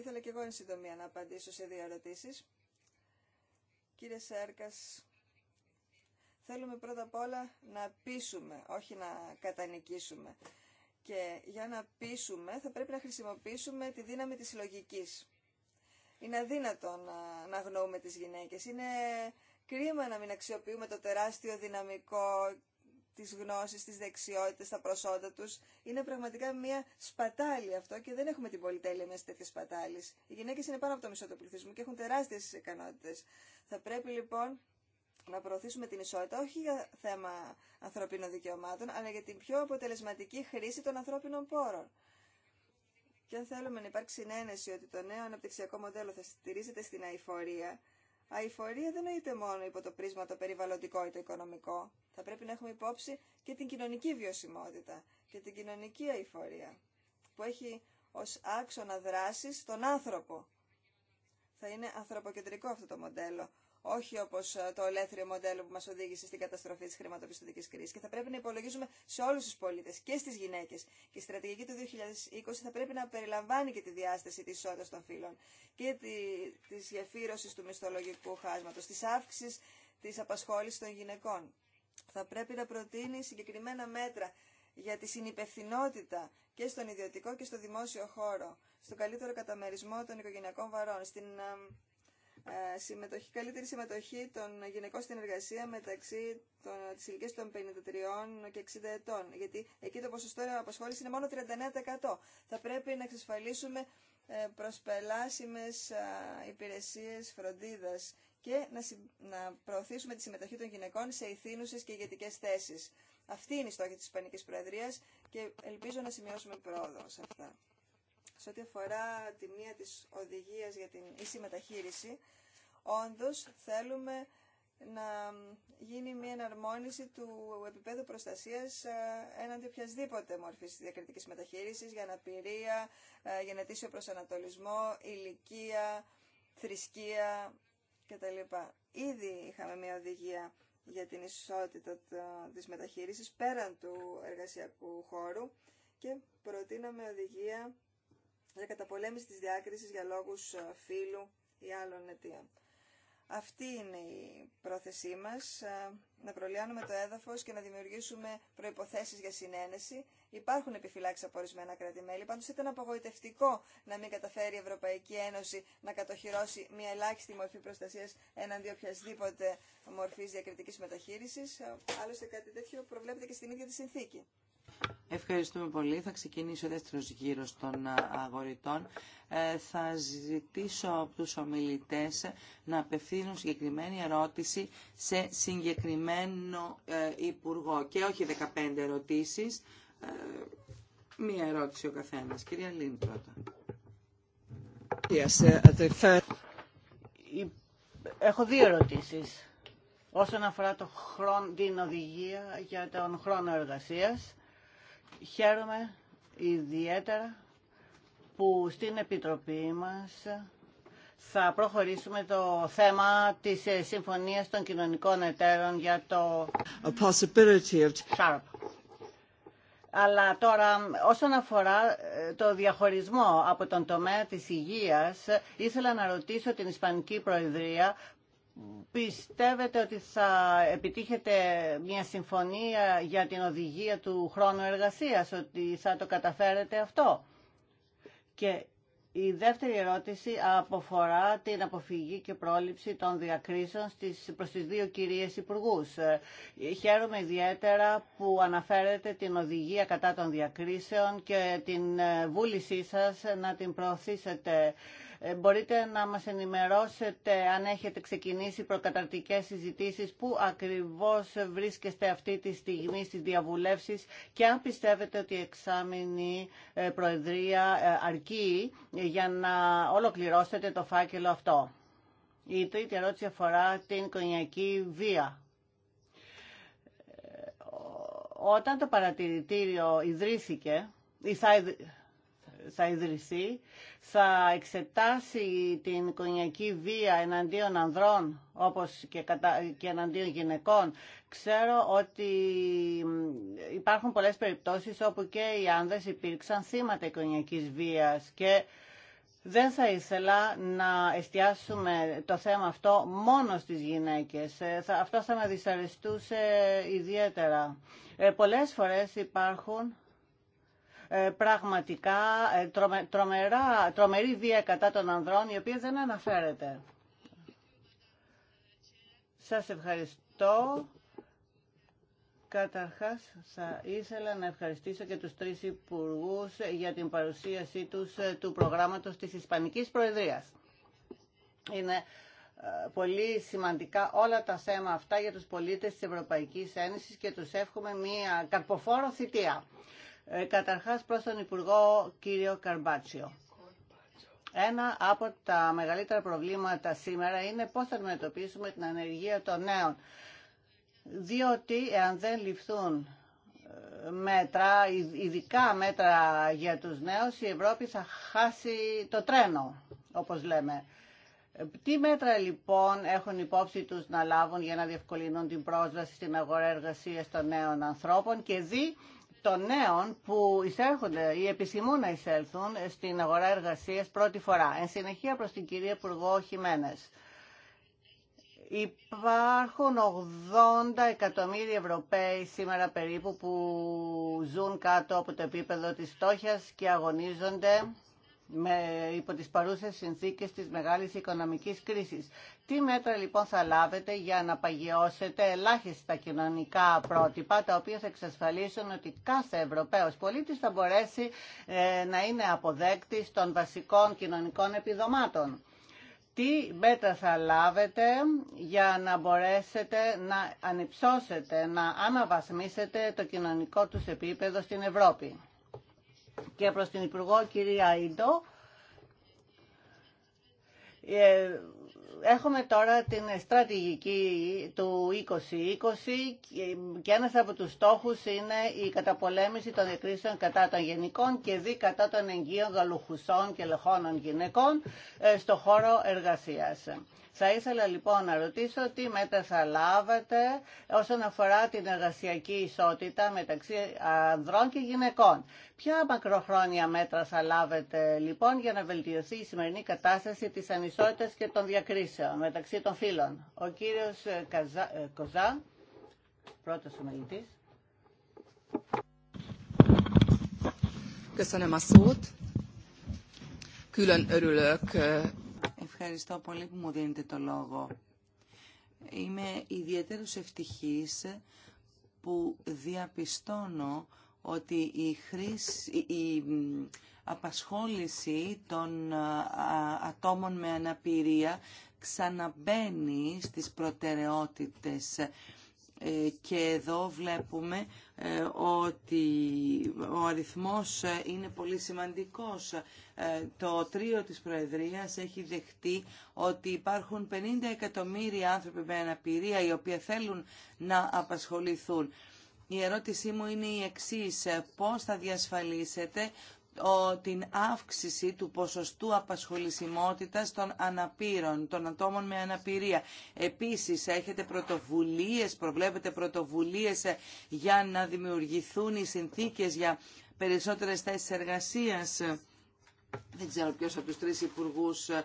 ήθελα και εγώ εν συντομία να απαντήσω σε δύο ερωτήσει. Κύριε Σέρκας, θέλουμε πρώτα απ' όλα να πείσουμε, όχι να κατανικήσουμε. Και για να πείσουμε θα πρέπει να χρησιμοποιήσουμε τη δύναμη της λογικής. Είναι αδύνατο να, να αγνοούμε τις γυναίκες. Είναι κρίμα να μην αξιοποιούμε το τεράστιο δυναμικό τις γνώσεις, τις δεξιότητες, τα προσόντα τους. Είναι πραγματικά μια σπατάλη αυτό και δεν έχουμε την πολυτέλεια μιας τέτοια σπατάλης. Οι γυναίκες είναι πάνω από το μισό του πληθυσμού και έχουν τεράστιες ικανότητε. Θα πρέπει λοιπόν να προωθήσουμε την ισότητα όχι για θέμα ανθρωπίνων δικαιωμάτων, αλλά για την πιο αποτελεσματική χρήση των ανθρώπινων πόρων. Και αν θέλουμε να υπάρξει συνένεση ότι το νέο αναπτυξιακό μοντέλο θα στηρίζεται στην αηφορία, αηφορία δεν νοείται μόνο υπό το πρίσμα το περιβαλλοντικό ή το οικονομικό, θα πρέπει να έχουμε υπόψη και την κοινωνική βιωσιμότητα και την κοινωνική αηφορία που έχει ως άξονα δράσης τον άνθρωπο. Θα είναι ανθρωποκεντρικό αυτό το μοντέλο, όχι όπως ε, το ολέθριο μοντέλο που μας οδήγησε στην καταστροφή της χρηματοπιστωτικής κρίσης. Και θα πρέπει να υπολογίζουμε σε όλους τους πολίτες και στις γυναίκες. Και η στρατηγική του 2020 θα πρέπει να περιλαμβάνει και τη διάσταση της ισότητας των φύλων και τη, της του μισθολογικού χάσματο τη αύξησης τη απασχόλησης των γυναικών θα πρέπει να προτείνει συγκεκριμένα μέτρα για τη συνυπευθυνότητα και στον ιδιωτικό και στο δημόσιο χώρο, στον καλύτερο καταμερισμό των οικογενειακών βαρών, στην ε, ε, συμμετοχή, καλύτερη συμμετοχή των γυναικών στην εργασία μεταξύ τη της των 53 και 60 ετών, γιατί εκεί το ποσοστό απασχόληση είναι μόνο 39%. Θα πρέπει να εξασφαλίσουμε ε, προσπελάσιμες υπηρεσίες φροντίδας και να προωθήσουμε τη συμμετοχή των γυναικών σε ηθήνουσες και ηγετικές θέσεις. Αυτή είναι η στόχη της Ισπανικής Προεδρίας και ελπίζω να σημειώσουμε πρόοδο σε αυτά. Σε ό,τι αφορά τη μία της οδηγίας για την ίση μεταχείριση, όντως θέλουμε να γίνει μια εναρμόνιση του επίπεδου προστασίας ε, έναντι οποιασδήποτε μορφής διακριτικής μεταχείρισης για αναπηρία, ε, γενετήσιο προσανατολισμό, ηλικία, θρησκεία, κτλ. Ήδη είχαμε μια οδηγία για την ισότητα της μεταχείρισης πέραν του εργασιακού χώρου και προτείναμε οδηγία για καταπολέμηση της διάκρισης για λόγους ε, φύλου ή άλλων αιτίων. Αυτή είναι η πρόθεσή μας, ε, να προλιάνουμε το έδαφος και να δημιουργήσουμε προϋποθέσεις για συνένεση Υπάρχουν επιφυλάξει από ορισμένα κράτη-μέλη. Πάντω ήταν απογοητευτικό να μην καταφέρει η Ευρωπαϊκή Ένωση να κατοχυρώσει μια ελάχιστη μορφή προστασία εναντί οποιασδήποτε μορφή διακριτική μεταχείριση. Άλλωστε κάτι τέτοιο προβλέπεται και στην ίδια τη συνθήκη. Ευχαριστούμε πολύ. Θα ξεκινήσει ο δεύτερο γύρος των ε, αγορητών. Ε, θα ζητήσω από του ομιλητέ να απευθύνουν συγκεκριμένη ερώτηση σε συγκεκριμένο ε, υπουργό και όχι 15 ερωτήσει. Ε, μία ερώτηση ο καθένας. Κυρία Λίν πρώτα. Uh, έχω δύο ερωτήσεις. Όσον αφορά το χρόνο, την οδηγία για τον χρόνο εργασίας, χαίρομαι ιδιαίτερα που στην Επιτροπή μας θα προχωρήσουμε το θέμα της ε, συμφωνίας των κοινωνικών εταίρων για το... possibility of... Αλλά τώρα όσον αφορά ε, το διαχωρισμό από τον τομέα της υγείας, ήθελα να ρωτήσω την Ισπανική Προεδρία πιστεύετε ότι θα επιτύχετε μια συμφωνία για την οδηγία του χρόνου εργασίας, ότι θα το καταφέρετε αυτό. Και η δεύτερη ερώτηση αποφορά την αποφυγή και πρόληψη των διακρίσεων στις, προς τις δύο κυρίες υπουργού. Χαίρομαι ιδιαίτερα που αναφέρετε την οδηγία κατά των διακρίσεων και την ε, βούλησή σας να την προωθήσετε. Ε, μπορείτε να μας ενημερώσετε αν έχετε ξεκινήσει προκαταρτικές συζητήσεις, πού ακριβώς βρίσκεστε αυτή τη στιγμή στις διαβουλεύσεις και αν πιστεύετε ότι η εξάμεινη ε, Προεδρία ε, αρκεί για να ολοκληρώσετε το φάκελο αυτό. Η τρίτη ερώτηση αφορά την κονιακή βία. Όταν το παρατηρητήριο ιδρύθηκε, ή θα θα ιδρυθεί, θα εξετάσει την κονιακή βία εναντίον ανδρών όπως και, κατα... και εναντίον γυναικών. Ξέρω ότι υπάρχουν πολλές περιπτώσεις όπου και οι άνδρες υπήρξαν θύματα οικογενειακής βίας και δεν θα ήθελα να εστιάσουμε το θέμα αυτό μόνο στις γυναίκες. Ε, αυτό θα με δυσαρεστούσε ιδιαίτερα. Ε, πολλές φορές υπάρχουν ε, πραγματικά ε, τρομερά, τρομερή βία κατά των ανδρών, η οποία δεν αναφέρεται. Σας ευχαριστώ. Καταρχάς θα ήθελα να ευχαριστήσω και τους τρεις υπουργούς για την παρουσίασή τους ε, του προγράμματος της Ισπανικής Προεδρίας. Είναι πολύ σημαντικά όλα τα θέματα αυτά για τους πολίτες της Ευρωπαϊκής Ένωσης και τους εύχομαι μια καρποφόρο θητεία. Ε, καταρχάς προς τον Υπουργό κύριο Καρμπάτσιο. Ένα από τα μεγαλύτερα προβλήματα σήμερα είναι πώς θα αντιμετωπίσουμε την ανεργία των νέων. Διότι εάν δεν ληφθούν ε, μέτρα, ειδικά μέτρα για τους νέους, η Ευρώπη θα χάσει το τρένο, όπως λέμε. Ε, τι μέτρα λοιπόν έχουν υπόψη τους να λάβουν για να διευκολύνουν την πρόσβαση στην αγορά εργασίας των νέων ανθρώπων και δι' των νέων που εισέρχονται ή επισημούν να εισέλθουν στην αγορά εργασία πρώτη φορά. Εν συνεχεία προς την κυρία Υπουργό Χιμένες. Υπάρχουν 80 εκατομμύρια Ευρωπαίοι σήμερα περίπου που ζουν κάτω από το επίπεδο της στόχιας και αγωνίζονται με, υπό τις παρούσες συνθήκες της μεγάλης οικονομικής κρίσης. Τι μέτρα λοιπόν θα λάβετε για να παγιώσετε ελάχιστα κοινωνικά πρότυπα τα οποία θα εξασφαλίσουν ότι κάθε Ευρωπαίος πολίτης θα μπορέσει ε, να είναι αποδέκτης των βασικών κοινωνικών επιδομάτων. Τι μέτρα θα λάβετε για να μπορέσετε να ανυψώσετε, να αναβαθμίσετε το κοινωνικό τους επίπεδο στην Ευρώπη και προς την Υπουργό κυρία Ιντό. Ε, έχουμε τώρα την στρατηγική του 2020 και ένας από τους στόχους είναι η καταπολέμηση των εκκρίσεων κατά των γενικών και δι κατά των εγγύων γαλουχουσών και λεχόνων γυναικών ε, στο χώρο εργασίας. Θα ήθελα λοιπόν να ρωτήσω τι μέτρα θα λάβετε όσον αφορά την εργασιακή ισότητα μεταξύ ανδρών και γυναικών. Ποια μακροχρόνια μέτρα θα λάβετε λοιπόν για να βελτιωθεί η σημερινή κατάσταση της ανισότητας και των διακρίσεων μεταξύ των φίλων. Ο κύριος ε, Καζα... Ε, Κοζά, πρώτος ομιλητής. Ε, Ευχαριστώ πολύ που μου δίνετε το λόγο. Είμαι ιδιαίτερος ευτυχής που διαπιστώνω ότι η, χρήση, η απασχόληση των ατόμων με αναπηρία ξαναμπαίνει στις προτεραιότητες ε, και εδώ βλέπουμε ε, ότι ο αριθμός ε, είναι πολύ σημαντικός. Το τρίο της Προεδρίας έχει δεχτεί ότι υπάρχουν 50 εκατομμύρια άνθρωποι με αναπηρία οι οποίοι θέλουν να απασχοληθούν. Η ερώτησή μου είναι η εξής. Πώς θα διασφαλίσετε την αύξηση του ποσοστού απασχολησιμότητας των αναπήρων, των ατόμων με αναπηρία. Επίσης, έχετε πρωτοβουλίες, προβλέπετε πρωτοβουλίες ε, για να δημιουργηθούν οι συνθήκες για περισσότερες θέσεις εργασίας δεν ξέρω ποιος από τους τρεις υπουργούς ε,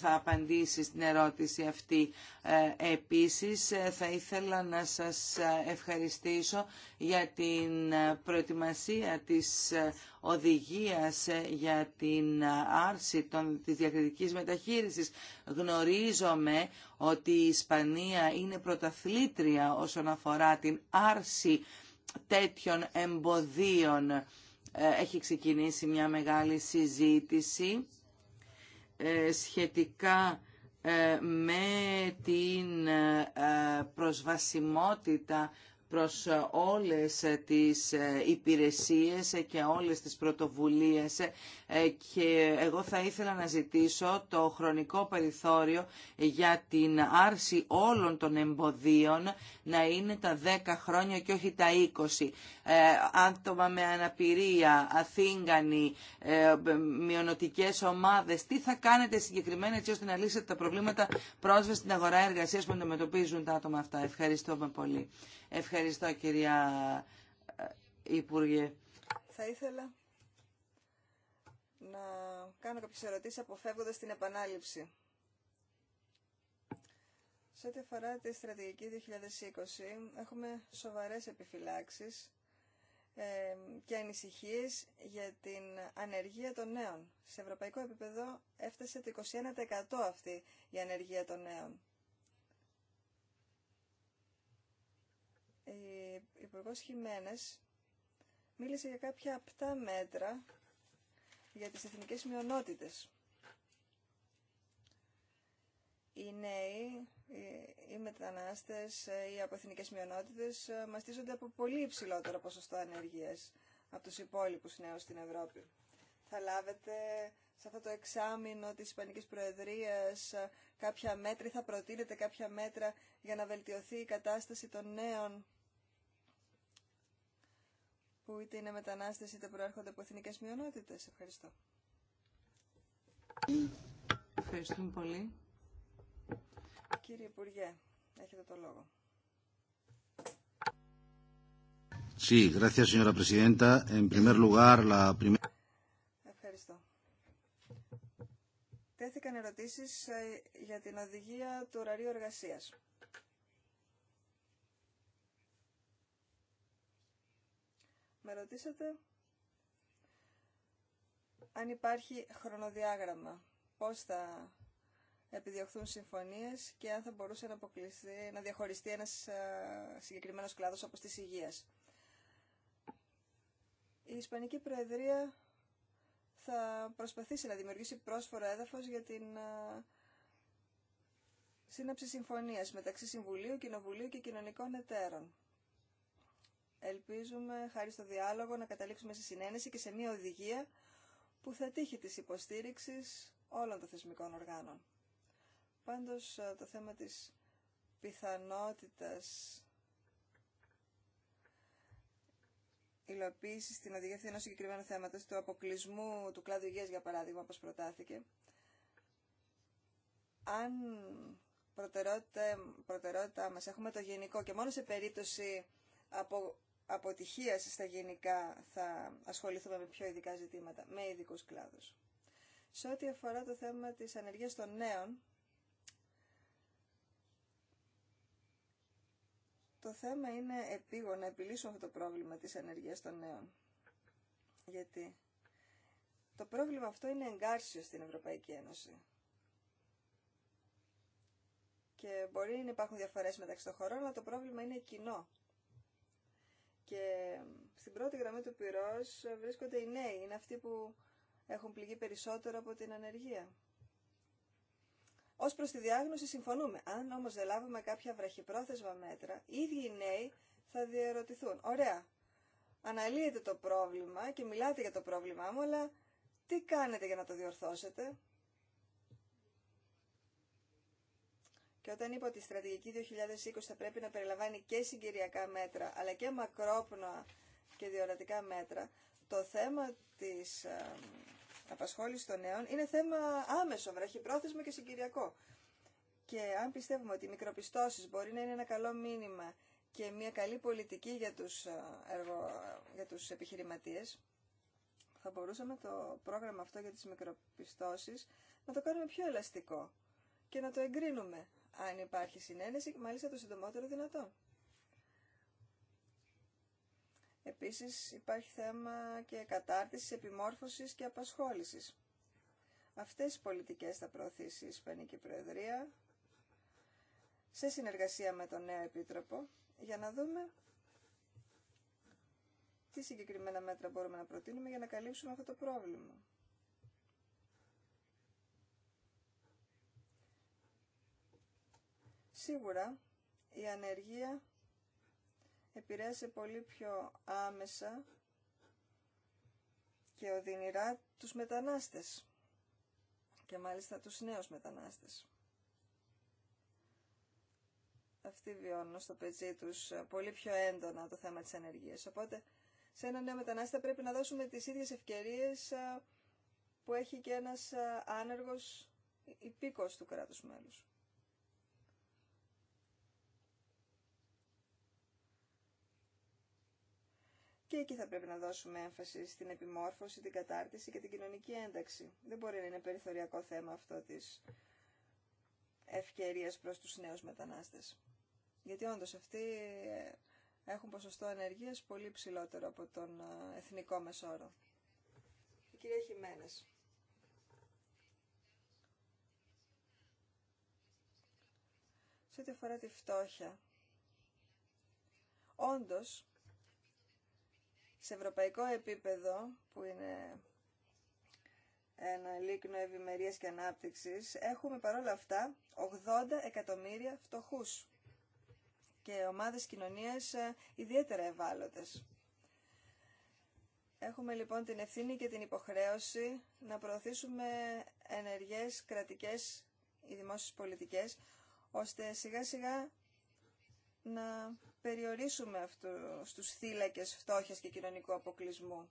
θα απαντήσει στην ερώτηση αυτή. Ε, επίσης, ε, θα ήθελα να σας ευχαριστήσω για την προετοιμασία της οδηγίας για την άρση των, της διακριτικής μεταχείρισης. Γνωρίζομαι ότι η Ισπανία είναι πρωταθλήτρια όσον αφορά την άρση τέτοιων εμποδίων ε, έχει ξεκινήσει μια μεγάλη συζήτηση ε, σχετικά ε, με την προσβασιμότητα προς ε, όλες ε, τις ε, υπηρεσίες και όλες τις πρωτοβουλίες και εγώ θα ήθελα να ζητήσω το χρονικό περιθώριο για την άρση όλων των εμποδίων να είναι τα 10 χρόνια και όχι τα 20. Άτομα με αναπηρία, αθήγανοι, μειονοτικές ομάδες, τι θα κάνετε συγκεκριμένα έτσι ώστε να λύσετε τα προβλήματα πρόσβαση στην αγορά εργασίας που αντιμετωπίζουν τα άτομα αυτά. Ευχαριστώ πολύ. Ευχαριστώ κυρία ε, Υπουργέ. Θα ήθελα να κάνω κάποιες ερωτήσεις αποφεύγοντας την επανάληψη. Σε ό,τι αφορά τη στρατηγική 2020, έχουμε σοβαρές επιφυλάξεις ε, και ανησυχίες για την ανεργία των νέων. Σε ευρωπαϊκό επίπεδο έφτασε το 21% αυτή η ανεργία των νέων. Ε, Υπουργός Χιμένες μίλησε για κάποια απτά μέτρα για τις εθνικές μειονότητες. Οι νέοι, οι μετανάστες, οι από εθνικές μειονότητες ε, μαστίζονται από πολύ υψηλότερο ποσοστό ανεργίας από τους υπόλοιπους νέους στην Ευρώπη. Θα λάβετε σε αυτό το εξάμεινο της Ισπανικής Προεδρίας ε, κάποια μέτρα θα προτείνετε κάποια μέτρα για να βελτιωθεί η κατάσταση των νέων που είτε είναι μετανάστες είτε προέρχονται από εθνικές μειονότητες. Ευχαριστώ. Ευχαριστούμε πολύ. Κύριε Υπουργέ, έχετε το λόγο. Sí, gracias, señora presidenta. En primer lugar, la primera... Ευχαριστώ. Τέθηκαν ερωτήσεις ε, για την οδηγία του ωραρίου εργασίας. Με ρωτήσατε αν υπάρχει χρονοδιάγραμμα, πώς θα επιδιωχθούν συμφωνίες και αν θα μπορούσε να, αποκλειστεί, να διαχωριστεί ένας ε, συγκεκριμένος κλάδος όπως της υγείας. Η Ισπανική Προεδρία θα προσπαθήσει να δημιουργήσει πρόσφορο έδαφος για την ε, σύναψη συμφωνίας μεταξύ Συμβουλίου, Κοινοβουλίου και Κοινωνικών Εταίρων. Ελπίζουμε, χάρη στο διάλογο, να καταλήξουμε σε συνένεση και σε μια οδηγία που θα τύχει της υποστήριξης όλων των θεσμικών οργάνων. Πάντως, το θέμα της πιθανότητας υλοποίησης στην οδηγία ενός συγκεκριμένου θέματος, του αποκλεισμού του κλάδου υγείας, για παράδειγμα, όπως προτάθηκε. Αν προτεραιότητα, προτεραιότητά μα έχουμε το γενικό και μόνο σε περίπτωση απο, αποτυχίας στα γενικά θα ασχοληθούμε με πιο ειδικά ζητήματα, με ειδικού κλάδους. Σε ό,τι αφορά το θέμα της ανεργίας των νέων, το θέμα είναι επίγον να επιλύσουμε αυτό το πρόβλημα της ανεργίας των νέων. Γιατί το πρόβλημα αυτό είναι εγκάρσιο στην Ευρωπαϊκή Ένωση. Και μπορεί να υπάρχουν διαφορές μεταξύ των χωρών, αλλά το πρόβλημα είναι κοινό. Και στην πρώτη γραμμή του πυρός βρίσκονται οι νέοι, είναι αυτοί που έχουν πληγεί περισσότερο από την ανεργία. Ω προ τη διάγνωση συμφωνούμε. Αν όμω δεν λάβουμε κάποια βραχυπρόθεσμα μέτρα, οι ίδιοι οι νέοι θα διαρωτηθούν. Ωραία, αναλύετε το πρόβλημα και μιλάτε για το πρόβλημά μου, αλλά τι κάνετε για να το διορθώσετε. Και όταν είπα ότι η στρατηγική 2020 θα πρέπει να περιλαμβάνει και συγκυριακά μέτρα, αλλά και μακρόπνοα και διορατικά μέτρα, το θέμα της ε, απασχόλησης των νέων είναι θέμα άμεσο, βραχυπρόθεσμο και συγκυριακό. Και αν πιστεύουμε ότι οι μικροπιστώσεις μπορεί να είναι ένα καλό μήνυμα και μια καλή πολιτική για τους, ε, εργο... για τους επιχειρηματίες, θα μπορούσαμε το πρόγραμμα αυτό για τις μικροπιστώσεις να το κάνουμε πιο ελαστικό και να το εγκρίνουμε αν υπάρχει συνένεση, μάλιστα το συντομότερο δυνατό. Επίσης υπάρχει θέμα και κατάρτισης, επιμόρφωσης και απασχόλησης. Αυτές οι πολιτικές θα προωθήσει η Ισπανική Προεδρία σε συνεργασία με τον νέο Επίτροπο για να δούμε τι συγκεκριμένα μέτρα μπορούμε να προτείνουμε για να καλύψουμε αυτό το πρόβλημα. Σίγουρα η ανεργία επηρέασε πολύ πιο άμεσα και οδυνηρά τους μετανάστες και μάλιστα τους νέους μετανάστες. Αυτοί βιώνουν στο πετσί τους πολύ πιο έντονα το θέμα της ανεργίας. Οπότε σε ένα νέο μετανάστη πρέπει να δώσουμε τις ίδιες ευκαιρίες ε, που έχει και ένας ε, άνεργος υπήκος του κράτους μέλους. Και εκεί θα πρέπει να δώσουμε έμφαση στην επιμόρφωση, την κατάρτιση και την κοινωνική ένταξη. Δεν μπορεί να είναι περιθωριακό θέμα αυτό της ευκαιρίας προς τους νέους μετανάστες. Γιατί όντως αυτοί ε, έχουν ποσοστό ανεργίας πολύ ψηλότερο από τον ε, εθνικό μεσόρο. Η κυρία Χιμένες. Σε ό,τι αφορά τη φτώχεια, όντως σε ευρωπαϊκό επίπεδο, που είναι ένα λίκνο ευημερίας και ανάπτυξης, έχουμε παρόλα αυτά 80 εκατομμύρια φτωχούς και ομάδες κοινωνίας ε, ιδιαίτερα ευάλωτες. Έχουμε λοιπόν την ευθύνη και την υποχρέωση να προωθήσουμε ενεργές κρατικές ή δημόσιες πολιτικές, ώστε σιγά σιγά να περιορίσουμε αυτού, στους θύλακες φτώχειας και κοινωνικού αποκλεισμού.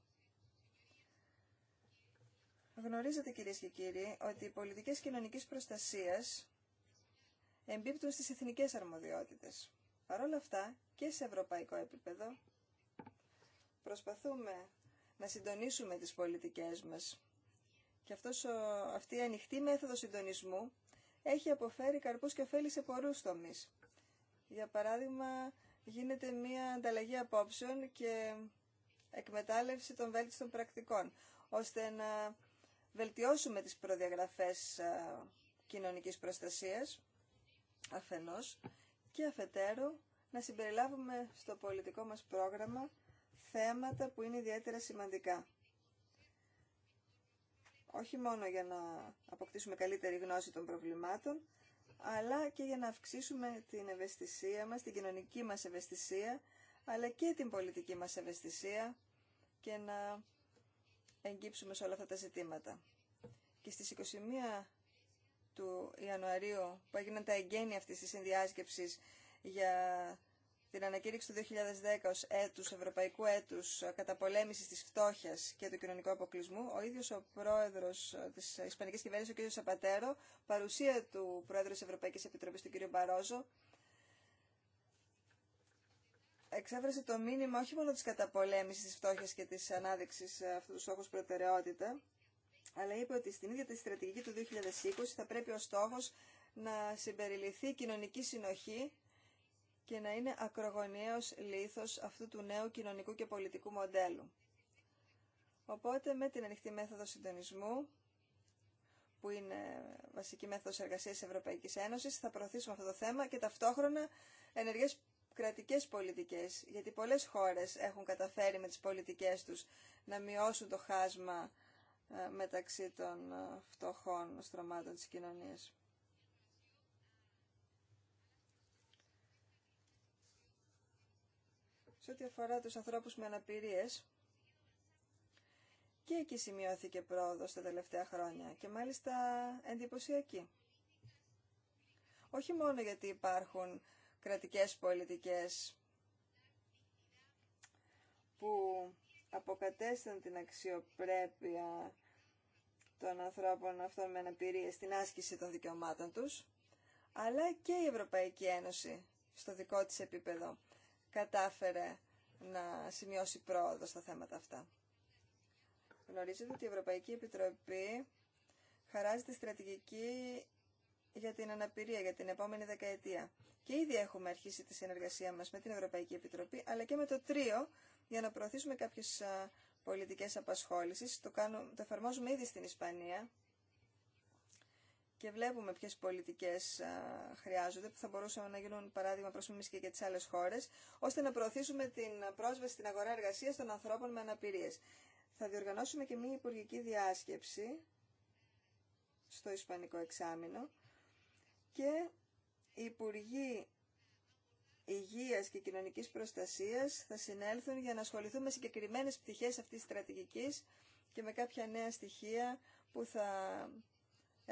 Γνωρίζετε κυρίες και κύριοι ότι οι πολιτικές κοινωνικής προστασίας εμπίπτουν στις εθνικές αρμοδιότητες. Παρ' όλα αυτά και σε ευρωπαϊκό επίπεδο προσπαθούμε να συντονίσουμε τις πολιτικές μας. Και αυτός ο, αυτή η ανοιχτή μέθοδο συντονισμού έχει αποφέρει καρπούς και ωφέλη σε τομείς. Για παράδειγμα, γίνεται μια ανταλλαγή απόψεων και εκμετάλλευση των βέλτιστων πρακτικών, ώστε να βελτιώσουμε τις προδιαγραφές κοινωνικής προστασίας αφενός και αφετέρου να συμπεριλάβουμε στο πολιτικό μας πρόγραμμα θέματα που είναι ιδιαίτερα σημαντικά. Όχι μόνο για να αποκτήσουμε καλύτερη γνώση των προβλημάτων, αλλά και για να αυξήσουμε την ευαισθησία μας, την κοινωνική μας ευαισθησία, αλλά και την πολιτική μας ευαισθησία και να εγκύψουμε σε όλα αυτά τα ζητήματα. Και στις 21 του Ιανουαρίου που έγιναν τα εγγένεια αυτής της συνδιάσκεψης για την ανακήρυξη του 2010 ως έτους, Ευρωπαϊκού έτους ε, καταπολέμησης της φτώχειας και του κοινωνικού αποκλεισμού, ο ίδιος ο πρόεδρος ε, της Ισπανικής κυβέρνησης, ο κ. Σαπατέρο, παρουσία του πρόεδρου της Ευρωπαϊκής Επιτροπής, του κ. Μπαρόζο, εξέφρασε το μήνυμα όχι μόνο της καταπολέμησης της φτώχειας και της ανάδειξης ε, αυτού του στόχου προτεραιότητα, αλλά είπε ότι στην ίδια τη στρατηγική του 2020 θα πρέπει ο στόχος να συμπεριληφθεί κοινωνική συνοχή και να είναι ακρογωνιαίος λίθος αυτού του νέου κοινωνικού και πολιτικού μοντέλου. Οπότε με την ανοιχτή μέθοδο συντονισμού, που είναι βασική μέθοδος εργασίας της Ευρωπαϊκής Ένωσης, θα προωθήσουμε αυτό το θέμα και ταυτόχρονα ενεργές κρατικές πολιτικές, γιατί πολλές χώρες έχουν καταφέρει με τις πολιτικές τους να μειώσουν το χάσμα ε, μεταξύ των ε, φτωχών στρωμάτων της κοινωνίας. σε ό,τι αφορά τους ανθρώπους με αναπηρίες, και εκεί σημειώθηκε πρόοδος τα τελευταία χρόνια και μάλιστα εντυπωσιακή. Όχι μόνο γιατί υπάρχουν κρατικές πολιτικές που αποκατέστην την αξιοπρέπεια των ανθρώπων αυτών με αναπηρίες στην άσκηση των δικαιωμάτων τους, αλλά και η Ευρωπαϊκή Ένωση στο δικό της επίπεδο κατάφερε να σημειώσει πρόοδο στα θέματα αυτά. Γνωρίζετε ότι η Ευρωπαϊκή Επιτροπή χαράζει τη στρατηγική για την αναπηρία για την επόμενη δεκαετία. Και ήδη έχουμε αρχίσει τη συνεργασία μας με την Ευρωπαϊκή Επιτροπή, αλλά και με το τρίο για να προωθήσουμε κάποιες πολιτικές απασχόλησεις. Το, κάνουμε, το εφαρμόζουμε ήδη στην Ισπανία και βλέπουμε ποιες πολιτικές χρειάζονται που θα μπορούσαν να γίνουν παράδειγμα εμείς και για τις άλλες χώρες, ώστε να προωθήσουμε την πρόσβαση στην αγορά εργασίας των ανθρώπων με αναπηρίες. Θα διοργανώσουμε και μία υπουργική διάσκεψη στο Ισπανικό εξάμεινο και οι Υπουργοί Υγείας και Κοινωνικής Προστασίας θα συνέλθουν για να ασχοληθούν με συγκεκριμένες πτυχές αυτής της στρατηγικής και με κάποια νέα στοιχεία που θα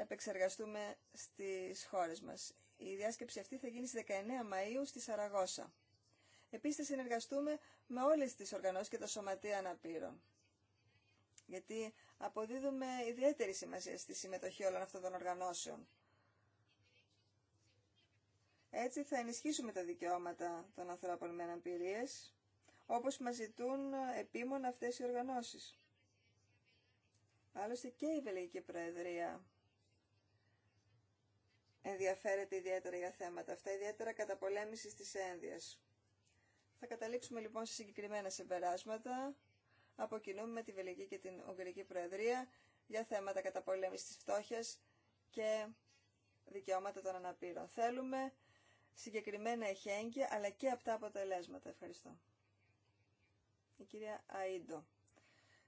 επεξεργαστούμε στις χώρες μας. Η διάσκεψη αυτή θα γίνει στις 19 Μαΐου στη Σαραγώσα. Επίσης θα συνεργαστούμε με όλες τις οργανώσεις και τα σωματεία αναπήρων. Γιατί αποδίδουμε ιδιαίτερη σημασία στη συμμετοχή όλων αυτών των οργανώσεων. Έτσι θα ενισχύσουμε τα δικαιώματα των ανθρώπων με αναπηρίες, όπως μας ζητούν επίμονα αυτές οι οργανώσεις. Άλλωστε και η Βελγική Προεδρία ενδιαφέρεται ιδιαίτερα για θέματα αυτά, ιδιαίτερα κατά πολέμηση της ένδυας. Θα καταλήξουμε λοιπόν σε συγκεκριμένα συμπεράσματα. Αποκινούμε τη Βελική και την Ουγγρική Προεδρία για θέματα κατά πολέμηση της φτώχειας και δικαιώματα των αναπήρων. Θέλουμε συγκεκριμένα εχέγγυα αλλά και αυτά αποτελέσματα. Ευχαριστώ. Η κυρία Αΐντο.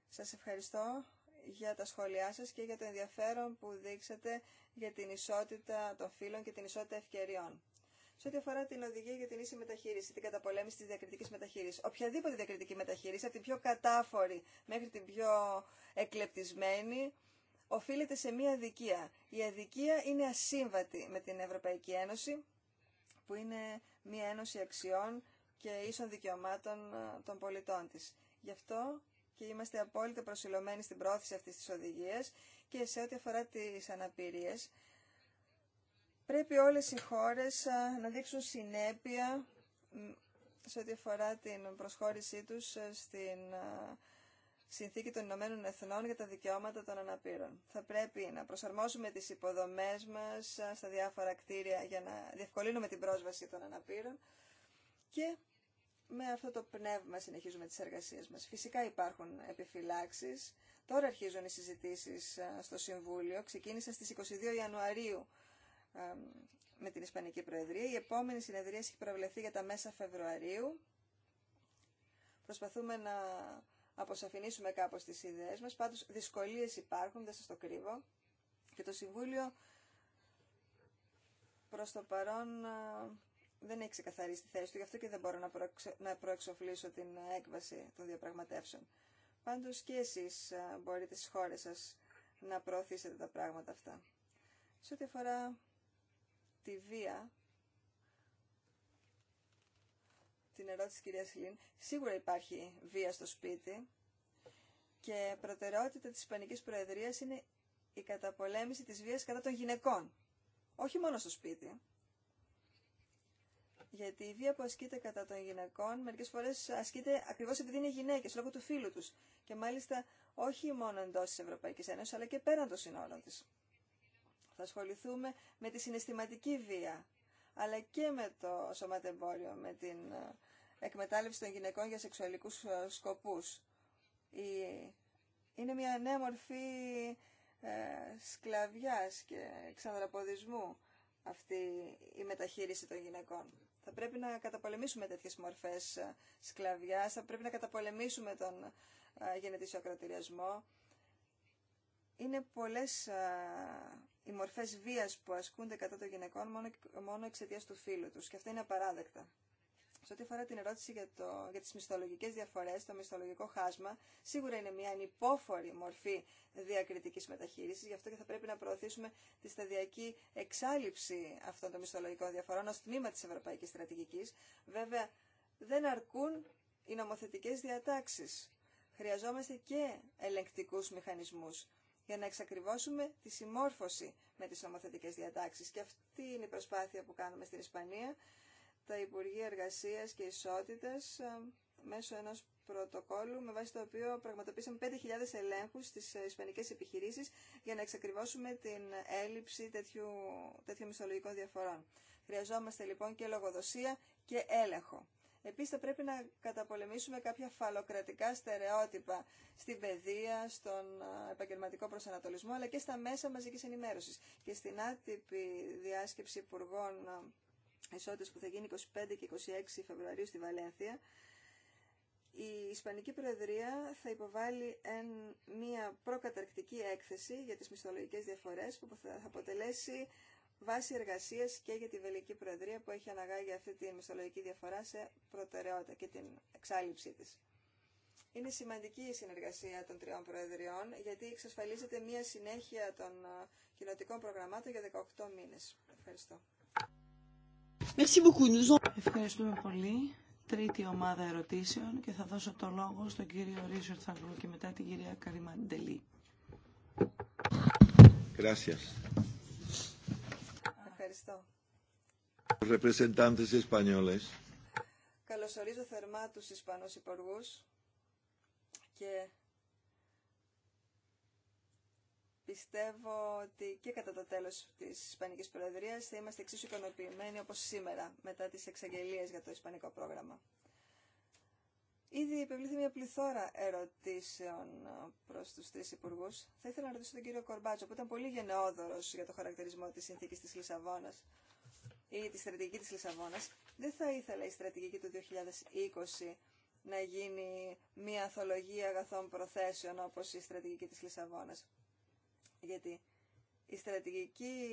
Σας ευχαριστώ για τα σχόλιά σας και για το ενδιαφέρον που δείξατε για την ισότητα των φύλων και την ισότητα ευκαιριών. Σε ό,τι αφορά την οδηγία για την ίση μεταχείριση, την καταπολέμηση τη διακριτική μεταχείριση, οποιαδήποτε διακριτική μεταχείριση, από την πιο κατάφορη μέχρι την πιο εκλεπτισμένη, οφείλεται σε μία αδικία. Η αδικία είναι ασύμβατη με την Ευρωπαϊκή Ένωση, που είναι μία ένωση αξιών και ίσων δικαιωμάτων ε, των πολιτών τη. Γι' αυτό και είμαστε απόλυτα προσιλωμένοι στην πρόθεση αυτής της οδηγίας και σε ό,τι αφορά τις αναπηρίες. Πρέπει όλες οι χώρες να δείξουν συνέπεια σε ό,τι αφορά την προσχώρησή τους στην Συνθήκη των Ηνωμένων Εθνών για τα δικαιώματα των αναπήρων. Θα πρέπει να προσαρμόσουμε τις υποδομές μας στα διάφορα κτίρια για να διευκολύνουμε την πρόσβαση των αναπήρων και με αυτό το πνεύμα συνεχίζουμε τις εργασίες μας. Φυσικά υπάρχουν επιφυλάξεις. Τώρα αρχίζουν οι συζητήσεις στο Συμβούλιο. Ξεκίνησαν στις 22 Ιανουαρίου με την Ισπανική Προεδρία. Η επόμενη συνεδρία έχει προβλεφθεί για τα μέσα Φεβρουαρίου. Προσπαθούμε να αποσαφηνίσουμε κάπως τις ιδέες μας. Πάντως δυσκολίες υπάρχουν, δεν σας το κρύβω. Και το Συμβούλιο προς το παρόν δεν έχει ξεκαθαρίσει τη θέση του, γι' αυτό και δεν μπορώ να, να προεξοφλήσω την έκβαση των διαπραγματεύσεων. Πάντως και εσείς μπορείτε στις χώρες σας να προωθήσετε τα πράγματα αυτά. Σε ό,τι αφορά τη βία, την ερώτηση της κυρίας Λίν, σίγουρα υπάρχει βία στο σπίτι και προτεραιότητα της Ισπανικής Προεδρίας είναι η καταπολέμηση της βίας κατά των γυναικών. Όχι μόνο στο σπίτι, γιατί η βία που ασκείται κατά των γυναικών μερικέ φορέ ασκείται ακριβώ επειδή είναι γυναίκε, λόγω του φίλου του. Και μάλιστα όχι μόνο εντό τη Ευρωπαϊκή Ένωση, αλλά και πέραν των συνόρων τη. Θα ασχοληθούμε με τη συναισθηματική βία, αλλά και με το σωματεμπόριο, με την ε, εκμετάλλευση των γυναικών για σεξουαλικούς ε, σκοπούς. Είναι μια νέα μορφή ε, σκλαβιάς και ξανδραποδισμού αυτή η μεταχείριση των γυναικών. Θα πρέπει να καταπολεμήσουμε τέτοιες μορφές ε, σκλαβιάς, θα πρέπει να καταπολεμήσουμε τον ε, γενετήσιο ακροτηριασμό. Είναι πολλές ε, οι μορφές βίας που ασκούνται κατά των γυναικών μόνο, μόνο εξαιτία του φίλου τους και αυτά είναι απαράδεκτα. Σε ό,τι αφορά την ερώτηση για, το, για τις μισθολογικές διαφορές, το μισθολογικό χάσμα, σίγουρα είναι μια ανυπόφορη μορφή διακριτικής μεταχείρισης, γι' αυτό και θα πρέπει να προωθήσουμε τη σταδιακή εξάλληψη αυτών των μισθολογικών διαφορών ως τμήμα της Ευρωπαϊκής Στρατηγικής. Βέβαια, δεν αρκούν οι νομοθετικές διατάξεις. Χρειαζόμαστε και ελεγκτικούς μηχανισμούς για να εξακριβώσουμε τη συμμόρφωση με τις νομοθετικές διατάξεις. Και αυτή είναι η προσπάθεια που κάνουμε στην Ισπανία τα Υπουργεία Εργασίας και Ισότητας ε, μέσω ενός πρωτοκόλλου με βάση το οποίο πραγματοποιήσαμε 5.000 ελέγχους στις ε, ισπανικές επιχειρήσεις για να εξακριβώσουμε την έλλειψη τέτοιου, τέτοιων μισθολογικών διαφορών. Χρειαζόμαστε λοιπόν και λογοδοσία και έλεγχο. Επίσης θα πρέπει να καταπολεμήσουμε κάποια φαλοκρατικά στερεότυπα στην παιδεία, στον ε, επαγγελματικό προσανατολισμό αλλά και στα μέσα μαζικής ενημέρωσης. Και στην άτυπη διάσκεψη υπουργών ισότητας που θα γίνει 25 και 26 Φεβρουαρίου στη Βαλένθια, η Ισπανική Προεδρία θα υποβάλει εν, μια προκαταρκτική έκθεση για τις μισθολογικές διαφορές που θα αποτελέσει βάση εργασίας και για τη Βελική Προεδρία που έχει αναγάγει αυτή τη μισθολογική διαφορά σε προτεραιότητα και την εξάλληψή της. Είναι σημαντική η συνεργασία των τριών προεδριών γιατί εξασφαλίζεται μια συνέχεια των ε, κοινοτικών προγραμμάτων για 18 μήνες. Ευχαριστώ. Ευχαριστούμε πολύ. Τρίτη ομάδα ερωτήσεων και θα δώσω το λόγο στον κύριο Ρίσορτ Θαγκρού και μετά την κυρία Καρυμαντελή. Ευχαριστώ. Καλωσορίζω θερμά τους Ισπανούς υπουργούς και Πιστεύω ότι και κατά το τέλος της Ισπανικής Προεδρίας θα είμαστε εξίσου ικανοποιημένοι όπως σήμερα, μετά τις εξαγγελίες για το Ισπανικό πρόγραμμα. Ήδη υπευλήθη μια πληθώρα ερωτήσεων προ του τρει υπουργού. Θα ήθελα να ρωτήσω τον κύριο Κορμπάτσο, που ήταν πολύ γενναιόδωρο για το χαρακτηρισμό τη συνθήκη τη Λισαβόνα ή τη στρατηγική τη Λισαβόνα. Δεν θα ήθελα η στρατηγική του 2020 να γίνει μια αθολογία αγαθών προθέσεων όπω η στρατηγική τη Λισαβόνα. Γιατί η στρατηγική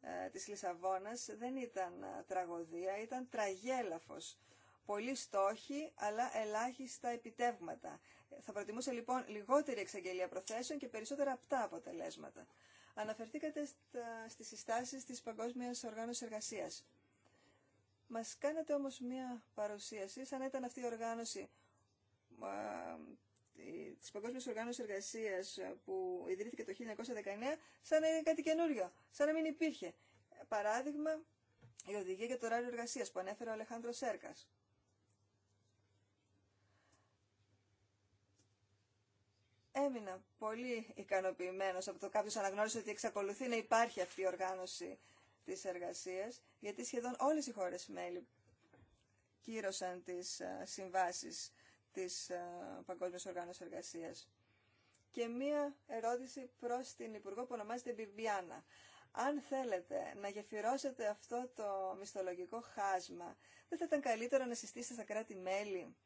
ε, της Λισαβόνας δεν ήταν ε, τραγωδία, ήταν τραγέλαφος. Πολλοί στόχοι, αλλά ελάχιστα επιτεύγματα. Θα προτιμούσε λοιπόν λιγότερη εξαγγελία προθέσεων και περισσότερα απτά αποτελέσματα. Αναφερθήκατε στα, στις συστάσεις της Παγκόσμιας Οργάνωσης Εργασίας. Μας κάνατε όμως μία παρουσίαση, σαν ήταν αυτή η οργάνωση ε, της παγκόσμια οργάνωση Εργασίας που ιδρύθηκε το 1919 σαν να είναι κάτι καινούριο, σαν να μην υπήρχε. Παράδειγμα, η οδηγία για το Ράριο εργασίας που ανέφερε ο Αλεχάνδρος Σέρκας. Έμεινα πολύ ικανοποιημένος από το κάποιος αναγνώρισε ότι εξακολουθεί να υπάρχει αυτή η οργάνωση της εργασίας, γιατί σχεδόν όλες οι χώρες μέλη κύρωσαν τις ε, συμβάσεις της ε, Παγκόσμιας Οργάνωσης Εργασίας. Και μία ερώτηση προς την Υπουργό που ονομάζεται Μπιμπιάνα. Αν θέλετε να γεφυρώσετε αυτό το μισθολογικό χάσμα, δεν θα ήταν καλύτερο να συστήσετε στα κράτη-μέλη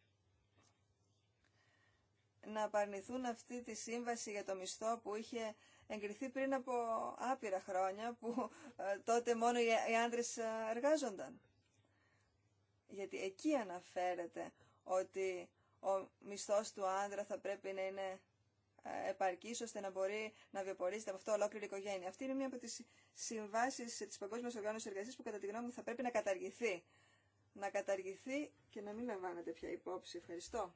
να απαρνηθούν αυτή τη σύμβαση για το μισθό που είχε εγκριθεί πριν από άπειρα χρόνια, που ε, τότε μόνο οι, οι ε, εργάζονταν. Γιατί εκεί αναφέρεται ότι ο μισθός του άνδρα θα πρέπει να είναι ε, επαρκής ώστε να μπορεί να βιοπορίζεται από αυτό ολόκληρη η οικογένεια. Αυτή είναι μία από τις συμβάσεις της Παγκόσμιας Οργάνωσης Εργασίας που κατά τη γνώμη μου θα πρέπει να καταργηθεί. Να καταργηθεί και να μην λαμβάνεται πια υπόψη. Ευχαριστώ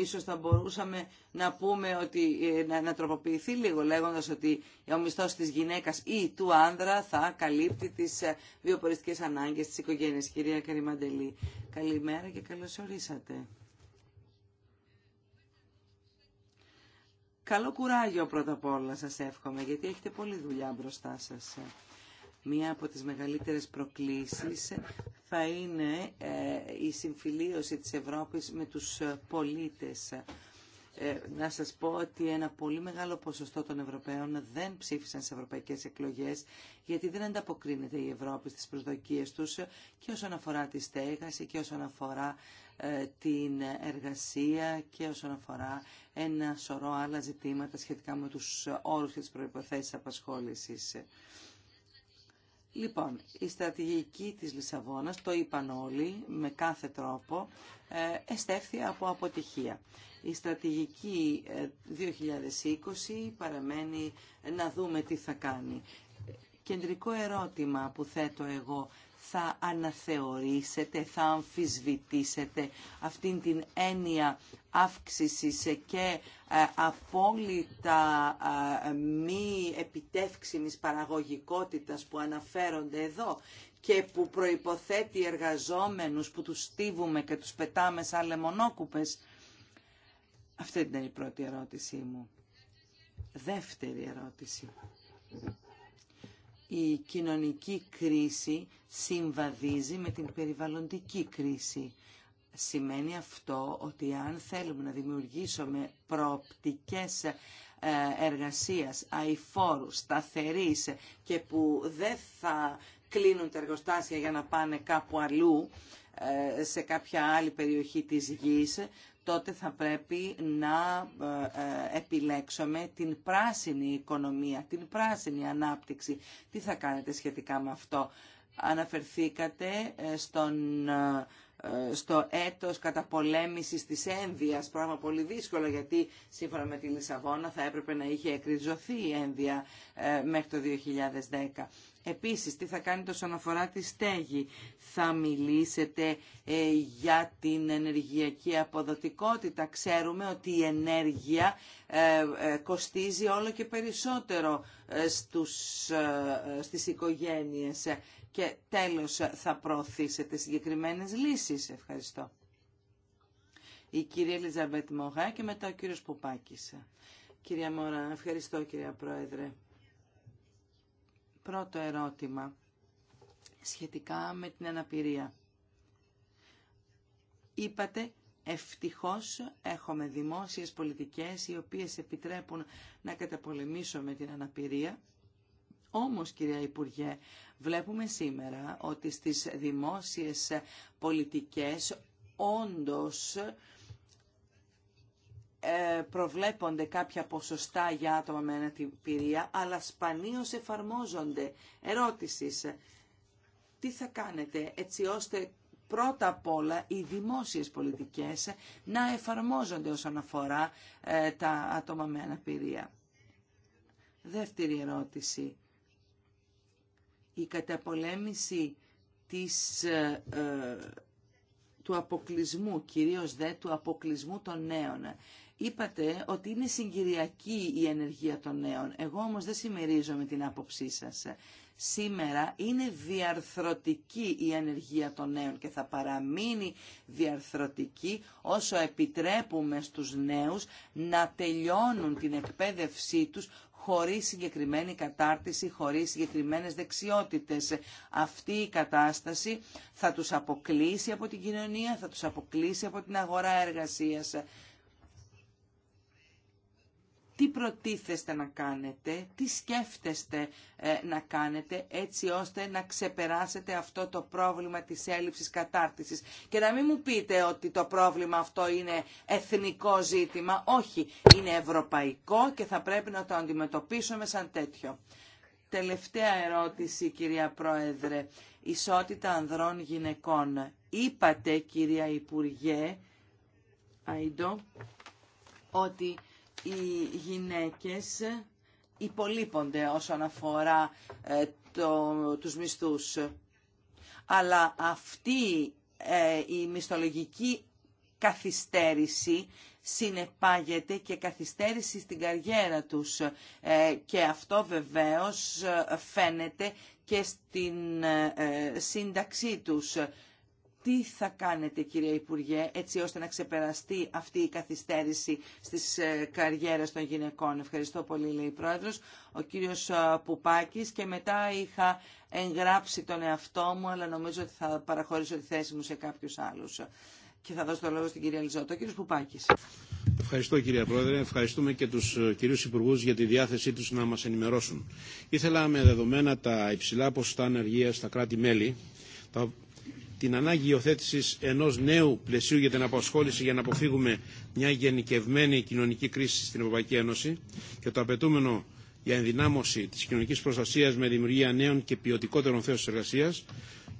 ίσως θα μπορούσαμε να πούμε ότι, ε, να, να τροποποιηθεί λίγο λέγοντας ότι ο μισθός της γυναίκας ή του άνδρα θα καλύπτει τις ε, βιοποριστικές ανάγκες της οικογένειας. Κυρία Καρυμαντελή, καλημέρα και καλώς ορίσατε. Καλό κουράγιο πρώτα απ' όλα σας εύχομαι, γιατί έχετε πολλή δουλειά μπροστά σας. Μία από τις μεγαλύτερες προκλήσεις θα είναι ε, η συμφιλίωση της Ευρώπης με τους ε, πολίτες. Ε, να σας πω ότι ένα πολύ μεγάλο ποσοστό των Ευρωπαίων δεν ψήφισαν σε ευρωπαϊκές εκλογές γιατί δεν ανταποκρίνεται η Ευρώπη στις προσδοκίες τους και όσον αφορά τη στέγαση και όσον αφορά την εργασία και όσον αφορά ένα σωρό άλλα ζητήματα σχετικά με τους όρους και τις προϋποθέσεις απασχόλησης. Λοιπόν, η στρατηγική της Λισαβόνας, το είπαν όλοι με κάθε τρόπο, ε, εστέφθη από αποτυχία. Η στρατηγική 2020 ε, παραμένει να δούμε τι θα κάνει. Κεντρικό ερώτημα που θέτω εγώ θα αναθεωρήσετε, θα αμφισβητήσετε αυτήν την έννοια αύξησης και ε, απόλυτα ε, μη επιτεύξιμης παραγωγικότητας που αναφέρονται εδώ και που προϋποθέτει εργαζόμενους που τους στίβουμε και τους πετάμε σαν λεμονόκουπες. Αυτή ήταν η πρώτη ερώτησή μου. Δεύτερη ερώτηση η κοινωνική κρίση συμβαδίζει με την περιβαλλοντική κρίση. Σημαίνει αυτό ότι αν θέλουμε να δημιουργήσουμε προοπτικές ε, εργασίας, αηφόρου, σταθερής και που δεν θα κλείνουν τα εργοστάσια για να πάνε κάπου αλλού, ε, σε κάποια άλλη περιοχή της γης, τότε θα πρέπει να ε, ε, επιλέξουμε την πράσινη οικονομία, την πράσινη ανάπτυξη. Τι θα κάνετε σχετικά με αυτό. Αναφερθήκατε ε, στον στο έτος καταπολέμησης της ένδυας, πράγμα πολύ δύσκολο γιατί σύμφωνα με τη Λισαβόνα θα έπρεπε να είχε εκριζωθεί η ένδυα μέχρι το 2010. Επίσης, τι θα κάνετε όσον αφορά τη στέγη. Θα μιλήσετε ε, για την ενεργειακή αποδοτικότητα. Ξέρουμε ότι η ενέργεια ε, ε, κοστίζει όλο και περισσότερο στους, στις οικογένειες. Και τέλος, θα προωθήσετε συγκεκριμένες λύσεις. Ευχαριστώ. Η κυρία Ελιζαμπέτ Μογά και μετά ο κύριος Πουπάκης. Κυρία Μωρά, ευχαριστώ κυρία Πρόεδρε. Πρώτο ερώτημα σχετικά με την αναπηρία. Είπατε Ευτυχώς έχουμε δημόσιες πολιτικές οι οποίες επιτρέπουν να καταπολεμήσουμε την αναπηρία. Όμως, κυρία Υπουργέ, βλέπουμε σήμερα ότι στις δημόσιες πολιτικές όντως ε, προβλέπονται κάποια ποσοστά για άτομα με αναπηρία, αλλά σπανίως εφαρμόζονται. Ερώτησης, τι θα κάνετε έτσι ώστε πρώτα απ' όλα οι δημόσιες πολιτικές να εφαρμόζονται όσον αφορά ε, τα άτομα με αναπηρία. Δεύτερη ερώτηση. Η καταπολέμηση της, ε, του αποκλεισμού, κυρίως δε του αποκλεισμού των νέων. Είπατε ότι είναι συγκυριακή η ενεργεία των νέων. Εγώ όμως δεν με την άποψή σας. Σήμερα είναι διαρθρωτική η ενεργεία των νέων και θα παραμείνει διαρθρωτική όσο επιτρέπουμε στους νέους να τελειώνουν την εκπαίδευσή τους χωρίς συγκεκριμένη κατάρτιση, χωρίς συγκεκριμένες δεξιότητες. Αυτή η κατάσταση θα τους αποκλείσει από την κοινωνία, θα τους αποκλείσει από την αγορά εργασίας τι προτίθεστε να κάνετε, τι σκέφτεστε ε, να κάνετε έτσι ώστε να ξεπεράσετε αυτό το πρόβλημα της έλλειψης κατάρτισης. Και να μην μου πείτε ότι το πρόβλημα αυτό είναι εθνικό ζήτημα. Όχι, είναι ευρωπαϊκό και θα πρέπει να το αντιμετωπίσουμε σαν τέτοιο. Τελευταία ερώτηση, κυρία Πρόεδρε. Ισότητα ανδρών γυναικών. Είπατε, κυρία Υπουργέ, ότι οι γυναίκες υπολείπονται όσον αφορά ε, το, τους μισθούς. Αλλά αυτή ε, η μισθολογική καθυστέρηση συνεπάγεται και καθυστέρηση στην καριέρα τους. Ε, και αυτό βεβαίως φαίνεται και στην σύνταξή τους τι θα κάνετε κύριε Υπουργέ έτσι ώστε να ξεπεραστεί αυτή η καθυστέρηση στις ε, καριέρες των γυναικών. Ευχαριστώ πολύ λέει η Πρόεδρος. Ο κύριος ε, Πουπάκης και μετά είχα εγγράψει τον εαυτό μου αλλά νομίζω ότι θα παραχωρήσω τη θέση μου σε κάποιους άλλους. Και θα δώσω το λόγο στην κυρία Λιζότο. Κύριος Πουπάκης. Ευχαριστώ κυρία Πρόεδρε. Ευχαριστούμε και τους ε, κυρίους Υπουργούς για τη διάθεσή τους να μας ενημερώσουν. Ήθελα με δεδομένα τα υψηλά ποσοστά ανεργία στα κράτη-μέλη, την ανάγκη υιοθέτηση ενό νέου πλαισίου για την απασχόληση για να αποφύγουμε μια γενικευμένη κοινωνική κρίση στην Ευρωπαϊκή Ένωση και το απαιτούμενο για ενδυνάμωση τη κοινωνική προστασία με δημιουργία νέων και ποιοτικότερων θέσεων εργασία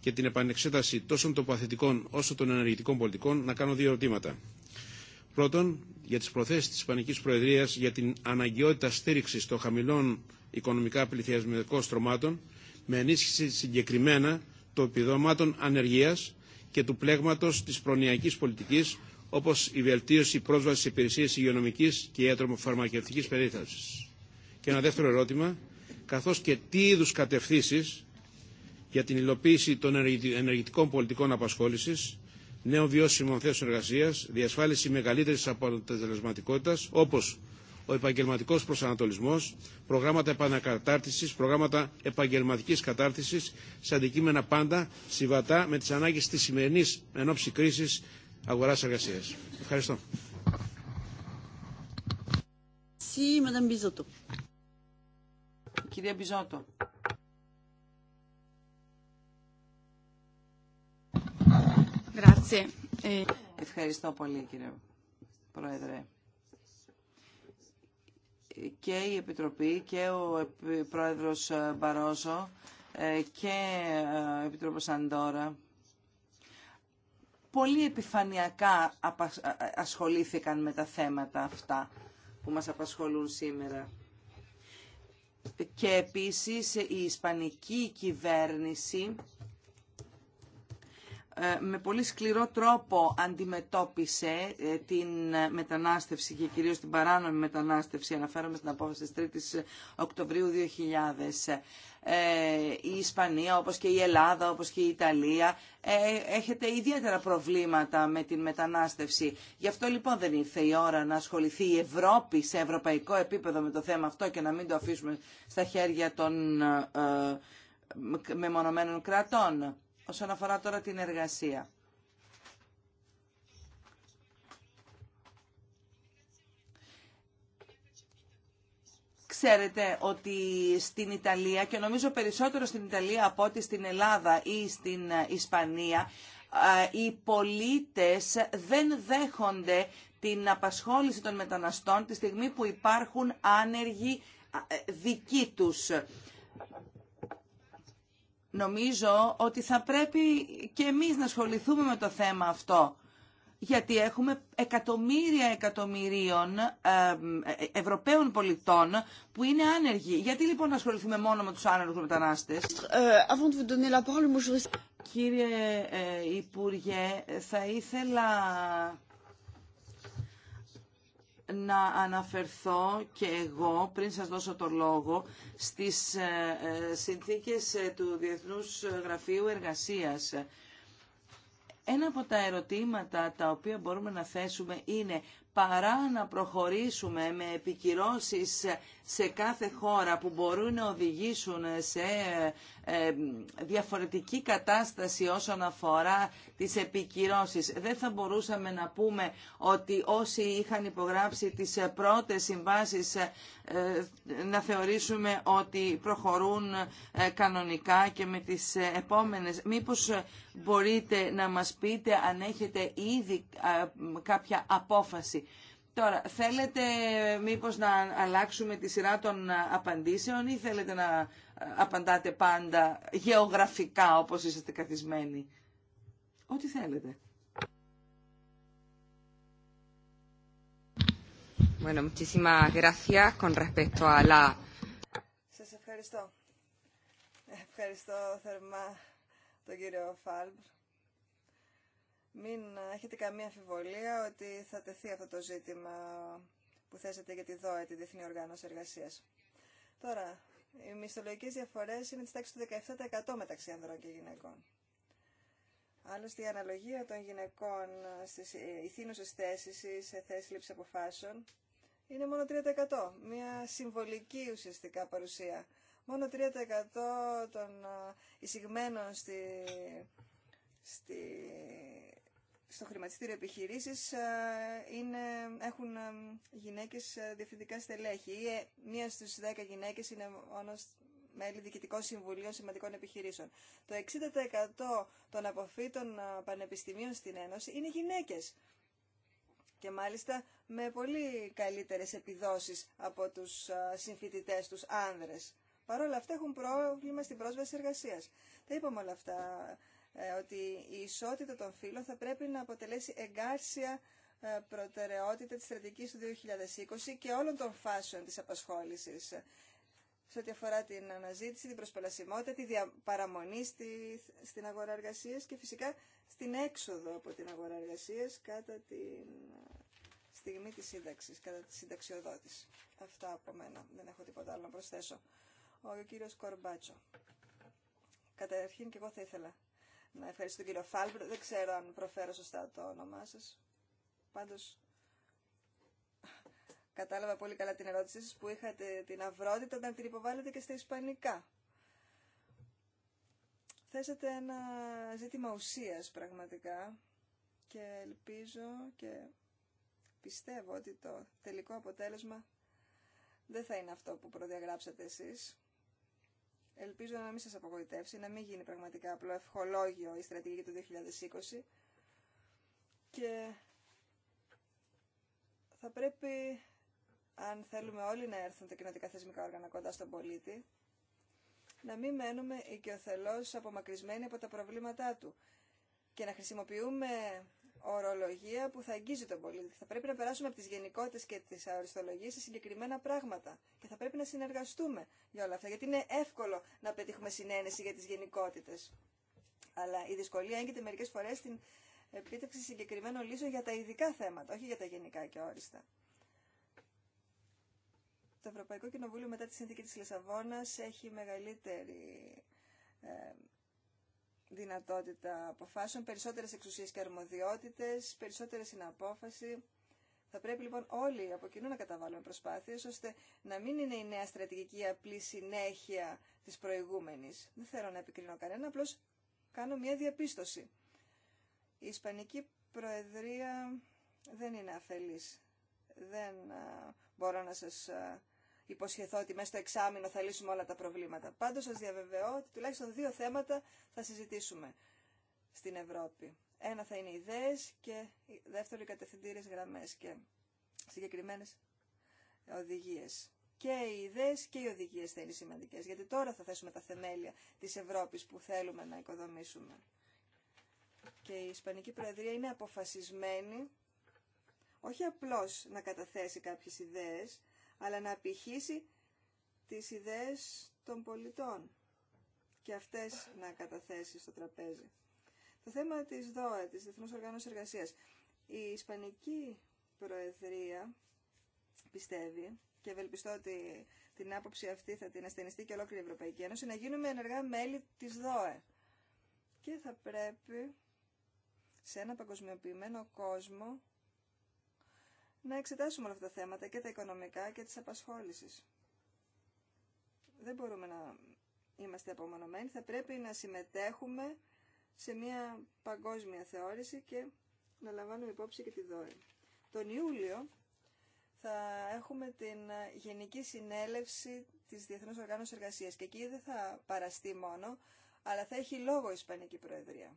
και την επανεξέταση τόσο των παθητικών όσο των ενεργητικών πολιτικών, να κάνω δύο ερωτήματα. Πρώτον, για τι προθέσει τη Ισπανική Προεδρία, για την αναγκαιότητα στήριξη των χαμηλών οικονομικά πληθυσμιακών στρωμάτων με ενίσχυση συγκεκριμένα των επιδομάτων ανεργίας και του πλέγματος της προνοιακής πολιτικής, όπως η βελτίωση πρόσβασης σε υπηρεσίες υγειονομικής και ιατροφαρμακευτικής περίθαλψης. Και ένα δεύτερο ερώτημα, καθώς και τι είδους κατευθύνσεις για την υλοποίηση των ενεργητικών πολιτικών απασχόλησης, νέων βιώσιμων θέσεων εργασίας, διασφάλιση μεγαλύτερης αποτελεσματικότητας, όπως ο επαγγελματικό προσανατολισμό, προγράμματα επανακατάρτιση, προγράμματα επαγγελματική κατάρτιση, σε αντικείμενα πάντα συμβατά με τι ανάγκε τη σημερινή ενόψη κρίση αγορά εργασία. Ευχαριστώ. Κυρία Μπιζότο. Ε, Ευχαριστώ πολύ κύριε Πρόεδρε και η Επιτροπή και ο Πρόεδρος Μπαρόζο ε, και ε, ο Επιτρόπος Αντόρα πολύ επιφανειακά ε, ασχολήθηκαν με τα θέματα αυτά που μας απασχολούν σήμερα. Και επίσης η Ισπανική κυβέρνηση ε, με πολύ σκληρό τρόπο αντιμετώπισε ε, την μετανάστευση και κυρίως την παράνομη μετανάστευση, αναφέρομαι στην απόφαση της 3ης Οκτωβρίου 2000. Ε, η Ισπανία, όπως και η Ελλάδα, όπως και η Ιταλία, έχετε ιδιαίτερα προβλήματα με την μετανάστευση. Γι' αυτό λοιπόν δεν ήρθε η ώρα να ασχοληθεί η Ευρώπη σε ευρωπαϊκό επίπεδο με το θέμα αυτό και να μην το αφήσουμε στα χέρια των μεμονωμένων κρατών. Όσον αφορά τώρα την εργασία. ξέρετε ότι στην Ιταλία και νομίζω περισσότερο στην Ιταλία από ότι στην Ελλάδα ή στην Ισπανία οι πολίτες δεν δέχονται την απασχόληση των μεταναστών τη στιγμή που υπάρχουν άνεργοι ε, δικοί τους. Νομίζω ότι θα πρέπει και εμείς να ασχοληθούμε με το θέμα αυτό. Γιατί έχουμε εκατομμύρια εκατομμυρίων ε, Ευρωπαίων πολιτών που είναι άνεργοι. Γιατί λοιπόν να ασχοληθούμε μόνο με τους άνεργους μετανάστες. Ε, Κύριε ε, Υπουργέ, θα ήθελα να αναφερθώ και εγώ, πριν σας δώσω το λόγο, στις ε, ε, συνθήκες ε, του Διεθνούς Γραφείου Εργασίας. Ένα από τα ερωτήματα τα οποία μπορούμε να θέσουμε είναι παρά να προχωρήσουμε με επικυρώσεις σε κάθε χώρα που μπορούν να οδηγήσουν σε ε, διαφορετική κατάσταση όσον αφορά τις επικυρώσεις. Δεν θα μπορούσαμε να πούμε ότι όσοι είχαν υπογράψει τις πρώτες συμβάσεις ε, να θεωρήσουμε ότι προχωρούν ε, κανονικά και με τις επόμενες. Μήπως μπορείτε να μας πείτε αν έχετε ήδη κάποια απόφαση Τώρα, θέλετε μήπως να αλλάξουμε τη σειρά των απαντήσεων ή θέλετε να ε, απαντάτε πάντα γεωγραφικά όπως είσαστε καθισμένοι. Ό,τι θέλετε. Bueno, con a Σας ευχαριστώ. Ευχαριστώ θερμά τον κύριο Φάλμπ μην έχετε καμία αμφιβολία ότι θα τεθεί αυτό το ζήτημα που θέσατε για τη ΔΟΕ, τη Διεθνή Οργάνωση Εργασίας. Τώρα, οι μισθολογικές διαφορές είναι της τάξης του 17% μεταξύ ανδρών και γυναικών. Άλλωστε, η αναλογία των γυναικών στις ηθήνουσες θέσεις ή σε θέσεις λήψη αποφάσεων είναι μόνο 3%. Μια συμβολική ουσιαστικά παρουσία. Μόνο 3% των ε, εισηγμένων στη, στη στο χρηματιστήριο επιχειρήσεις ε, έχουν ε, γυναίκες ε, διευθυντικά στελέχη ή μία στι δέκα γυναίκε είναι μόνο μέλη διοικητικών συμβουλίων σημαντικών επιχειρήσεων. Το 60% των αποφύτων πανεπιστημίων στην Ένωση είναι γυναίκε. και μάλιστα με πολύ καλύτερε επιδόσει από τους συμφοιτητές του άνδρες. Παρ' όλα αυτά έχουν πρόβλημα στην πρόσβαση εργασία. Τα είπαμε όλα αυτά ε, ότι η ισότητα των φύλων θα πρέπει να αποτελέσει εγκάρσια ε, προτεραιότητα της στρατηγικής του 2020 και όλων των φάσεων της απασχόλησης σε ό,τι αφορά την αναζήτηση, την προσπελασιμότητα, τη παραμονή στην αγορά εργασίας και φυσικά στην έξοδο από την αγορά εργασίας κατά τη ε, στιγμή της σύνταξης, κατά τη συνταξιοδότηση. Αυτά από μένα. Δεν έχω τίποτα άλλο να προσθέσω. Ο κύριος Κορμπάτσο. Καταρχήν και εγώ θα ήθελα να ευχαριστήσω τον κύριο Φάλμπρ. Δεν ξέρω αν προφέρω σωστά το όνομά σα. Πάντως, κατάλαβα πολύ καλά την ερώτησή σα που είχατε την αυρότητα να την υποβάλλετε και στα ισπανικά. Θέσατε ένα ζήτημα ουσίας πραγματικά και ελπίζω και πιστεύω ότι το τελικό αποτέλεσμα δεν θα είναι αυτό που προδιαγράψατε εσείς. Ελπίζω να μην σας απογοητεύσει, να μην γίνει πραγματικά απλό ευχολόγιο η στρατηγική του 2020 και θα πρέπει, αν θέλουμε όλοι να έρθουν τα κοινωτικά θεσμικά όργανα κοντά στον πολίτη, να μην μένουμε οικειοθελώς απομακρυσμένοι από τα προβλήματά του και να χρησιμοποιούμε ορολογία που θα αγγίζει τον πολίτη. Θα πρέπει να περάσουμε από τις γενικότητες και τις αοριστολογίες σε συγκεκριμένα πράγματα θα πρέπει να συνεργαστούμε για όλα αυτά, γιατί είναι εύκολο να πετύχουμε συνένεση για τις γενικότητες. Αλλά η δυσκολία έγκυται μερικές φορές στην επίτευξη συγκεκριμένων λύσεων για τα ειδικά θέματα, όχι για τα γενικά και όριστα. Το Ευρωπαϊκό Κοινοβούλιο μετά τη συνθήκη της Λισαβόνας έχει μεγαλύτερη ε, δυνατότητα αποφάσεων, περισσότερες εξουσίες και αρμοδιότητες, περισσότερη συναπόφαση. Θα πρέπει λοιπόν όλοι από κοινού να καταβάλουμε προσπάθειες ώστε να μην είναι η νέα στρατηγική απλή συνέχεια της προηγούμενης. Δεν θέλω να επικρίνω κανένα, απλώς κάνω μια διαπίστωση. Η Ισπανική Προεδρία δεν είναι αφελής. Δεν μπορώ να σας α, υποσχεθώ ότι μέσα στο εξάμεινο θα λύσουμε όλα τα προβλήματα. Πάντως σας διαβεβαιώ ότι τουλάχιστον δύο θέματα θα συζητήσουμε στην Ευρώπη. Ένα θα είναι οι ιδέες και δεύτερο οι κατευθυντήριες γραμμέ και συγκεκριμένε οδηγίες. Και οι ιδέες και οι οδηγίες θα είναι σημαντικές, γιατί τώρα θα θέσουμε τα θεμέλια της Ευρώπης που θέλουμε να οικοδομήσουμε. Και η Ισπανική Προεδρία είναι αποφασισμένη όχι απλώς να καταθέσει κάποιες ιδέες, αλλά να απηχήσει τις ιδέες των πολιτών και αυτές να καταθέσει στο τραπέζι. Το θέμα της ΔΟΕ, της Διεθνούς Οργάνωσης Εργασίας. Η Ισπανική Προεδρία πιστεύει και ευελπιστώ ότι την άποψη αυτή θα την ασθενιστεί και ολόκληρη η Ευρωπαϊκή Ένωση, να γίνουμε ενεργά μέλη της ΔΟΕ. Και θα πρέπει σε ένα παγκοσμιοποιημένο κόσμο να εξετάσουμε όλα αυτά τα θέματα και τα οικονομικά και της απασχόλησης. Δεν μπορούμε να είμαστε απομονωμένοι, θα πρέπει να συμμετέχουμε σε μια παγκόσμια θεώρηση και να λαμβάνουμε υπόψη και τη ΔΟΕ. Τον Ιούλιο θα έχουμε την Γενική Συνέλευση της Διεθνούς Οργάνωσης Εργασίας και εκεί δεν θα παραστεί μόνο, αλλά θα έχει λόγο η Ισπανική Προεδρία.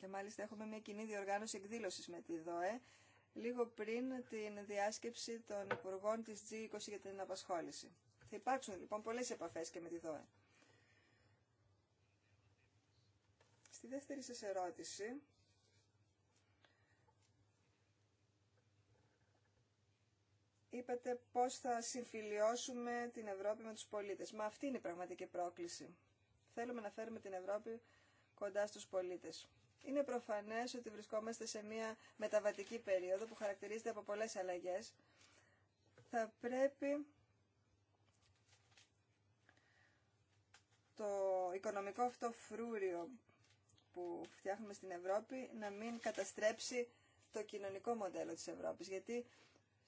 Και μάλιστα έχουμε μια κοινή διοργάνωση εκδήλωσης με τη ΔΟΕ, λίγο πριν την διάσκεψη των Υπουργών της G20 για την απασχόληση. Θα υπάρξουν λοιπόν πολλές επαφές και με τη ΔΟΕ. Στη δεύτερη σας ερώτηση, είπατε πώς θα συμφιλιώσουμε την Ευρώπη με τους πολίτες. Μα αυτή είναι η πραγματική πρόκληση. Θέλουμε να φέρουμε την Ευρώπη κοντά στους πολίτες. Είναι προφανές ότι βρισκόμαστε σε μια μεταβατική περίοδο που χαρακτηρίζεται από πολλές αλλαγές. Θα πρέπει το οικονομικό αυτό φρούριο που φτιάχνουμε στην Ευρώπη να μην καταστρέψει το κοινωνικό μοντέλο της Ευρώπης. Γιατί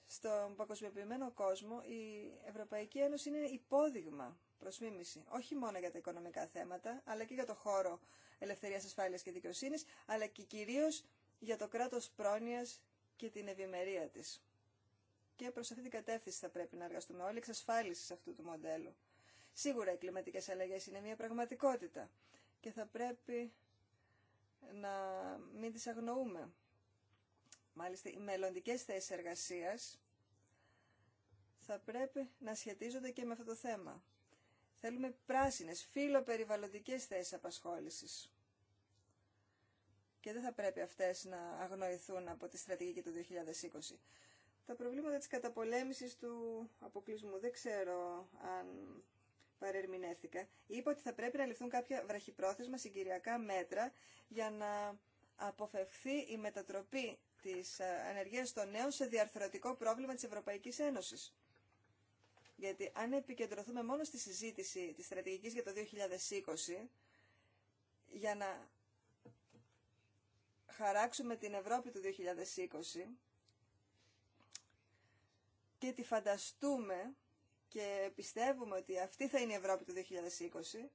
στον παγκοσμιοποιημένο κόσμο η Ευρωπαϊκή Ένωση είναι υπόδειγμα προς μίμηση. Όχι μόνο για τα οικονομικά θέματα, αλλά και για το χώρο ελευθερίας, ασφάλειας και δικαιοσύνης, αλλά και κυρίως για το κράτος πρόνοιας και την ευημερία της. Και προς αυτή την κατεύθυνση θα πρέπει να εργαστούμε όλοι, εξασφάλιση αυτού του μοντέλου. Σίγουρα οι κλιματικές αλλαγές είναι μια πραγματικότητα και θα πρέπει να μην τις αγνοούμε. Μάλιστα, οι μελλοντικέ θέσει εργασίας θα πρέπει να σχετίζονται και με αυτό το θέμα. Θέλουμε πράσινες, φιλοπεριβαλλοντικές θέσεις απασχόλησης. Και δεν θα πρέπει αυτές να αγνοηθούν από τη στρατηγική του 2020. Τα προβλήματα της καταπολέμησης του αποκλεισμού δεν ξέρω αν παρερμηνεύτηκα, είπα ότι θα πρέπει να ληφθούν κάποια βραχυπρόθεσμα συγκυριακά μέτρα για να αποφευθεί η μετατροπή της ενεργείας των νέων σε διαρθρωτικό πρόβλημα της Ευρωπαϊκής Ένωσης. Γιατί αν επικεντρωθούμε μόνο στη συζήτηση της στρατηγικής για το 2020, για να χαράξουμε την Ευρώπη του 2020 και τη φανταστούμε και πιστεύουμε ότι αυτή θα είναι η Ευρώπη του 2020,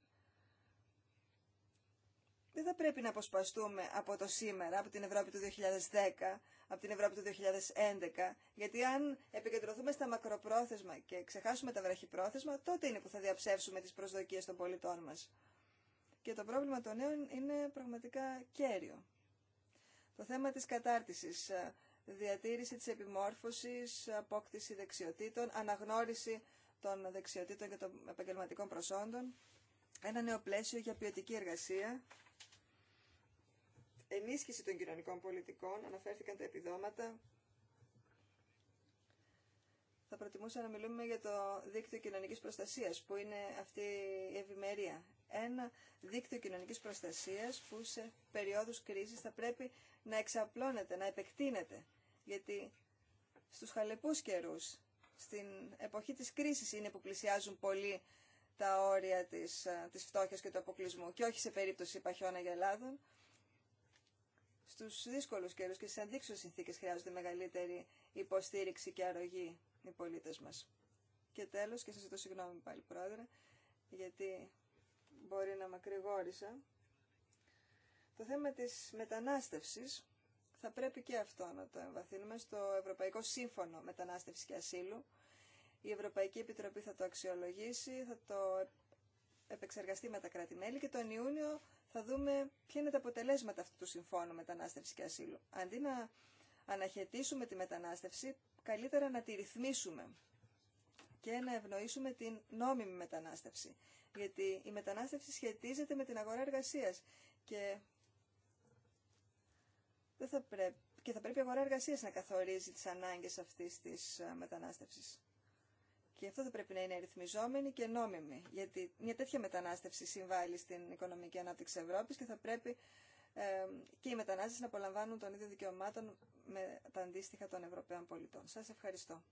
δεν θα πρέπει να αποσπαστούμε από το σήμερα, από την Ευρώπη του 2010, από την Ευρώπη του 2011, γιατί αν επικεντρωθούμε στα μακροπρόθεσμα και ξεχάσουμε τα βραχυπρόθεσμα, τότε είναι που θα διαψεύσουμε τις προσδοκίες των πολιτών μας. Και το πρόβλημα των νέων είναι πραγματικά κέριο. Το θέμα της κατάρτισης, διατήρηση της επιμόρφωσης, απόκτηση δεξιοτήτων, αναγνώριση των δεξιοτήτων και των επαγγελματικών προσόντων, ένα νέο πλαίσιο για ποιοτική εργασία, ενίσχυση των κοινωνικών πολιτικών, αναφέρθηκαν τα επιδόματα. Θα προτιμούσα να μιλούμε για το δίκτυο κοινωνικής προστασίας, που είναι αυτή η ευημερία. Ένα δίκτυο κοινωνικής προστασίας που σε περιόδους κρίσης θα πρέπει να εξαπλώνεται, να επεκτείνεται. Γιατί στους χαλεπούς καιρούς στην εποχή της κρίσης είναι που πλησιάζουν πολύ τα όρια της, ε, της φτώχειας και του αποκλεισμού και όχι σε περίπτωση παχιών αγελάδων. Στους δύσκολους καιρούς και στις αντίξωες συνθήκες χρειάζονται μεγαλύτερη υποστήριξη και αρρωγή οι πολίτες μας. Και τέλος, και σας ζητώ συγγνώμη πάλι πρόεδρε, γιατί μπορεί να μακρηγόρησα, το θέμα της μετανάστευσης θα πρέπει και αυτό να το εμβαθύνουμε στο Ευρωπαϊκό Σύμφωνο Μετανάστευσης και Ασύλου. Η Ευρωπαϊκή Επιτροπή θα το αξιολογήσει, θα το επεξεργαστεί με τα κράτη-μέλη και τον Ιούνιο θα δούμε ποια είναι τα αποτελέσματα αυτού του Συμφώνου Μετανάστευσης και Ασύλου. Αντί να αναχαιτήσουμε τη μετανάστευση, καλύτερα να τη ρυθμίσουμε και να ευνοήσουμε την νόμιμη μετανάστευση. Γιατί η μετανάστευση σχετίζεται με την αγορά εργασία. και δεν θα πρέπει, και θα πρέπει η αγορά εργασίας να καθορίζει τις ανάγκες αυτής της ε, μετανάστευσης. Και αυτό θα πρέπει να είναι ρυθμιζόμενη και νόμιμη, γιατί μια τέτοια μετανάστευση συμβάλλει στην οικονομική ανάπτυξη Ευρώπης και θα πρέπει ε, και οι μετανάστες να απολαμβάνουν των ίδιων δικαιωμάτων με τα αντίστοιχα των Ευρωπαίων πολιτών. Σας ευχαριστώ.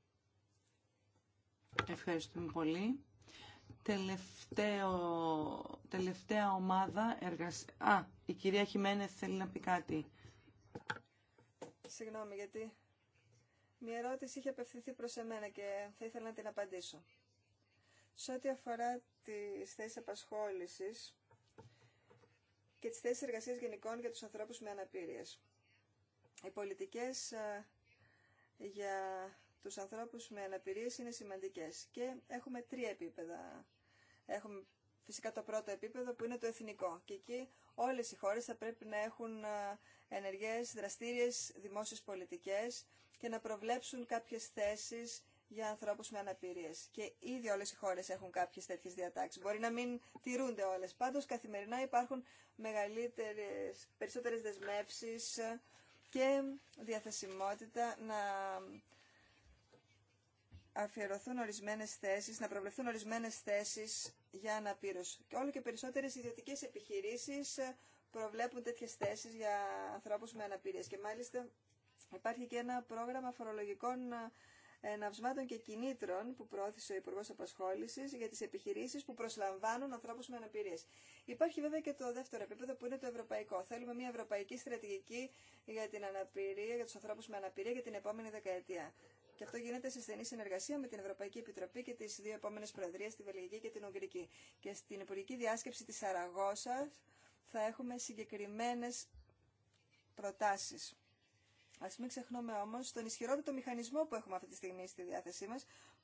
Ευχαριστούμε πολύ. Τελευταίο, τελευταία ομάδα εργασία. Α, η κυρία Χιμένε θέλει να πει κάτι συγγνώμη, γιατί μια ερώτηση είχε απευθυνθεί προς εμένα και θα ήθελα να την απαντήσω. Σε ό,τι αφορά τις θέσεις απασχόλησης και τις θέσεις εργασίας γενικών για τους ανθρώπους με αναπηρίες. Οι πολιτικές ε, για τους ανθρώπους με αναπηρίες είναι σημαντικές και έχουμε τρία επίπεδα. Έχουμε φυσικά το πρώτο επίπεδο που είναι το εθνικό και εκεί όλες οι χώρες θα πρέπει να έχουν ε, ενεργές, δραστήριες δημόσιες πολιτικές και να προβλέψουν κάποιες θέσεις για ανθρώπους με αναπηρίες. Και ήδη όλες οι χώρες έχουν κάποιες τέτοιες διατάξεις. Μπορεί να μην τηρούνται όλες. Πάντως καθημερινά υπάρχουν μεγαλύτερες, περισσότερες δεσμεύσεις και διαθεσιμότητα να αφιερωθούν ορισμένες θέσεις, να προβλεφθούν ορισμένες θέσεις για αναπήρωση. Και όλο και περισσότερες ιδιωτικές επιχειρήσει ε, προβλέπουν τέτοιε θέσει για ανθρώπου με αναπηρία. Και μάλιστα υπάρχει και ένα πρόγραμμα φορολογικών ε, ναυσμάτων και κινήτρων που προώθησε ο Υπουργό Απασχόληση για τι επιχειρήσει που προσλαμβάνουν ανθρώπου με αναπηρίε. Υπάρχει βέβαια και το δεύτερο επίπεδο που είναι το ευρωπαϊκό. Θέλουμε μια ευρωπαϊκή στρατηγική για την αναπηρία, για του ανθρώπου με αναπηρία για την επόμενη δεκαετία. Και αυτό γίνεται σε στενή συνεργασία με την Ευρωπαϊκή Επιτροπή και τι δύο επόμενε προεδρίε, τη Βελγική και την Ουγγρική. Και στην Υπουργική Διάσκεψη τη Αραγώσα θα έχουμε συγκεκριμένε προτάσει. Α μην ξεχνούμε όμω τον ισχυρότερο μηχανισμό που έχουμε αυτή τη στιγμή στη διάθεσή μα,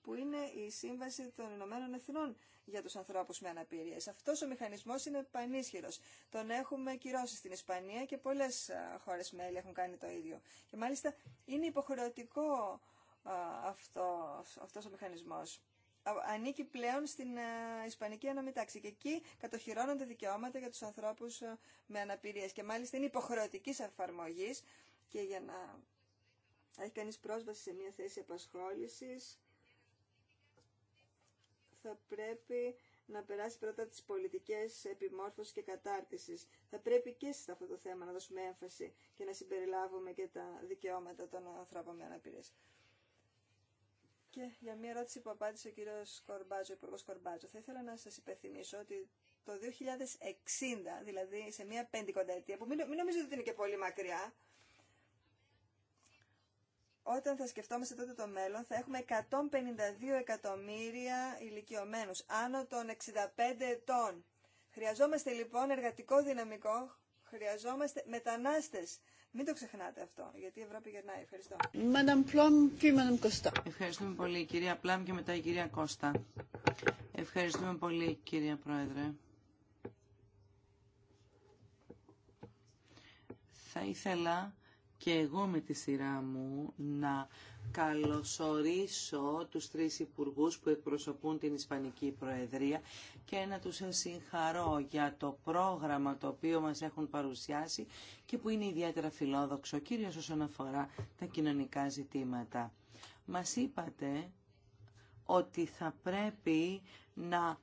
που είναι η Σύμβαση των Ηνωμένων Εθνών για του ανθρώπου με αναπηρίε. Αυτό ο μηχανισμό είναι πανίσχυρο. Τον έχουμε κυρώσει στην Ισπανία και πολλέ ε, χώρε μέλη έχουν κάνει το ίδιο. Και μάλιστα είναι υποχρεωτικό αυτός, αυτός ο μηχανισμός. Ανήκει πλέον στην Ισπανική Ένωμη και εκεί κατοχυρώνονται δικαιώματα για τους ανθρώπους με αναπηρίες και μάλιστα είναι υποχρεωτικής εφαρμογής και για να έχει κανείς πρόσβαση σε μια θέση απασχόλησης θα πρέπει να περάσει πρώτα τις πολιτικές επιμόρφωσης και κατάρτισης. Θα πρέπει και σε αυτό το θέμα να δώσουμε έμφαση και να συμπεριλάβουμε και τα δικαιώματα των ανθρώπων με αναπηρίες. Και για μια ερώτηση που απάντησε ο κύριο Κορμπάτζο, ο Υπουργός Κορμπάτζο, θα ήθελα να σας υπενθυμίσω ότι το 2060, δηλαδή σε μια πεντηκονταετία, που μην, νομίζετε ότι είναι και πολύ μακριά, όταν θα σκεφτόμαστε τότε το μέλλον, θα έχουμε 152 εκατομμύρια ηλικιωμένου. άνω των 65 ετών. Χρειαζόμαστε λοιπόν εργατικό δυναμικό, χρειαζόμαστε μετανάστες, μην το ξεχνάτε αυτό, γιατί η Ευρώπη γερνάει. Ευχαριστώ. Ευχαριστούμε πολύ, κυρία Πλάμ και μετά η κυρία Κώστα. Ευχαριστούμε πολύ, κυρία Πρόεδρε. Θα ήθελα και εγώ με τη σειρά μου να καλωσορίσω τους τρεις υπουργούς που εκπροσωπούν την Ισπανική Προεδρία και να τους συγχαρώ για το πρόγραμμα το οποίο μας έχουν παρουσιάσει και που είναι ιδιαίτερα φιλόδοξο, κυρίως όσον αφορά τα κοινωνικά ζητήματα. Μας είπατε ότι θα πρέπει να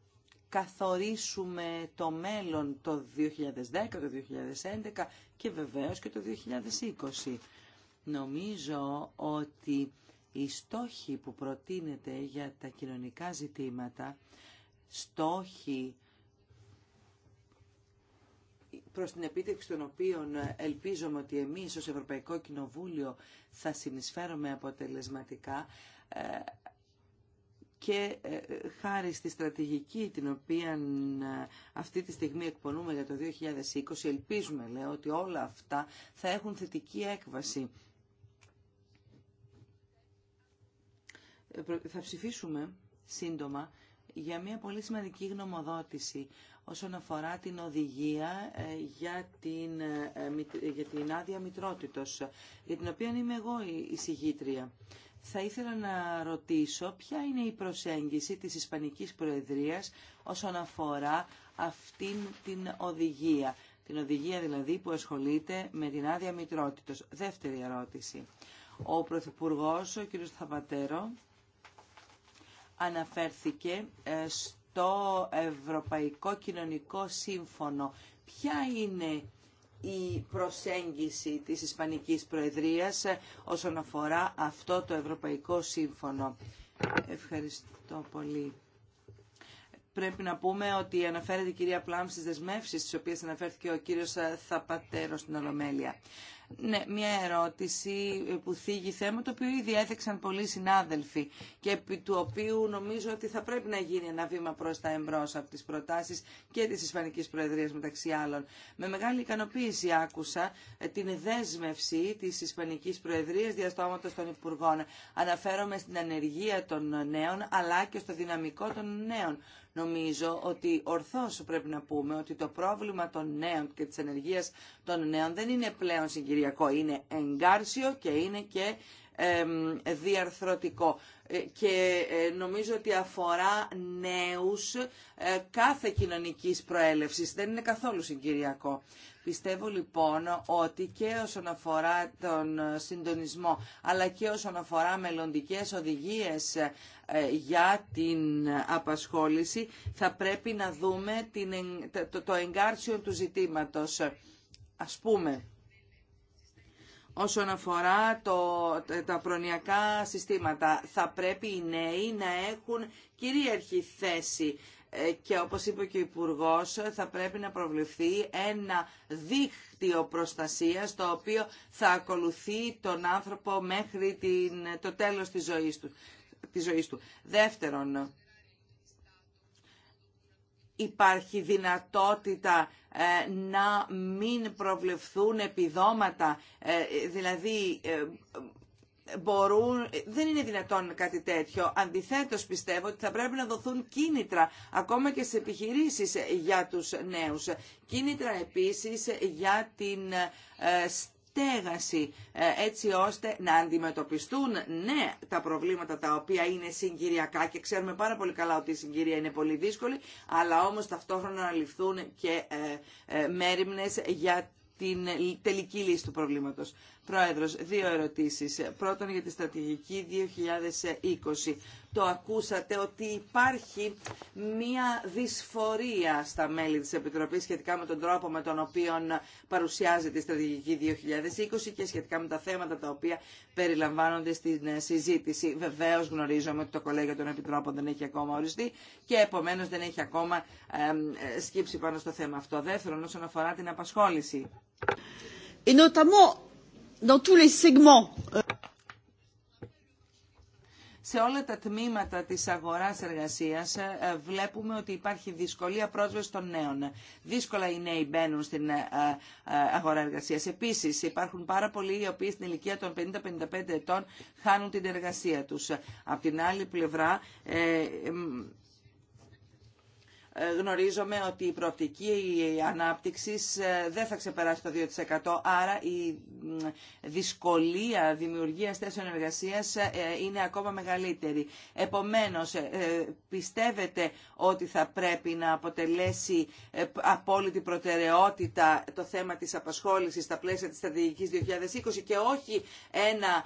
καθορίσουμε το μέλλον το 2010, το 2011 και βεβαίως και το 2020. Νομίζω ότι οι στόχοι που προτείνεται για τα κοινωνικά ζητήματα, στόχοι προς την επίτευξη των οποίων ελπίζομαι ότι εμείς ως Ευρωπαϊκό Κοινοβούλιο θα συνεισφέρουμε αποτελεσματικά, ε, και ε, ε, χάρη στη στρατηγική την οποία ε, αυτή τη στιγμή εκπονούμε για το 2020, ελπίζουμε λέω ότι όλα αυτά θα έχουν θετική έκβαση. Θα ψηφίσουμε σύντομα για μια πολύ σημαντική γνωμοδότηση όσον αφορά την οδηγία για την, για την άδεια μητρότητος, για την οποία είμαι εγώ η συγγήτρια θα ήθελα να ρωτήσω ποια είναι η προσέγγιση της Ισπανικής Προεδρίας όσον αφορά αυτήν την οδηγία. Την οδηγία δηλαδή που ασχολείται με την άδεια μητρότητος. Δεύτερη ερώτηση. Ο Πρωθυπουργό, ο κ. Θαπατέρο, αναφέρθηκε ε, στο Ευρωπαϊκό Κοινωνικό Σύμφωνο. Ποια είναι η προσέγγιση της Ισπανικής Προεδρίας όσον αφορά αυτό το Ευρωπαϊκό Σύμφωνο. Ευχαριστώ πολύ πρέπει να πούμε ότι αναφέρεται η κυρία Πλάμ στις δεσμεύσεις στις οποίες αναφέρθηκε ο κύριος ε, Θαπατέρο στην Ολομέλεια. Ναι, μια ερώτηση ε, που θίγει θέμα το οποίο ήδη έδεξαν πολλοί συνάδελφοι και επί του οποίου νομίζω ότι θα πρέπει να γίνει ένα βήμα προς τα εμπρός από τις προτάσεις και της Ισπανικής Προεδρίας μεταξύ άλλων. Με μεγάλη ικανοποίηση άκουσα ε, την δέσμευση της Ισπανικής Προεδρίας διαστόματος των Υπουργών. Αναφέρομαι στην ανεργία των νέων αλλά και στο δυναμικό των νέων. Νομίζω ότι ορθώς πρέπει να πούμε ότι το πρόβλημα των νέων και της ενεργείας των νέων δεν είναι πλέον συγκυριακό, είναι εγκάρσιο και είναι και διαρθρωτικό. Ε, και ε, νομίζω ότι αφορά νέους ε, κάθε κοινωνικής προέλευσης. Δεν είναι καθόλου συγκυριακό. Πιστεύω λοιπόν ότι και όσον αφορά τον συντονισμό αλλά και όσον αφορά μελλοντικές οδηγίες για την απασχόληση θα πρέπει να δούμε το εγκάρσιο του ζητήματος. Ας πούμε, όσον αφορά το, τα προνοιακά συστήματα. Θα πρέπει οι νέοι να έχουν κυρίαρχη θέση ε, και όπως είπε και ο υπουργό, θα πρέπει να προβληθεί ένα δίκτυο προστασίας το οποίο θα ακολουθεί τον άνθρωπο μέχρι την, το τέλος της ζωής του. Της ζωής του. Δεύτερον, υπάρχει δυνατότητα ε, να μην προβλεφθούν επιδόματα, ε, δηλαδή ε, μπορούν, δεν είναι δυνατόν κάτι τέτοιο. Αντιθέτως πιστεύω ότι θα πρέπει να δοθούν κίνητρα ακόμα και σε επιχειρήσεις για τους νέους. Κίνητρα επίσης για την στέγαση ε, έτσι ώστε να αντιμετωπιστούν ναι τα προβλήματα τα οποία είναι συγκυριακά και ξέρουμε πάρα πολύ καλά ότι η συγκυρία είναι πολύ δύσκολη αλλά όμως ταυτόχρονα να ληφθούν και ε, ε, μέρημνες για την τελική λύση του προβλήματος. Πρόεδρος, δύο ερωτήσεις. Πρώτον για τη στρατηγική 2020. Το ακούσατε ότι υπάρχει μία δυσφορία στα μέλη της Επιτροπής σχετικά με τον τρόπο με τον οποίο παρουσιάζεται η στρατηγική 2020 και σχετικά με τα θέματα τα οποία περιλαμβάνονται στην συζήτηση. Βεβαίως γνωρίζομαι ότι το Κολέγιο των Επιτρόπων δεν έχει ακόμα οριστεί και επομένως δεν έχει ακόμα σκύψει πάνω στο θέμα αυτό. Δεύτερον, όσον αφορά την απασχόληση. Et notamment σε όλα τα τμήματα της αγοράς εργασίας ε, ε, βλέπουμε ότι υπάρχει δυσκολία πρόσβασης των νέων. Δύσκολα οι νέοι μπαίνουν στην ε, αγορά εργασίας. Επίσης υπάρχουν πάρα πολλοί οι οποίοι στην ηλικία των 50-55 ετών χάνουν την εργασία τους. Απ' την άλλη πλευρά γνωρίζομαι ότι η προοπτική ανάπτυξης ε, δεν θα ξεπεράσει το 2%, άρα η δυσκολία δημιουργίας θέσεων εργασίας ε, είναι ακόμα μεγαλύτερη. Επομένως, ε, πιστεύετε ότι θα πρέπει να αποτελέσει απόλυτη προτεραιότητα το θέμα της απασχόλησης στα πλαίσια της στρατηγικής 2020 και όχι, ένα,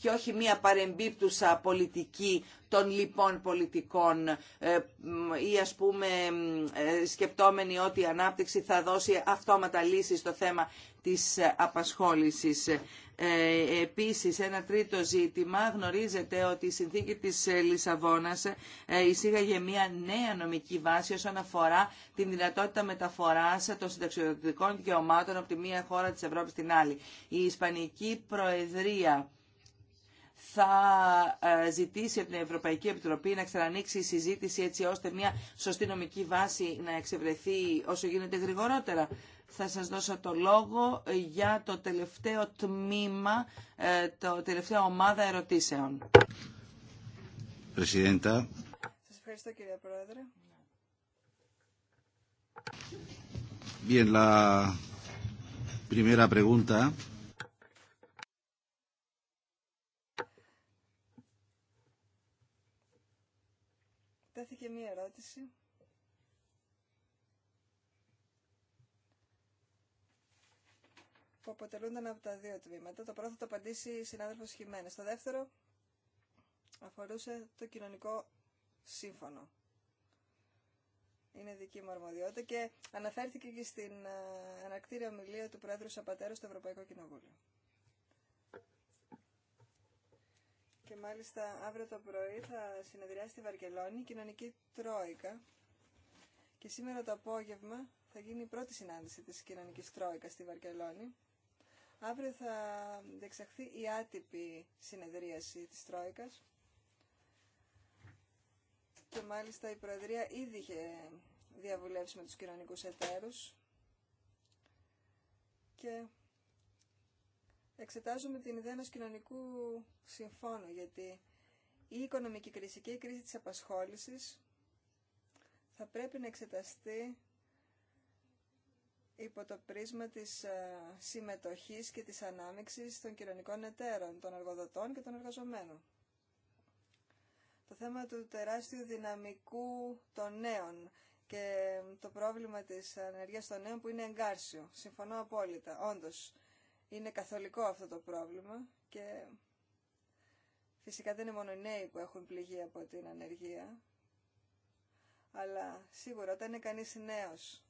και όχι μία παρεμπίπτουσα πολιτική των λοιπών πολιτικών ε, ή ας πούμε ε, σκεπτόμενοι ότι η ανάπτυξη θα δώσει αυτόματα λύσεις στο θέμα της ε, απασχόλησης. Επίσης, ένα τρίτο ζήτημα γνωρίζετε ότι η αναπτυξη θα δωσει αυτοματα λύση στο θεμα της Λισαβόνας εισήγαγε μια νέα νομική βάση όσον αφορά την δυνατότητα μεταφοράς των συνταξιοδοτικών δικαιωμάτων από τη μία χώρα της Ευρώπης στην άλλη. Η Ισπανική Προεδρία θα ε, ζητήσει από την Ευρωπαϊκή Επιτροπή να ξανανοίξει η συζήτηση έτσι ώστε μια σωστή νομική βάση να εξευρεθεί όσο γίνεται γρηγορότερα. Θα σας δώσω το λόγο για το τελευταίο τμήμα, ε, το τελευταίο ομάδα ερωτήσεων. Πρεσιδέντα... Σας ευχαριστώ κύριε Πρόεδρε. Bien, la primera pregunta. και μία ερώτηση. που αποτελούνταν από τα δύο τμήματα. Το πρώτο θα το απαντήσει η συνάδελφος Χιμένες. Το δεύτερο αφορούσε το κοινωνικό σύμφωνο. Είναι δική μου αρμοδιότητα και αναφέρθηκε και στην ε, ανακτήρια ομιλία του Πρόεδρου Σαπατέρου στο Ευρωπαϊκό Κοινοβούλιο. Και μάλιστα αύριο το πρωί θα συνεδριάσει στη Βαρκελόνη η Κοινωνική Τρόικα. Και σήμερα το απόγευμα θα γίνει η πρώτη συνάντηση της Κοινωνικής Τρόικας στη Βαρκελόνη. Αύριο θα διεξαχθεί η άτυπη συνεδρίαση της Τρόικας. Και μάλιστα η Προεδρία ήδη είχε διαβουλεύσει με τους κοινωνικούς εταίρους. Και εξετάζουμε την ιδέα ενός κοινωνικού συμφώνου, γιατί η οικονομική κρίση και η κρίση της απασχόλησης θα πρέπει να εξεταστεί υπό το πρίσμα της ε, συμμετοχής και της ανάμειξης των κοινωνικών εταίρων, των εργοδοτών και των εργαζομένων. Το θέμα του τεράστιου δυναμικού των νέων και το πρόβλημα της ανεργίας των νέων που είναι εγκάρσιο. Συμφωνώ απόλυτα. Όντως, είναι καθολικό αυτό το πρόβλημα και φυσικά δεν είναι μόνο οι νέοι που έχουν πληγεί από την ανεργία, αλλά σίγουρα όταν είναι κανείς νέος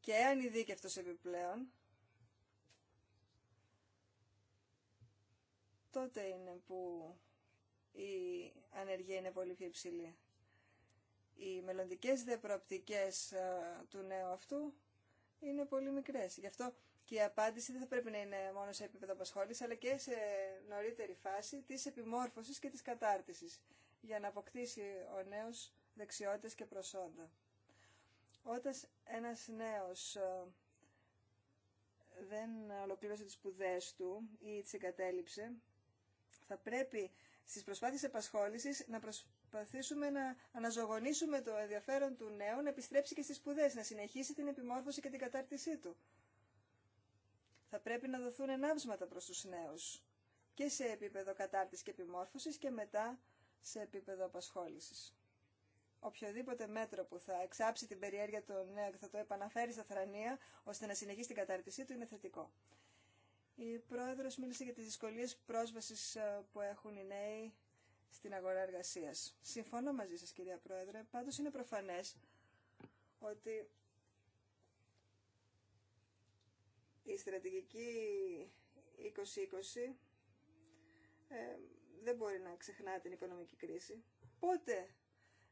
και ανειδίκευτος επιπλέον, τότε είναι που η ανεργία είναι πολύ πιο υψηλή. Οι μελλοντικέ δε του νέου αυτού είναι πολύ μικρές. Γι' αυτό και η απάντηση δεν θα πρέπει να είναι μόνο σε επίπεδο απασχόληση, αλλά και σε νωρίτερη φάση τη επιμόρφωση και τη κατάρτιση, για να αποκτήσει ο νέο δεξιότητε και προσόντα. Όταν ένα νέο ε, δεν ολοκλήρωσε τις σπουδέ του ή τις εγκατέλειψε, θα πρέπει στις προσπάθειες επασχόλησης να προσπαθήσουμε να αναζωογονήσουμε το ενδιαφέρον του νέου, να επιστρέψει και στις σπουδέ, να συνεχίσει την επιμόρφωση και την κατάρτισή του. Θα πρέπει να δοθούν ενάψματα προς τους νέους και σε επίπεδο κατάρτισης και επιμόρφωσης και μετά σε επίπεδο απασχόλησης. Οποιοδήποτε μέτρο που θα εξάψει την περιέργεια των νέων και θα το επαναφέρει στα θρανία ώστε να συνεχίσει την κατάρτισή του είναι θετικό. Η πρόεδρος μίλησε για τις δυσκολίες πρόσβασης ε, που έχουν οι νέοι στην αγορά εργασίας. Συμφωνώ μαζί σας κυρία Πρόεδρε, πάντως είναι προφανές ότι η στρατηγική 2020 ε, δεν μπορεί να ξεχνά την οικονομική κρίση. Πότε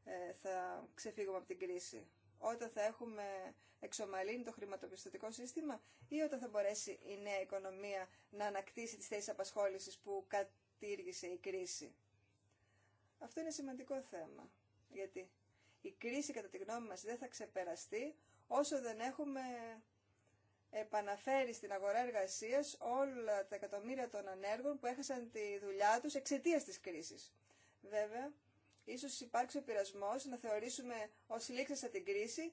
ε, θα ξεφύγουμε από την κρίση, όταν θα έχουμε εξομαλύνει το χρηματοπιστωτικό σύστημα ή όταν θα μπορέσει η νέα οικονομία να ανακτήσει τις θέσεις απασχόλησης που κατήργησε η κρίση. Αυτό είναι σημαντικό θέμα, γιατί η κρίση κατά τη γνώμη μας δεν θα ξεπεραστεί όσο δεν έχουμε επαναφέρει στην αγορά εργασίας όλα τα εκατομμύρια των ανέργων που έχασαν τη δουλειά τους εξαιτίας της κρίσης. Βέβαια, ίσως υπάρξει ο πειρασμός να θεωρήσουμε ως λήξασα την κρίση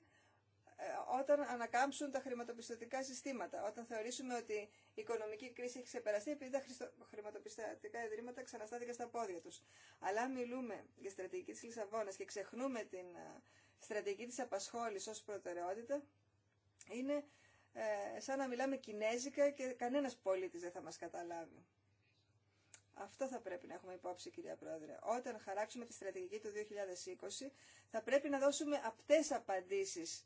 ε, όταν ανακάμψουν τα χρηματοπιστωτικά συστήματα, όταν θεωρήσουμε ότι η οικονομική κρίση έχει ξεπεραστεί επειδή τα χρηματοπιστωτικά ιδρύματα ξαναστάθηκαν στα πόδια τους. Αλλά αν μιλούμε για στρατηγική της Λισαβόνας και ξεχνούμε την ε, στρατηγική της απασχόλησης ως προτεραιότητα, είναι ε, σαν να μιλάμε κινέζικα και κανένας πολίτης δεν θα μας καταλάβει. Αυτό θα πρέπει να έχουμε υπόψη, κυρία Πρόεδρε. Όταν χαράξουμε τη στρατηγική του 2020, θα πρέπει να δώσουμε απτές απαντήσεις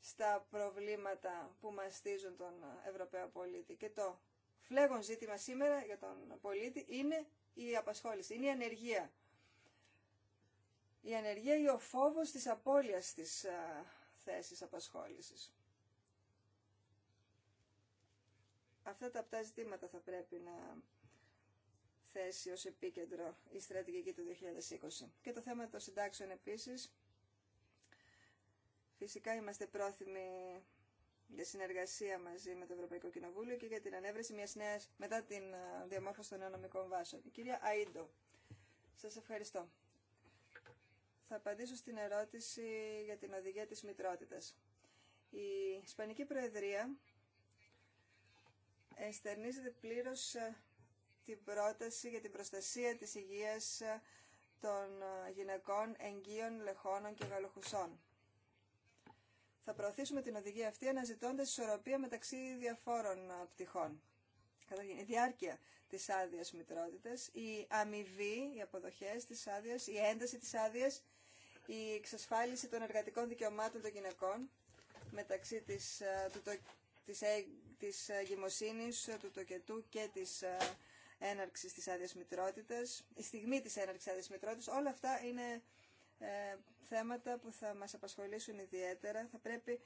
στα προβλήματα που μαστίζουν τον Ευρωπαίο πολίτη. Και το φλέγον ζήτημα σήμερα για τον πολίτη είναι η απασχόληση, είναι η ανεργία. Η ανεργία ή ο φόβος της απώλειας της θέσης απασχόλησης. Αυτά τα απτά ζητήματα θα πρέπει να θέσει ως επίκεντρο η στρατηγική του 2020. Και το θέμα των συντάξεων επίσης. Φυσικά είμαστε πρόθυμοι για συνεργασία μαζί με το Ευρωπαϊκό Κοινοβούλιο και για την ανέβρεση μιας νέας μετά την ε, διαμόρφωση των νέων νομικών βάσεων. κυρία Αΐντο, σας ευχαριστώ. Θα απαντήσω στην ερώτηση για την οδηγία της μητρότητας. Η Ισπανική Προεδρία εστερνίζεται πλήρως ε, την πρόταση για την προστασία της υγείας ε, των ε, γυναικών, εγγύων, λεχώνων και γαλοχουσών. Θα προωθήσουμε την οδηγία αυτή αναζητώντα ισορροπία μεταξύ διαφόρων πτυχών. η διάρκεια τη άδεια μητρότητα, η αμοιβή, οι αποδοχέ τη άδεια, η ένταση τη άδεια, η εξασφάλιση των εργατικών δικαιωμάτων των γυναικών μεταξύ της, της ε, γημοσύνης ε, του τοκετού και της ε, έναρξης της άδειας μητρότητας, η στιγμή της έναρξης άδειας μητρότητας, όλα αυτά είναι ε, θέματα που θα μας απασχολήσουν ιδιαίτερα. Θα πρέπει,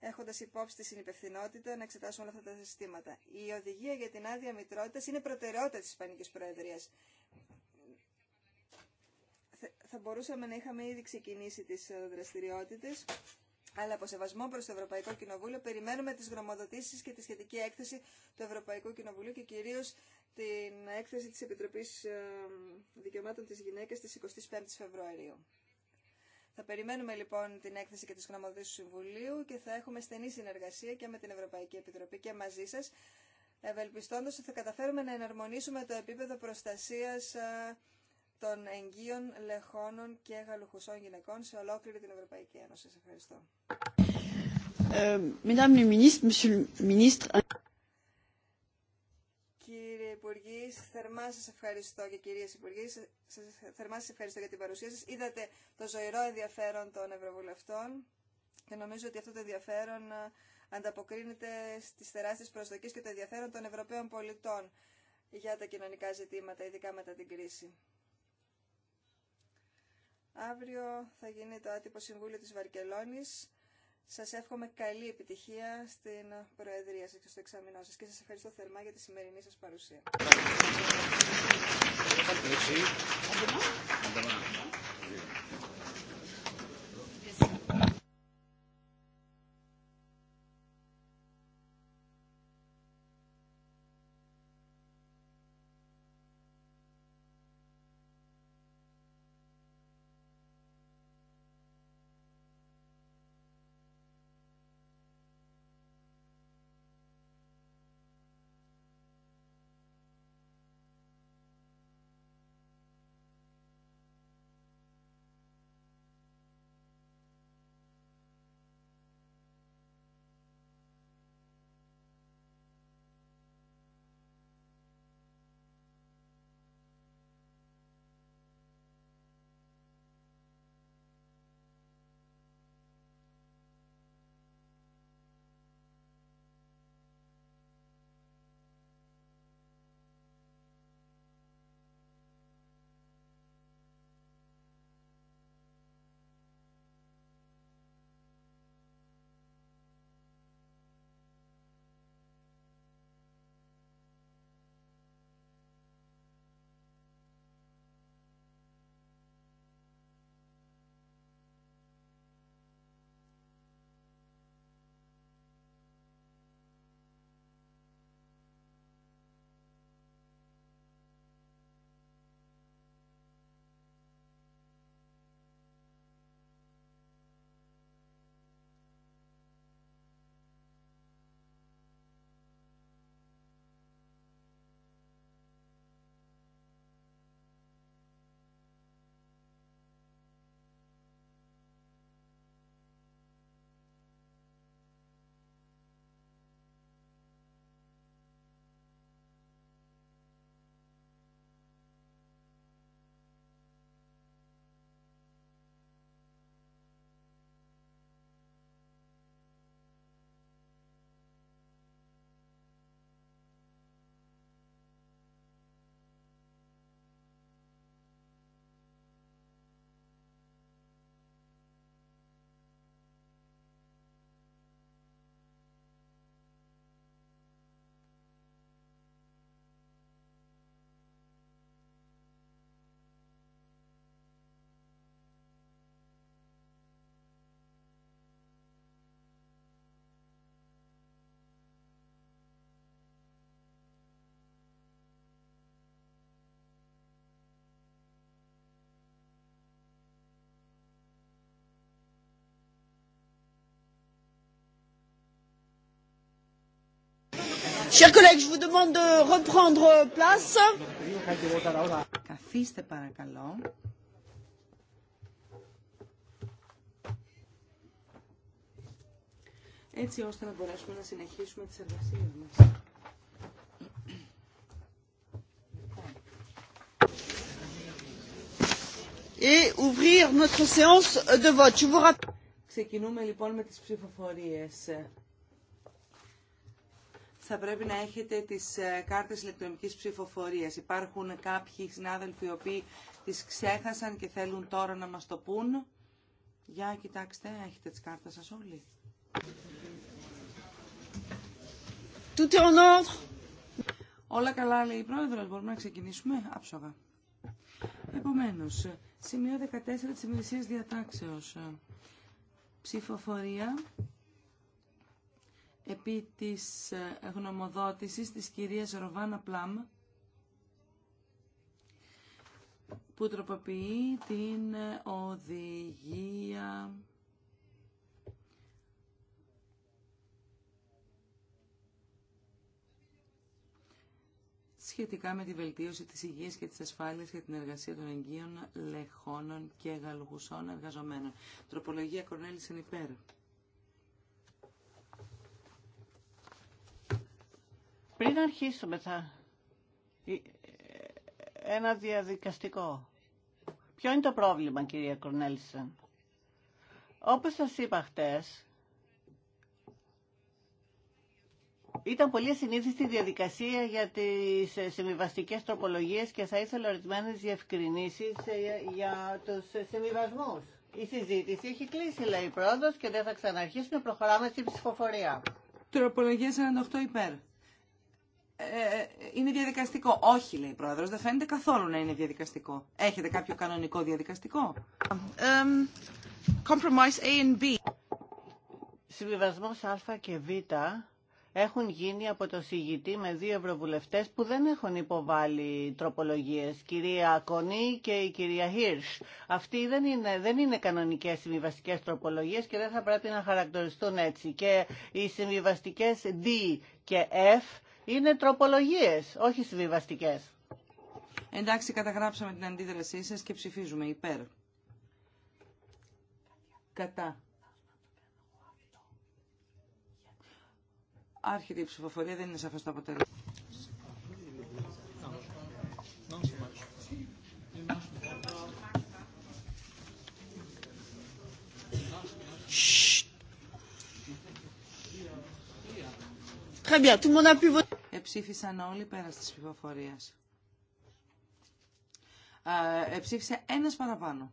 έχοντας υπόψη τη συνυπευθυνότητα, να εξετάσουμε όλα αυτά τα συστήματα. Η οδηγία για την άδεια μητρότητας είναι προτεραιότητα της Ισπανικής Προεδρίας. Θα μπορούσαμε να είχαμε ήδη ξεκινήσει τις δραστηριότητες αλλά από σεβασμό προς το Ευρωπαϊκό Κοινοβούλιο περιμένουμε τις γνωμοδοτήσει και τη σχετική έκθεση του Ευρωπαϊκού Κοινοβουλίου και κυρίως την έκθεση της Επιτροπής ε, Δικαιωμάτων τη Γυναίκας τη 25 η Φεβρουαρίου. Θα περιμένουμε λοιπόν την έκθεση και τις γνωμοδοτήσει του Συμβουλίου και θα έχουμε στενή συνεργασία και με την Ευρωπαϊκή Επιτροπή και μαζί σα, ευελπιστώντα ότι θα καταφέρουμε να εναρμονίσουμε το επίπεδο προστασία. Ε, των εγγύων λεχόνων και γαλουχουσών γυναικών σε ολόκληρη την Ευρωπαϊκή Ένωση. Σας ευχαριστώ. Ε, Κύριε Υπουργή, θερμά σας ευχαριστώ και κυρίε Υπουργή, θερμά σας ευχαριστώ για την παρουσία σας. Είδατε το ζωηρό ενδιαφέρον των Ευρωβουλευτών και νομίζω ότι αυτό το ενδιαφέρον ε, ανταποκρίνεται στις τεράστιες προσδοκίες και το ενδιαφέρον των Ευρωπαίων πολιτών για τα κοινωνικά ζητήματα, ειδικά μετά την κρίση. Αύριο θα γίνει το άτυπο Συμβούλιο της Βαρκελόνης. Σας εύχομαι καλή επιτυχία στην Προεδρία σας και στο εξαμεινό σας και σας ευχαριστώ θερμά για τη σημερινή σας παρουσία. Chers collègues, je vous demande de reprendre place. Καθίστε παρακαλώ. Έτσι ώστε να μπορέσουμε να συνεχίσουμε τις εργασίες μας. Et ouvrir notre séance de vote. Je vous Ξεκινούμε λοιπόν με τις ψηφοφορίες θα πρέπει να έχετε τις ε, κάρτες ηλεκτρονικής ψηφοφορίας. Υπάρχουν κάποιοι συνάδελφοι οι οποίοι τις ξέχασαν και θέλουν τώρα να μας το πούν. Για κοιτάξτε, έχετε τις κάρτες σας όλοι. Tout est Όλα καλά, λέει η πρόεδρος. Μπορούμε να ξεκινήσουμε άψογα. Επομένως, σημείο 14 της ημερησίας διατάξεως. Ψηφοφορία επί της ε, γνωμοδότησης της κυρίας Ροβάνα Πλάμ που τροποποιεί την ε, οδηγία σχετικά με τη βελτίωση της υγείας και της ασφάλειας για την εργασία των εγγύων λεχώνων και γαλγουσών εργαζομένων. Τροπολογία Κορνέλη είναι Πριν αρχίσουμε θα... Ε, ένα διαδικαστικό. Ποιο είναι το πρόβλημα, κυρία Κορνέλισεν. Όπως σας είπα χτες, ήταν πολύ συνήθιστη διαδικασία για τις ε, συμβιβαστικέ τροπολογίες και θα ήθελα ορισμένε διευκρινήσεις ε, για τους συμβιβασμούς. Η συζήτηση έχει κλείσει, λέει η και δεν θα ξαναρχίσουμε. Προχωράμε στην ψηφοφορία. Τροπολογία 48 υπέρ. Ε, ε, είναι διαδικαστικό. Όχι, λέει η Πρόεδρος, δεν φαίνεται καθόλου να είναι διαδικαστικό. Έχετε κάποιο κανονικό διαδικαστικό. Um, compromise A and B. Συμβιβασμός Α και Β έχουν γίνει από το συγητή με δύο ευρωβουλευτές που δεν έχουν υποβάλει τροπολογίες, κυρία Κονή και η κυρία Χίρς. Αυτοί δεν είναι, δεν είναι κανονικές συμβιβαστικές τροπολογίες και δεν θα πρέπει να χαρακτοριστούν έτσι. Και οι συμβιβαστικές D και F είναι τροπολογίες, όχι συμβιβαστικέ. Εντάξει, καταγράψαμε την αντίδρασή σας και ψηφίζουμε υπέρ. Κατά. Άρχεται η ψηφοφορία, δεν είναι σαφές το αποτέλεσμα. Εψήφισαν όλοι πέρα τη ψηφοφορία. Εψήφισε ένας παραπάνω.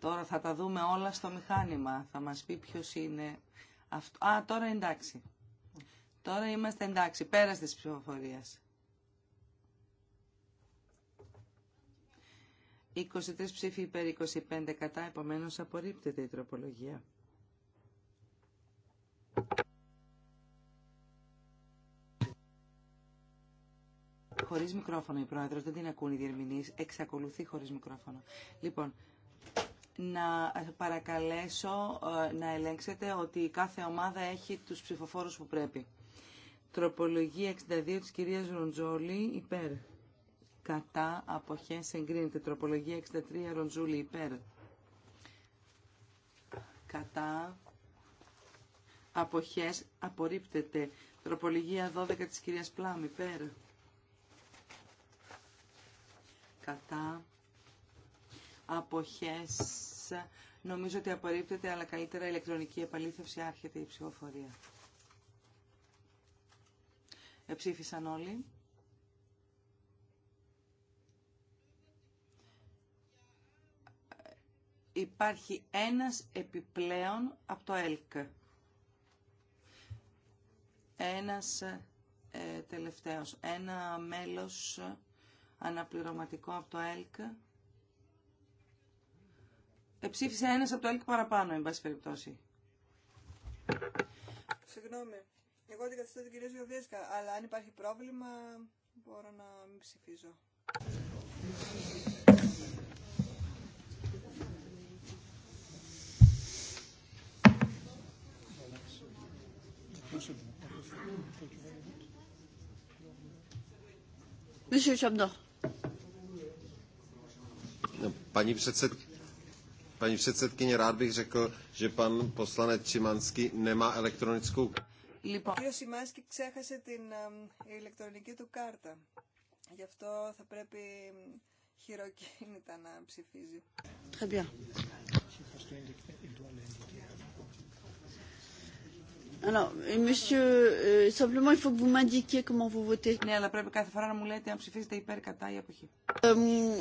Τώρα θα τα δούμε όλα στο μηχάνημα. Θα μας πει ποιος είναι αυτό. Α, τώρα εντάξει. Τώρα είμαστε εντάξει, πέρα της ψηφοφορίας. 23 ψήφοι υπέρ 25 κατά, επομένως απορρίπτεται η τροπολογία. Χωρί μικρόφωνο η πρόεδρο. δεν την ακούν οι διερμηνεί. εξακολουθεί χωρί μικρόφωνο. Λοιπόν, να παρακαλέσω ε, να ελέγξετε ότι κάθε ομάδα έχει του ψηφοφόρου που πρέπει. Τροπολογία 62 τη κυρία Ροντζόλη υπέρ. Κατά αποχές εγκρίνεται. Τροπολογία 63 Ροντζούλη υπέρ. Κατά αποχές απορρίπτεται. Τροπολογία 12 της κυρίας Πλάμ υπέρ κατά αποχές νομίζω ότι απορρίπτεται αλλά καλύτερα ηλεκτρονική επαλήθευση άρχεται η ψηφοφορία εψήφισαν όλοι υπάρχει ένας επιπλέον από το ΕΛΚ ένας ε, τελευταίος ένα μέλος αναπληρωματικό από το ΕΛΚ. Εψήφισε ένα από το ΕΛΚ παραπάνω, εν πάση περιπτώσει. Συγγνώμη. Εγώ αντικαθιστώ την κυρία Ζωβιέσκα, αλλά αν υπάρχει πρόβλημα μπορώ να μην ψηφίζω. Monsieur Paní předsedkyně, rád bych řekl, že pan ο ξέχασε την ηλεκτρονική του κάρτα. Γι' αυτό θα πρέπει χειροκίνητα να ψηφίζει. Ναι, αλλά πρέπει κάθε φορά να μου λέτε αν ψηφίζετε υπέρ, κατά ή αποχή. Euh,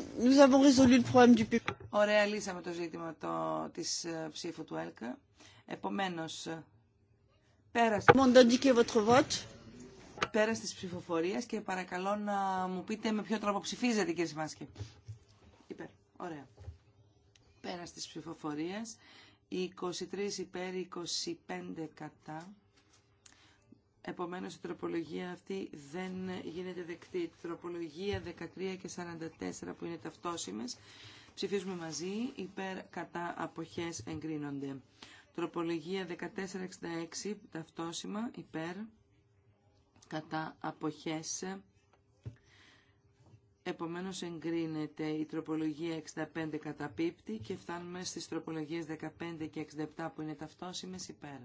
Ωραία, λύσαμε το ζήτημα τη της ε, ψήφου του ΕΛΚΑ. Επομένως, πέρασε. τη ψηφοφορία της ψηφοφορίας και παρακαλώ να μου πείτε με ποιο τρόπο ψηφίζετε, κύριε Σιμάσκη. Υπέρ. Ωραία. Πέρασε της ψηφοφορίας 23 υπέρ 25 κατά. Επομένως η τροπολογία αυτή δεν γίνεται δεκτή. Τροπολογία 13 και 44 που είναι ταυτόσιμες. Ψηφίζουμε μαζί. Υπέρ κατά αποχές εγκρίνονται. Τροπολογία 1466 ταυτόσημα υπέρ κατά αποχές Επομένως εγκρίνεται η τροπολογία 65 καταπίπτει και φτάνουμε στις τροπολογίες 15 και 67 που είναι ταυτόσιμες υπέρ.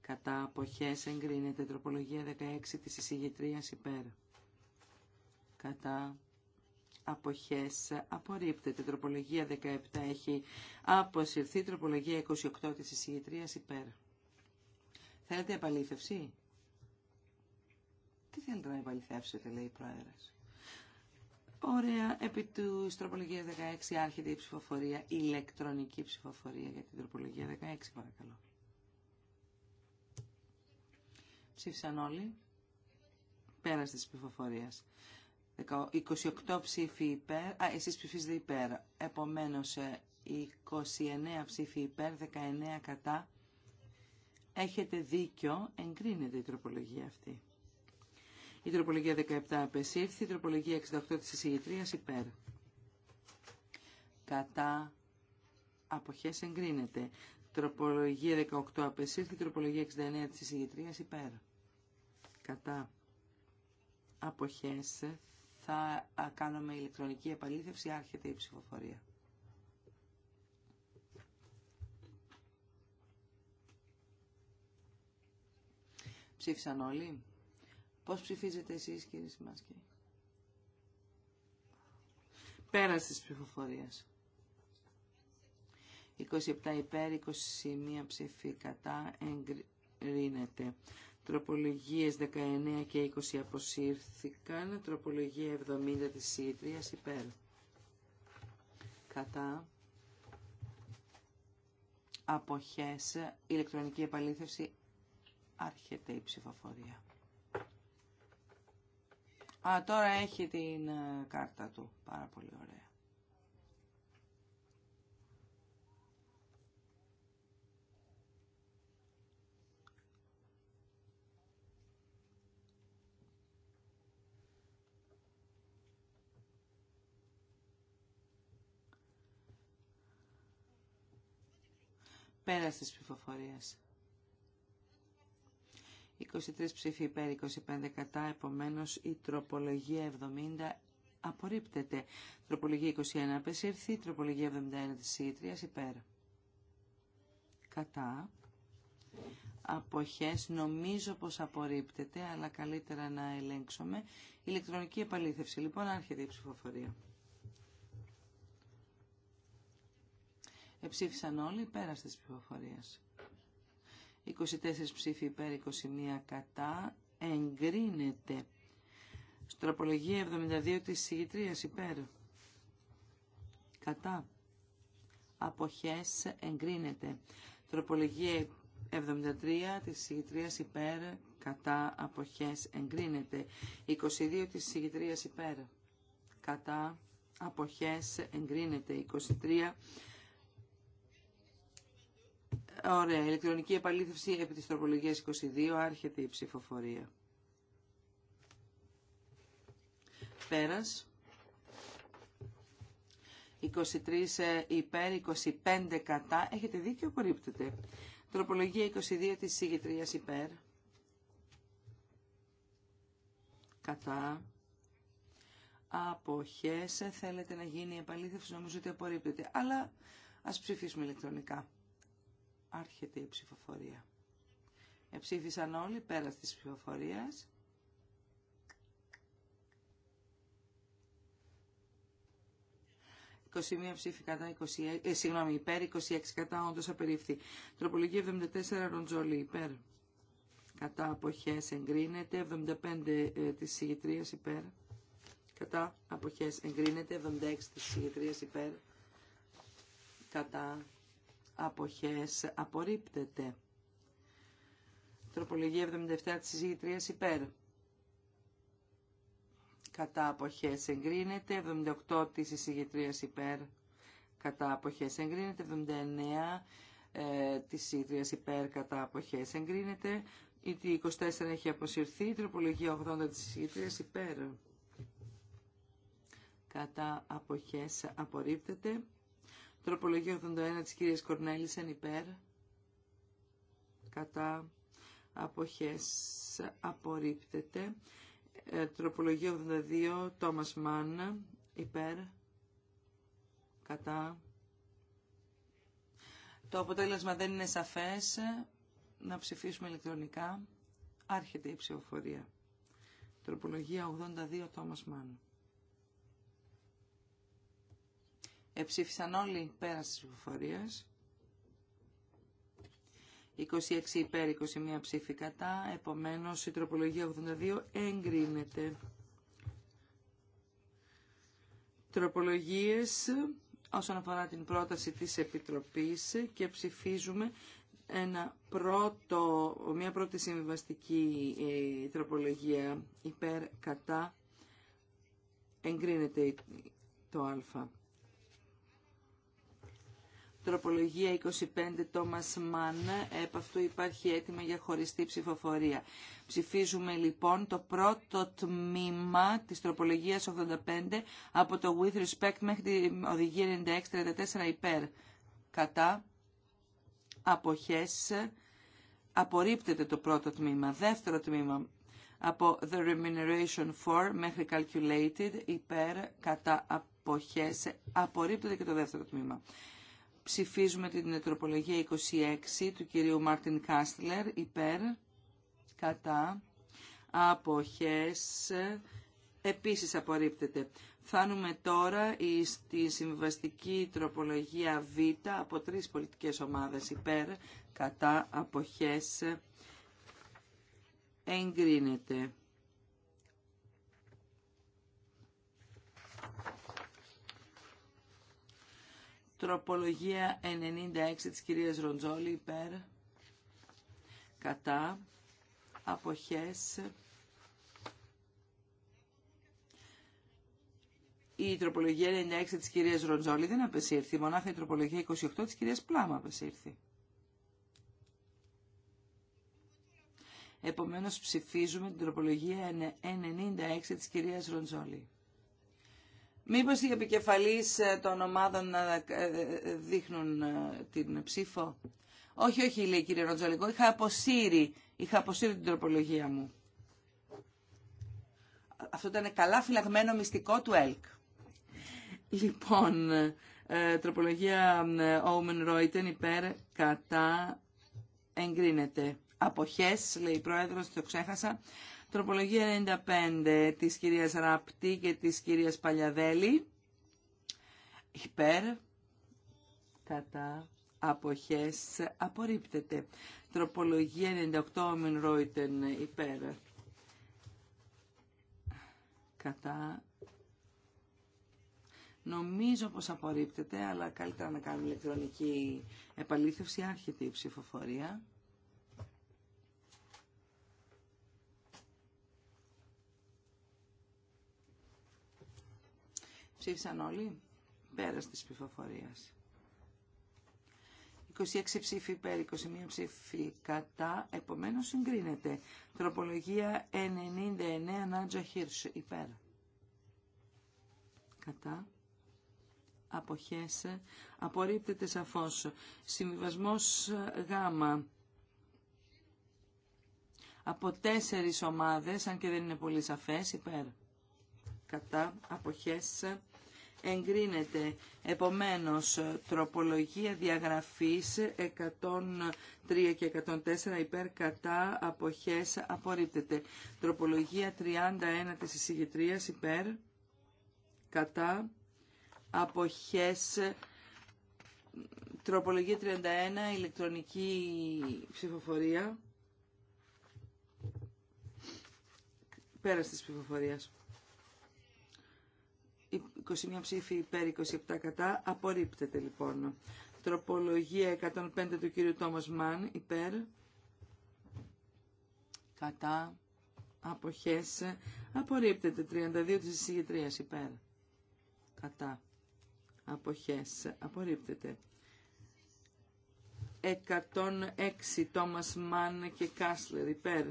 Κατά αποχές εγκρίνεται η τροπολογία 16 της εισηγητρίας υπέρ. Κατά αποχές απορρίπτεται. τροπολογία 17 έχει αποσυρθεί. τροπολογία 28 της εισηγητρίας υπέρ. Θέλετε επαλήθευση? Τι θέλετε να επαληθεύσετε λέει η πρόεδρος. Ωραία. Επί του τροπολογία 16 άρχεται η ψηφοφορία, ηλεκτρονική ψηφοφορία για την τροπολογία 16, παρακαλώ. Ψήφισαν όλοι. Πέρασες της ψηφοφορίας. 28 ψήφοι υπέρ. Α, εσείς ψηφίζετε υπέρ. Επομένως, 29 ε, ψήφοι υπέρ, 19 κατά. Έχετε δίκιο. Εγκρίνεται η τροπολογία αυτή. Η τροπολογία 17 απεσύρθη. Η τροπολογία 68 της εισηγητρίας υπέρ. Κατά αποχές εγκρίνεται. Τροπολογία 18 απεσύρθη. Τροπολογία 69 της εισηγητρίας υπέρ. Κατά αποχές θα κάνουμε ηλεκτρονική επαλήθευση. Άρχεται η ψηφοφορία. Ψήφισαν όλοι. Πώς ψηφίζετε εσείς κύριε Σιμάσκη. Πέρας της ψηφοφορίας. 27 υπέρ, 21 ψηφί κατά, εγκρίνεται. Τροπολογίες 19 και 20 αποσύρθηκαν. Τροπολογία 70 της Σίτριας υπέρ. Κατά. Αποχές. Ηλεκτρονική επαλήθευση. Άρχεται η ψηφοφορία. Α, τώρα έχει την ε, κάρτα του. Πάρα πολύ ωραία. Πέρα της πληροφορίες. 23 ψήφοι υπέρ, 25 κατά, επομένως η τροπολογία 70 απορρίπτεται. Τροπολογία 21 απεσύρθη, τροπολογία 71 της ΣΥΤΡΙΑΣ υπέρ. Κατά. Αποχές νομίζω πως απορρίπτεται, αλλά καλύτερα να ελέγξουμε. Ηλεκτρονική επαλήθευση. Λοιπόν, άρχεται η ψηφοφορία. Εψήφισαν όλοι πέρα τη ψηφοφορίας. 24 ψήφοι υπέρ, 21 κατά. Εγκρίνεται. Στροπολογία 72 της συγητρίας υπέρ. Κατά. Αποχές εγκρίνεται. Τροπολογία 73 της συγητρίας υπέρ. Κατά. Αποχές εγκρίνεται. 22 της συγητρίας υπέρ. Κατά. Αποχές εγκρίνεται. 23 Ωραία, ηλεκτρονική επαλήθευση επί της τροπολογίας 22, άρχεται η ψηφοφορία. Πέρας. 23 ε, υπέρ, 25 κατά. Έχετε δίκιο, απορρίπτεται. Τροπολογία 22 της συγγετρίας υπέρ. Κατά. Αποχέσε. Θέλετε να γίνει η επαλήθευση, νομίζω ότι απορρίπτεται. Αλλά ας ψηφίσουμε ηλεκτρονικά. Άρχεται η ψηφοφορία. Εψήφισαν όλοι πέρα της ψηφοφορίας. ψήφι κατά 26, ε, ε, συγγνώμη, υπέρ, 26 κατά, όντως απερίφθη. Τροπολογία 74, Ροντζόλη, υπέρ. Κατά αποχές εγκρίνεται, 75 ε, της συγγητρίας υπέρ. Κατά αποχές εγκρίνεται, 76 της συγγητρίας υπέρ. Κατά αποχές απορρίπτεται. Τροπολογία 77 της συζήτριας υπέρ. Κατά αποχές εγκρίνεται. 78 της εισηγητρίας υπέρ. Κατά αποχές εγκρίνεται. 79 ε, της υπέρ. Κατά αποχές εγκρίνεται. Η 24 έχει αποσυρθεί. Η τροπολογία 80 της εισηγητρίας υπέρ. Κατά αποχές απορρίπτεται. Τροπολογία 81 της κυρίας Κορνέλησεν υπέρ. Κατά αποχές απορρίπτεται. Ε, τροπολογία 82 Τόμας Μάν υπέρ. Κατά. Το αποτέλεσμα δεν είναι σαφές. Να ψηφίσουμε ηλεκτρονικά. Άρχεται η ψηφοφορία. Τροπολογία 82 Τόμας Μάν. Εψήφισαν όλοι πέρα της 26 υπέρ, 21 ψήφοι κατά. Επομένως, η τροπολογία 82 εγκρίνεται. Τροπολογίες όσον αφορά την πρόταση της Επιτροπής και ψηφίζουμε ένα πρώτο, μια πρώτη συμβιβαστική ε, τροπολογία υπέρ κατά εγκρίνεται το α. Τροπολογία 25 Τόμας Μαν. Επ' αυτού υπάρχει αίτημα για χωριστή ψηφοφορία. Ψηφίζουμε λοιπόν το πρώτο τμήμα της τροπολογίας 85 από το With Respect μέχρι την οδηγία 96-34 υπέρ. Κατά αποχές απορρίπτεται το πρώτο τμήμα. Δεύτερο τμήμα από The Remuneration for μέχρι Calculated υπέρ κατά αποχές απορρίπτεται και το δεύτερο τμήμα ψηφίζουμε την τροπολογία 26 του κυρίου Μάρτιν Κάστλερ υπέρ, κατά, αποχές, επίσης απορρίπτεται. Φτάνουμε τώρα στη συμβιβαστική τροπολογία Β από τρεις πολιτικές ομάδες υπέρ, κατά, αποχές, εγκρίνεται. Τροπολογία 96 της κυρίας Ροντζόλη υπέρ κατά αποχές η τροπολογία 96 της κυρίας Ροντζόλη δεν απεσύρθη. μονάχα η τροπολογία 28 της κυρίας Πλάμα απεσύρθη. Επομένως ψηφίζουμε την τροπολογία 96 της κυρίας Ροντζόλη. Μήπως οι επικεφαλείς ε, των ομάδων να ε, ε, δείχνουν την ψήφο. Όχι, όχι, λέει κύριε Ροτζολικό, είχα αποσύρει, είχα αποσύρει την τροπολογία μου. Αυτό ήταν καλά φυλαγμένο μυστικό του ΕΛΚ. Λοιπόν, τροπολογία ΟΜΕΝ ΡΟΙΤΕΝ υπέρ κατά εγκρίνεται. Αποχές, λέει η Πρόεδρος, το ξέχασα. Τροπολογία 95 της κυρίας Ραπτή και της κυρίας Παλιαδέλη. Υπέρ, κατά, αποχές, απορρίπτεται. Τροπολογία 98 ομιν Ρόιτεν, υπέρ, κατά, Νομίζω πως απορρίπτεται, αλλά καλύτερα να κάνουμε ηλεκτρονική επαλήθευση, άρχεται η ψηφοφορία. Ψήφισαν όλοι. Πέρας της ψηφοφορίας. 26 ψήφοι υπέρ, 21 ψήφοι κατά, επομένως συγκρίνεται. Τροπολογία 99, Νάντζα Χίρς, υπέρ. Κατά. αποχέσε Απορρίπτεται σαφώς. Συμβιβασμό γάμα. Από τέσσερις ομάδες, αν και δεν είναι πολύ σαφές, υπέρ. Κατά. αποχέσε εγκρίνεται. Επομένως, τροπολογία διαγραφής 103 και 104 υπέρ κατά αποχές απορρίπτεται. Τροπολογία 31 της εισηγητρίας υπέρ κατά αποχές Τροπολογία 31, ηλεκτρονική ψηφοφορία. Πέρας της ψηφοφορίας. 21 ψήφοι υπέρ, 27 κατά. Απορρίπτεται λοιπόν. Τροπολογία 105 του κύριου Τόμας Μαν υπέρ. Κατά. Αποχές. Απορρίπτεται. 32 της εισηγητρίας υπέρ. Κατά. Αποχές. Απορρίπτεται. 106 Τόμας Μαν και Κάσλερ υπέρ.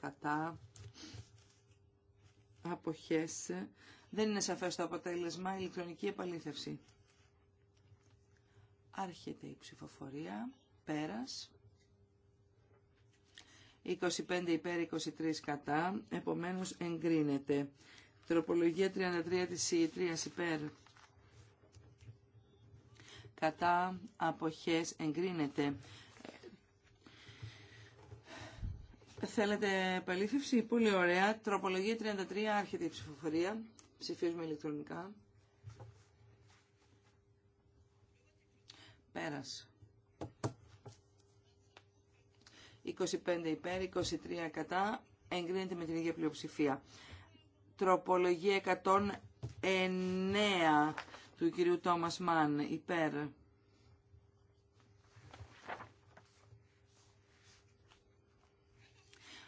Κατά αποχές δεν είναι σαφές το αποτέλεσμα ηλεκτρονική επαλήθευση. Άρχεται η ψηφοφορία, πέρας. 25 υπέρ, 23 κατά, επομένως εγκρίνεται. Τροπολογία 33 της 3 υπέρ. Κατά αποχές εγκρίνεται. Θέλετε επαλήθευση. Πολύ ωραία. Τροπολογία 33. Άρχεται η ψηφοφορία. Ψηφίζουμε ηλεκτρονικά. Πέρασε. 25 υπέρ, 23 κατά. Εγκρίνεται με την ίδια πλειοψηφία. Τροπολογία 109 του κυρίου Τόμας Μαν υπέρ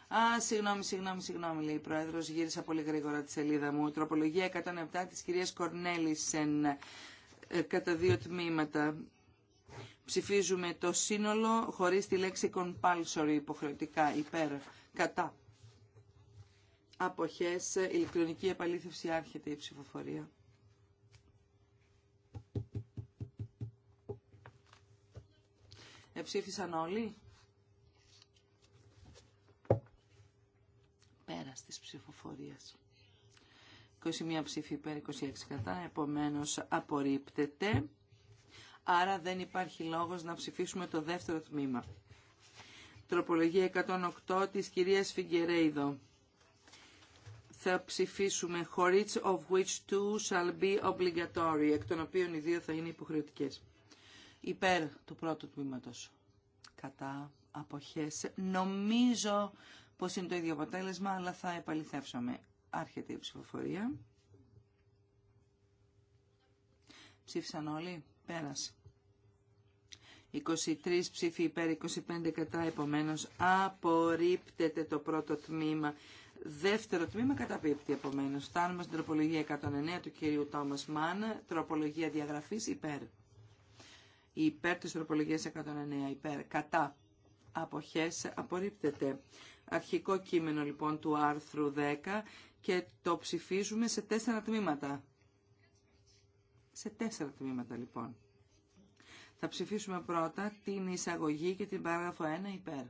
Α, συγγνώμη, συγγνώμη, συγγνώμη, λέει η Πρόεδρο. Γύρισα πολύ γρήγορα τη σελίδα μου. Τροπολογία 107 τη κυρία Κορνέλισεν. Ε, κατά δύο τμήματα. Ψηφίζουμε το σύνολο χωρίς τη λέξη compulsory υποχρεωτικά υπέρ κατά. Αποχές, ε, ηλεκτρονική επαλήθευση άρχεται η ψηφοφορία. Εψήφισαν όλοι. πέρας της ψηφοφορίας. 21 ψήφοι υπέρ, 26 κατά, επομένως απορρίπτεται. Άρα δεν υπάρχει λόγος να ψηφίσουμε το δεύτερο τμήμα. Τροπολογία 108 της κυρίας Φιγκερέιδο. Θα ψηφίσουμε «Χωρίς of which two shall be obligatory», εκ των οποίων οι δύο θα είναι υποχρεωτικές. Υπέρ του πρώτου τμήματος. Κατά αποχές. Νομίζω πως είναι το ίδιο αποτέλεσμα, αλλά θα επαληθεύσουμε. Άρχεται η ψηφοφορία. Ψήφισαν όλοι. Πέρασε. 23 ψήφοι υπέρ, 25 κατά, επομένως απορρίπτεται το πρώτο τμήμα. Δεύτερο τμήμα καταπίπτει, επομένως. Φτάνουμε στην τροπολογία 109 του κυρίου Τόμας Μάν, τροπολογία διαγραφής υπέρ. Υπέρ της τροπολογίας 109, υπέρ, κατά, αποχές, απορρίπτεται. Αρχικό κείμενο λοιπόν του άρθρου 10 και το ψηφίζουμε σε τέσσερα τμήματα. Σε τέσσερα τμήματα λοιπόν. Θα ψηφίσουμε πρώτα την εισαγωγή και την παράγραφο 1 υπέρ.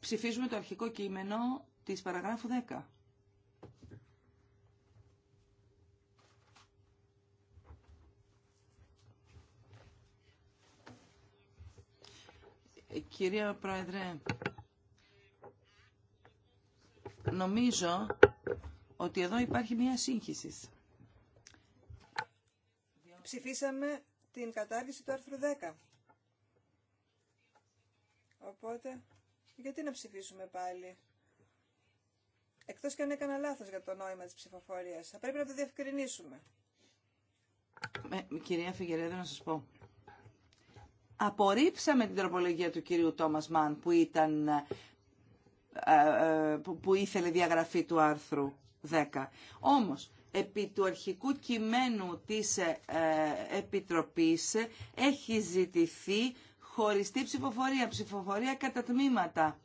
Ψηφίζουμε το αρχικό κείμενο της παραγράφου 10. Κυρία Πρόεδρε, νομίζω ότι εδώ υπάρχει μία σύγχυση. Ψηφίσαμε την κατάργηση του άρθρου 10. Οπότε, γιατί να ψηφίσουμε πάλι. Εκτός και αν έκανα λάθος για το νόημα της ψηφοφορίας. Θα πρέπει να το διευκρινίσουμε. Με, κυρία Φιγερέδο, να σας πω απορρίψαμε την τροπολογία του κυρίου Τόμας Μαν που, ήταν, ε, ε, που ήθελε διαγραφή του άρθρου 10. Όμως, επί του αρχικού κειμένου της ε, Επιτροπής έχει ζητηθεί χωριστή ψηφοφορία, ψηφοφορία κατά τμήματα.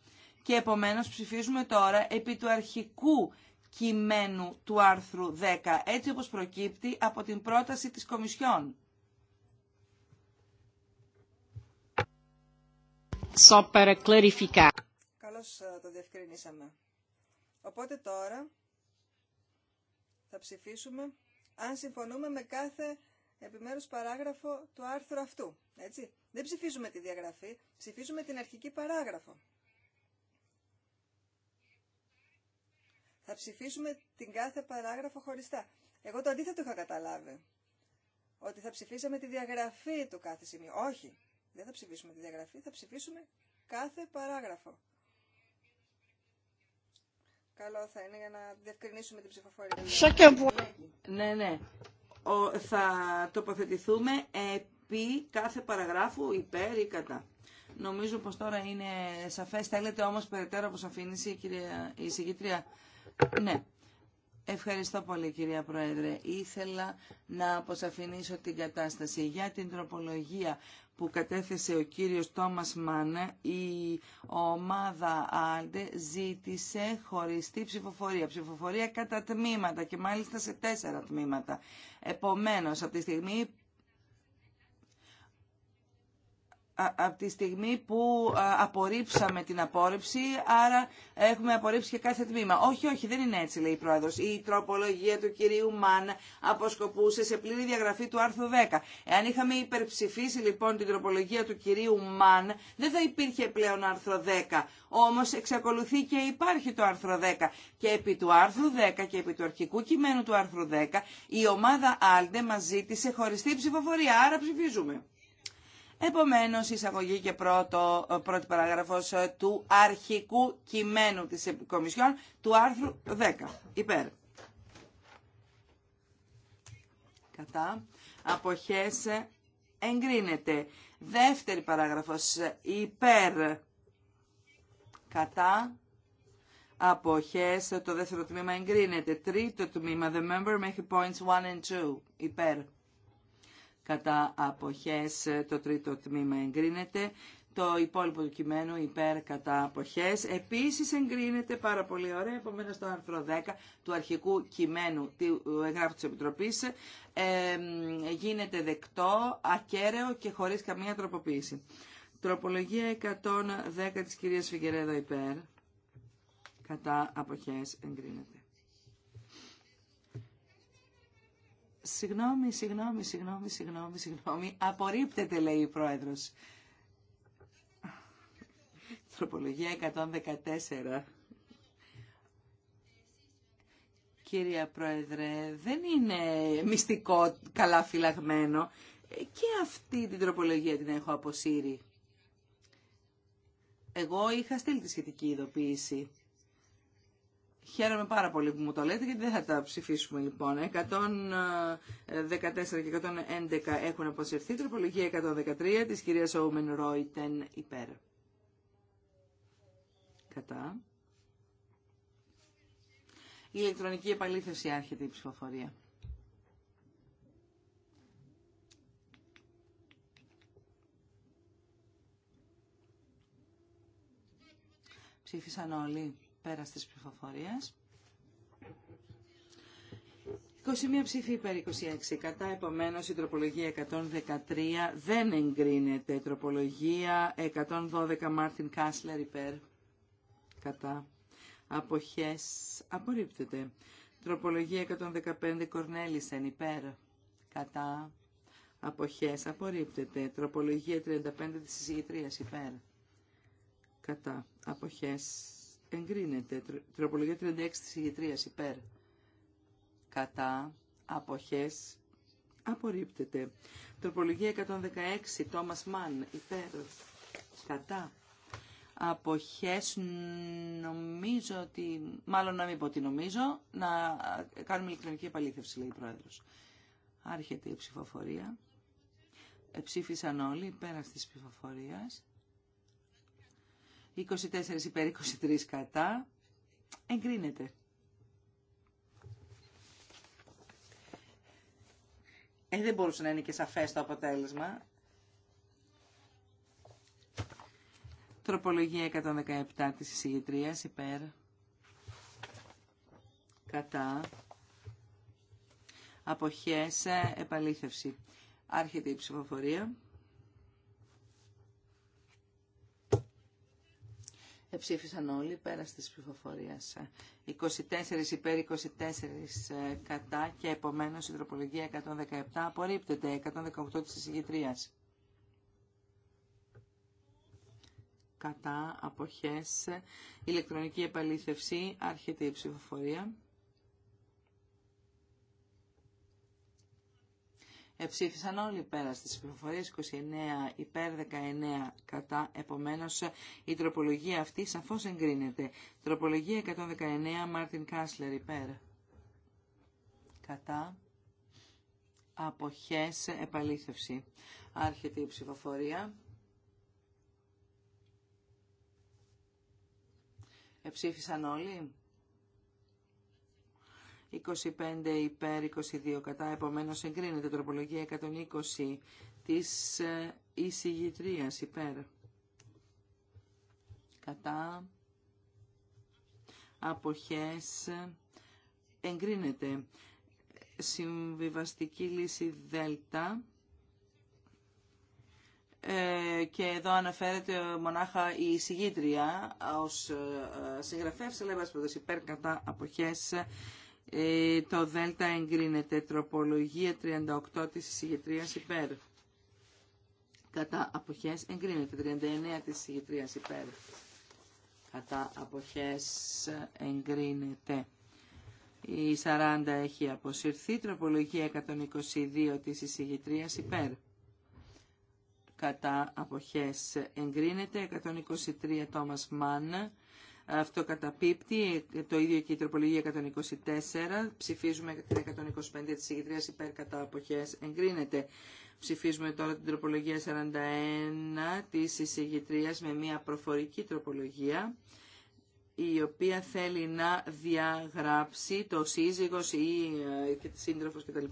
Και επομένως ψηφίζουμε τώρα επί του αρχικού κειμένου του άρθρου 10, έτσι όπως προκύπτει από την πρόταση της Κομισιόν. so Καλώς ε, το διευκρινίσαμε. Οπότε τώρα θα ψηφίσουμε αν συμφωνούμε με κάθε επιμέρους παράγραφο του άρθρου αυτού. Έτσι. Δεν ψηφίζουμε τη διαγραφή, ψηφίζουμε την αρχική παράγραφο. Θα ψηφίσουμε την κάθε παράγραφο χωριστά. Εγώ το αντίθετο είχα καταλάβει. Ότι θα ψηφίσαμε τη διαγραφή του κάθε σημείου. Όχι. Δεν θα ψηφίσουμε τη διαγραφή, θα ψηφίσουμε κάθε παράγραφο. Καλό θα είναι για να διευκρινίσουμε την ψηφοφορία. Ναι, ναι. θα τοποθετηθούμε επί κάθε παραγράφου υπέρ ή κατά. Νομίζω πως τώρα είναι σαφές. Θέλετε όμως περαιτέρω αποσαφήνιση, κυρία η συγκήτρια. Ναι. Ευχαριστώ πολύ κυρία Πρόεδρε. Ήθελα να αποσαφηνίσω την κατάσταση για την τροπολογία που κατέθεσε ο κύριος Τόμας Μάν, η ομάδα Άλτε ζήτησε χωριστή ψηφοφορία. Ψηφοφορία κατά τμήματα και μάλιστα σε τέσσερα τμήματα. Επομένως, από τη στιγμή από τη στιγμή που απορρίψαμε την απόρριψη, άρα έχουμε απορρίψει και κάθε τμήμα. Όχι, όχι, δεν είναι έτσι, λέει η πρόεδρος. Η τροπολογία του κυρίου Μαν αποσκοπούσε σε πλήρη διαγραφή του άρθρου 10. Εάν είχαμε υπερψηφίσει λοιπόν την τροπολογία του κυρίου Μαν, δεν θα υπήρχε πλέον άρθρο 10. Όμως εξακολουθεί και υπάρχει το άρθρο 10. Και επί του άρθρου 10 και επί του αρχικού κειμένου του άρθρου 10, η ομάδα Άλντε μας ζήτησε χωριστή ψηφοφορία, άρα ψηφίζουμε. Επομένως, εισαγωγή και πρώτο, ε, πρώτη παράγραφος ε, του αρχικού κειμένου της Κομισιόν του άρθρου 10. Υπέρ. Κατά. Αποχές ε, εγκρίνεται. Δεύτερη παράγραφος υπέρ. Κατά. Αποχές, το δεύτερο τμήμα εγκρίνεται. Τρίτο τμήμα, the member make points 1 and 2. Υπέρ κατά αποχές το τρίτο τμήμα εγκρίνεται το υπόλοιπο του κειμένου υπέρ κατά αποχές. Επίσης εγκρίνεται πάρα πολύ ωραία, επομένως το άρθρο 10 του αρχικού κειμένου του εγγράφου της Επιτροπής γίνεται δεκτό, ακέραιο και χωρίς καμία τροποποίηση. Τροπολογία 110 της κυρίας Φιγκερέδο υπέρ κατά αποχές εγκρίνεται. Συγγνώμη, συγγνώμη, συγγνώμη, συγγνώμη, συγγνώμη. Απορρίπτεται, λέει η πρόεδρος. Τροπολογία 114. Κύριε Πρόεδρε, δεν είναι μυστικό καλά φυλαγμένο. Και αυτή την τροπολογία την έχω αποσύρει. Εγώ είχα στείλει τη σχετική ειδοποίηση. Χαίρομαι πάρα πολύ που μου το λέτε γιατί δεν θα τα ψηφίσουμε λοιπόν. 114 ε, και 111 έχουν αποσυρθεί. Τροπολογία 113 της κυρίας Όμεν Ρόιτεν υπέρ. Κατά. Η ηλεκτρονική επαλήθευση άρχεται η ψηφοφορία. Ψήφισαν όλοι. Πέρα στις ψηφοφορίες. 21 ψήφοι υπέρ 26 κατά, επομένως η τροπολογία 113 δεν εγκρίνεται. τροπολογία 112 Μάρτιν Κάσλερ υπέρ κατά. Αποχές απορρίπτεται. Τροπολογία 115 Κορνέλισεν υπέρ κατά. Αποχές απορρίπτεται. Τροπολογία 35 της συζητρίας υπέρ κατά. Αποχές εγκρίνεται. Τροπολογία 36 της ηγετρίας υπέρ. Κατά αποχές απορρίπτεται. Τροπολογία 116 Τόμας Μαν υπέρ. Κατά αποχές νομίζω ότι, μάλλον να μην πω ότι νομίζω, να κάνουμε ηλεκτρονική επαλήθευση λέει η Πρόεδρος. Άρχεται η ψηφοφορία. Εψήφισαν όλοι πέρα της ψηφοφορίας. 24 υπέρ 23 κατά. Εγκρίνεται. Ε δεν μπορούσε να είναι και σαφές το αποτέλεσμα. Τροπολογία 117 της εισηγητρίας υπέρ κατά αποχές ε, επαλήθευση. Άρχεται η ψηφοφορία. Ψήφισαν όλοι πέρα της ψηφοφορίας. 24 υπέρ, 24 ε, κατά και επομένως η τροπολογία 117 απορρίπτεται. 118 της εισηγητρίας. Κατά, αποχές, ηλεκτρονική επαλήθευση, άρχεται η ψηφοφορία. Εψήφισαν όλοι πέρα στις ψηφοφορίες 29 υπέρ 19 κατά. Επομένως η τροπολογία αυτή σαφώς εγκρίνεται. Τροπολογία 119 Μάρτιν Κάσλερ υπέρ. Κατά. Αποχές επαλήθευση. Άρχεται η ψηφοφορία. Εψήφισαν όλοι. 25 υπέρ 22 κατά, επομένως εγκρίνεται τροπολογία 120 της ε, εισηγητρίας υπέρ κατά αποχές εγκρίνεται συμβιβαστική λύση δέλτα ε, και εδώ αναφέρεται μονάχα η εισηγήτρια ως ε, συγγραφέα αλλά υπέρ κατά αποχές ε, το ΔΕΛΤΑ εγκρίνεται. Τροπολογία 38 της εισηγητρίας υπέρ. Κατά αποχές εγκρίνεται. 39 της εισηγητρίας υπέρ. Κατά αποχές εγκρίνεται. Η 40 έχει αποσυρθεί. Τροπολογία 122 της εισηγητρίας υπέρ. Κατά αποχές εγκρίνεται. 123 Τόμας Μάν αυτό καταπίπτει. Το ίδιο και η τροπολογία 124. Ψηφίζουμε την 125 της ηγητρίας υπέρ κατά αποχές. Εγκρίνεται. Ψηφίζουμε τώρα την τροπολογία 41 της εισηγητρίας με μια προφορική τροπολογία η οποία θέλει να διαγράψει το σύζυγος ή ε, και τη σύντροφος κτλ.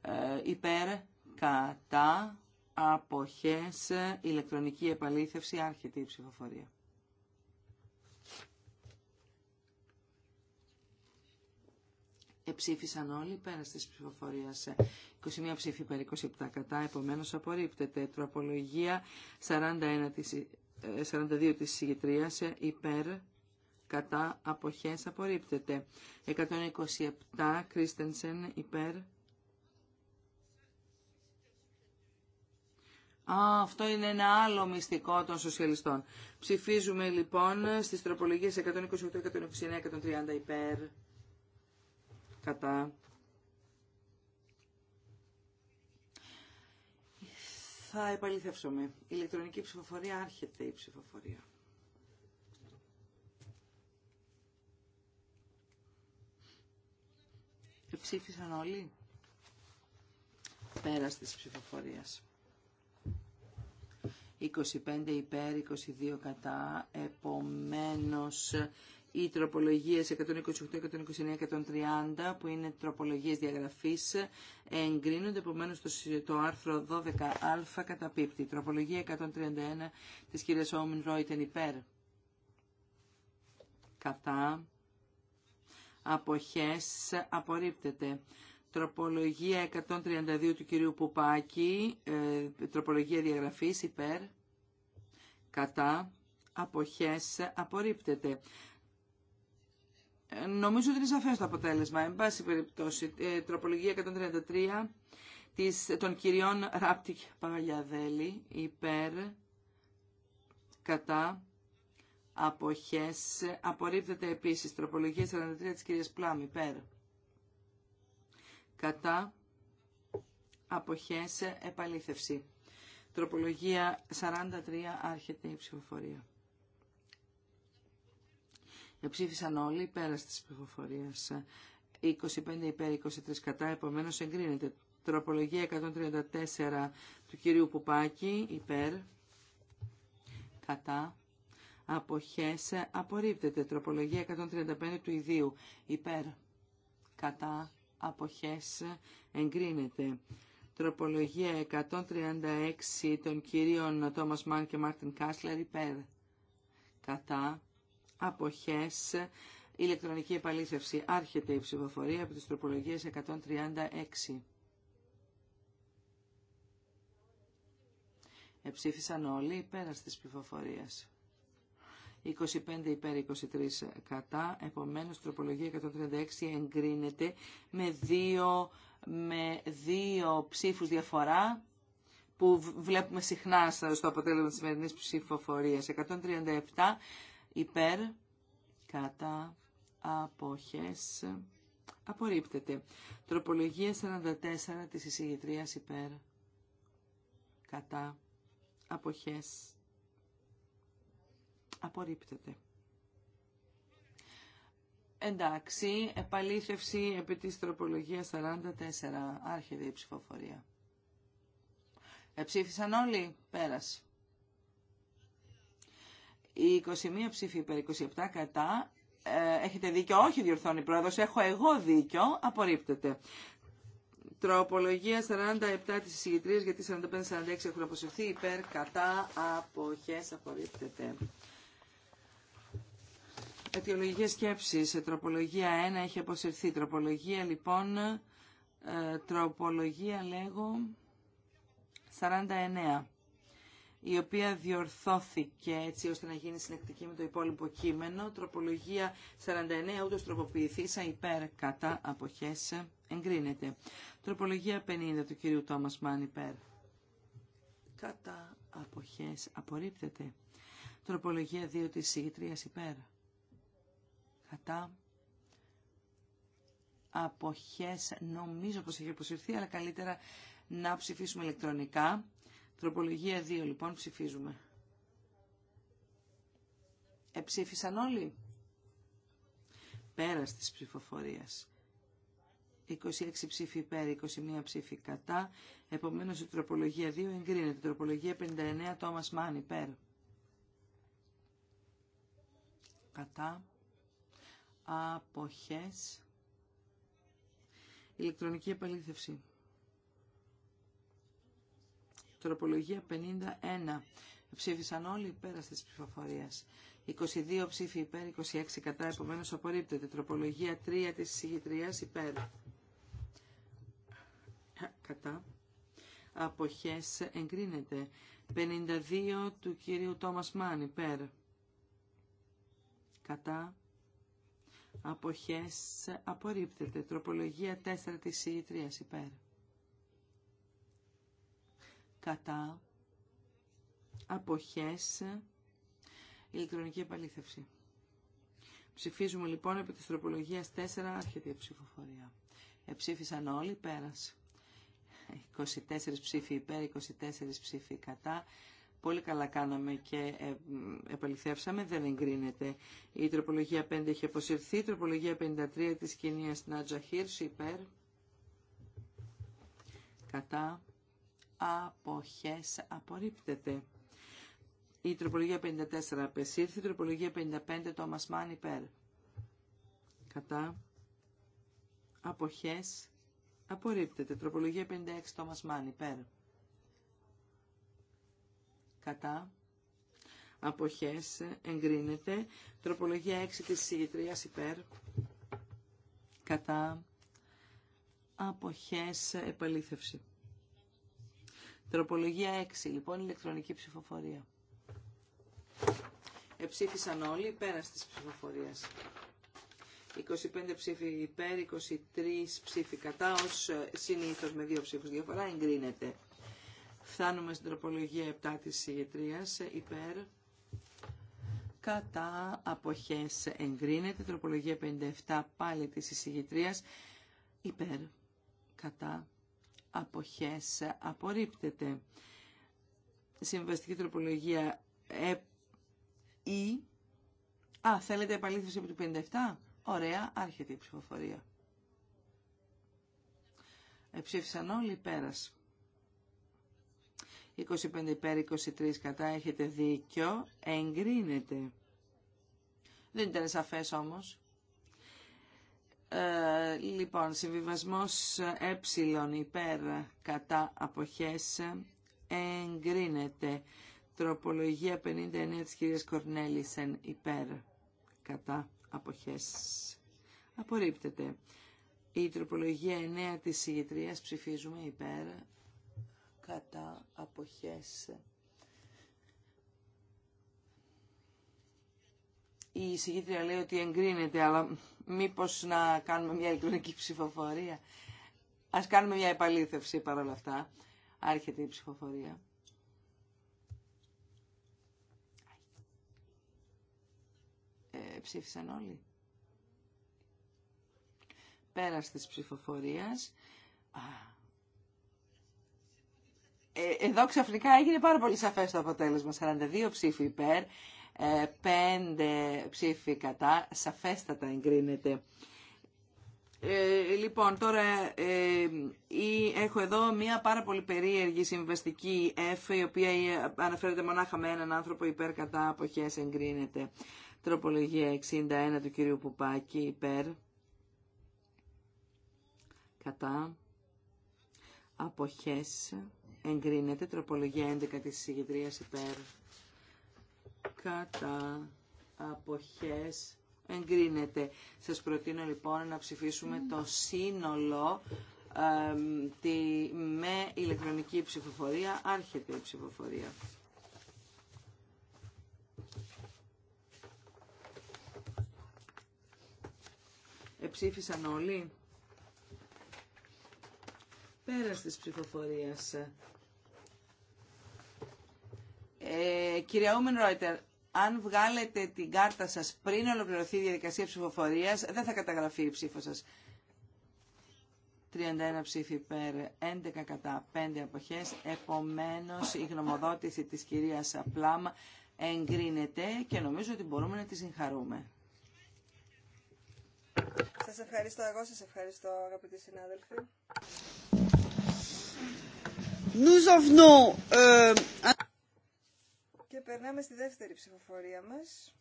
Ε, υπέρ, κατά, αποχές, ηλεκτρονική επαλήθευση, άρχεται η ψηφοφορία. Εψήφισαν όλοι πέρα τη ψηφοφορία. 21 ψήφι περί 27 κατά, επομένως απορρίπτεται. Τροπολογία 41 42 της ε, συγκεκρίας ε, υπέρ κατά αποχές απορρίπτεται. 127 Κρίστενσεν υπέρ. Α, αυτό είναι ένα άλλο μυστικό των σοσιαλιστών. Ψηφίζουμε λοιπόν στις τροπολογίες 128, 129, 130 υπέρ κατά. Θα επαληθεύσουμε. Ηλεκτρονική ψηφοφορία άρχεται η ψηφοφορία. Ψήφισαν όλοι πέρας της ψηφοφορίας. 25 υπέρ, 22 κατά, επομένως οι τροπολογίες 128, 129, 130 που είναι τροπολογίες διαγραφής εγκρίνονται επομένως το, άρθρο 12α καταπίπτει. Τροπολογία 131 της κυρίας Όμιν Ρόιτεν υπέρ. Κατά. Αποχές απορρίπτεται. Τροπολογία 132 του κυρίου Πουπάκη, ε, τροπολογία διαγραφής υπέρ, κατά, αποχές απορρίπτεται. Νομίζω ότι είναι σαφές το αποτέλεσμα. Εν πάση περιπτώσει, ε, τροπολογία 133 της, των κυριών Ράπτικ Παγαλιαδέλη υπέρ κατά αποχές. Απορρίπτεται επίσης τροπολογία 43 της κυρίας Πλάμ υπέρ κατά αποχές επαλήθευση. Τροπολογία 43 άρχεται η ψηφοφορία. Ψήφισαν όλοι υπέρ της ψηφοφορία. 25 υπέρ, 23 κατά, επομένω εγκρίνεται. Τροπολογία 134 του κυρίου Πουπάκη, υπέρ, κατά, αποχές, απορρίπτεται. Τροπολογία 135 του ιδίου, υπέρ, κατά, αποχές, εγκρίνεται. Τροπολογία 136 των κυρίων Τόμας Μάν και Μάρτιν Κάσλερ, υπέρ, κατά, αποχές, ηλεκτρονική επαλήθευση. Άρχεται η ψηφοφορία από τις τροπολογίες 136. Εψήφισαν όλοι πέρα τη ψηφοφορία. 25 υπέρ 23 κατά, επομένως τροπολογία 136 εγκρίνεται με δύο, με δύο ψήφους διαφορά που βλέπουμε συχνά στο αποτέλεσμα της σημερινής ψηφοφορία. 137 υπέρ, κατά, αποχές, απορρίπτεται. Τροπολογία 44 της εισηγητρίας υπέρ, κατά, αποχές, απορρίπτεται. Εντάξει, επαλήθευση επί της τροπολογίας 44, άρχεται η ψηφοφορία. Εψήφισαν όλοι, πέρασε. Η 21 ψήφοι υπέρ 27 κατά. Ε, έχετε δίκιο. Όχι, διορθώνει η Έχω εγώ δίκιο. Απορρίπτεται. Τροπολογία 47 της συγκεκριτρίας γιατί 45-46 έχουν αποσυρθεί υπέρ κατά αποχές απορρίπτεται. Αιτιολογικές σκέψεις. Τροπολογία 1 έχει αποσυρθεί. Τροπολογία λοιπόν, ε, τροπολογία λέγω 49 η οποία διορθώθηκε έτσι ώστε να γίνει συνεκτική με το υπόλοιπο κείμενο. Τροπολογία 49, ούτως τροποποιηθήσα υπέρ κατά αποχές εγκρίνεται. Τροπολογία 50 του κυρίου Τόμας Μάν υπέρ κατά αποχές απορρίπτεται. Τροπολογία 2 της συγητρίας υπέρ κατά αποχές νομίζω πως έχει αποσυρθεί αλλά καλύτερα να ψηφίσουμε ηλεκτρονικά Τροπολογία 2 λοιπόν ψηφίζουμε. Εψήφισαν όλοι. Πέρας της ψηφοφορίας. 26 ψήφοι υπέρ, 21 ψήφοι κατά. Επομένως η τροπολογία 2 εγκρίνεται. τροπολογία 59 Τόμας Μάν υπέρ. Κατά. Αποχές. Ηλεκτρονική επαλήθευση. Τροπολογία 51. Ψήφισαν όλοι υπέρα τη ψηφοφορία. 22 ψήφοι υπέρ, 26 κατά, επομένω απορρίπτεται. Τροπολογία 3 της συγγητρίας υπέρ. Κατά. Αποχές εγκρίνεται. 52 του κυρίου Τόμας Μάν υπέρ. Κατά. Αποχέ. απορρίπτεται. Τροπολογία 4 της συγγητρίας υπέρ κατά αποχές ηλεκτρονική επαλήθευση. Ψηφίζουμε λοιπόν επί της τροπολογίας 4 άρχεται ψηφοφορία. Εψήφισαν όλοι, πέρασε. 24 ψήφοι υπέρ, 24 ψήφοι κατά. Πολύ καλά κάναμε και ε, επαληθεύσαμε, δεν εγκρίνεται. Η τροπολογία 5 έχει αποσυρθεί, η τροπολογία 53 της κοινίας Νάτζα υπέρ, κατά αποχές απορρίπτεται. Η τροπολογία 54 απεσύρθη, η τροπολογία 55 το Mann υπέρ. Κατά αποχές απορρίπτεται. Τροπολογία 56 το Mann υπέρ. Κατά αποχές εγκρίνεται. Τροπολογία 6 της συγητρίας υπέρ. Κατά αποχές επαλήθευση. Τροπολογία 6, λοιπόν, ηλεκτρονική ψηφοφορία. Εψήφισαν όλοι πέρα τη ψηφοφορίας. 25 ψήφοι υπέρ, 23 ψήφοι κατά, ω ε, συνήθω με δύο ψήφους διαφορά εγκρίνεται. Φτάνουμε στην τροπολογία 7 της συγγετρίας, υπέρ, κατά, αποχές εγκρίνεται. Τροπολογία 57 πάλι τη ηγετρία υπέρ, κατά, αποχές απορρίπτεται. Συμβαστική τροπολογία ε, ή... Α, θέλετε επαλήθευση από του 57. Ωραία, άρχεται η ψηφοφορία. Εψήφισαν όλοι πέρας. 25 υπέρ, 23 κατά, έχετε δίκιο, εγκρίνεται. Δεν ήταν σαφές όμως. Ε, λοιπόν, συμβιβασμός ε υπέρ κατά αποχές εγκρίνεται. Τροπολογία 59 της κυρίας Κορνέλισεν υπέρ κατά αποχές απορρίπτεται. Η τροπολογία 9 της ηγετρίας ψηφίζουμε υπέρ κατά αποχές η εισηγήτρια λέει ότι εγκρίνεται, αλλά μήπως να κάνουμε μια ηλεκτρονική ψηφοφορία. Ας κάνουμε μια επαλήθευση παρόλα αυτά. Άρχεται η ψηφοφορία. Ε, ψήφισαν όλοι. Πέρας της ψηφοφορίας. Ε, εδώ ξαφνικά έγινε πάρα πολύ σαφές το αποτέλεσμα. 42 ψήφοι υπέρ, ε, πέντε ψήφοι κατά, σαφέστατα εγκρίνεται. Ε, λοιπόν, τώρα ε, έχω εδώ μία πάρα πολύ περίεργη συμβαστική F, η οποία αναφέρεται μονάχα με έναν άνθρωπο υπέρ κατά αποχές εγκρίνεται. Τροπολογία 61 του κυρίου Πουπάκη υπέρ κατά αποχές εγκρίνεται. Τροπολογία 11 της συγκεντρίας υπέρ κατά αποχές εγκρίνεται. Σας προτείνω λοιπόν να ψηφίσουμε το σύνολο τη, με ηλεκτρονική ψηφοφορία. Άρχεται η ψηφοφορία. Εψήφισαν όλοι. Πέρας της ψηφοφορίας ε, κυρία Ούμεν Ρόιτερ, αν βγάλετε την κάρτα σας πριν ολοκληρωθεί η διαδικασία ψηφοφορίας, δεν θα καταγραφεί η ψήφο σας. 31 ψήφοι υπέρ, 11 κατά 5 αποχές. Επομένως, η γνωμοδότηση της κυρίας Πλάμα εγκρίνεται και νομίζω ότι μπορούμε να τη συγχαρούμε. Σας ευχαριστώ. Εγώ σας ευχαριστώ, αγαπητοί συνάδελφοι. Και περνάμε στη δεύτερη ψηφοφορία μας.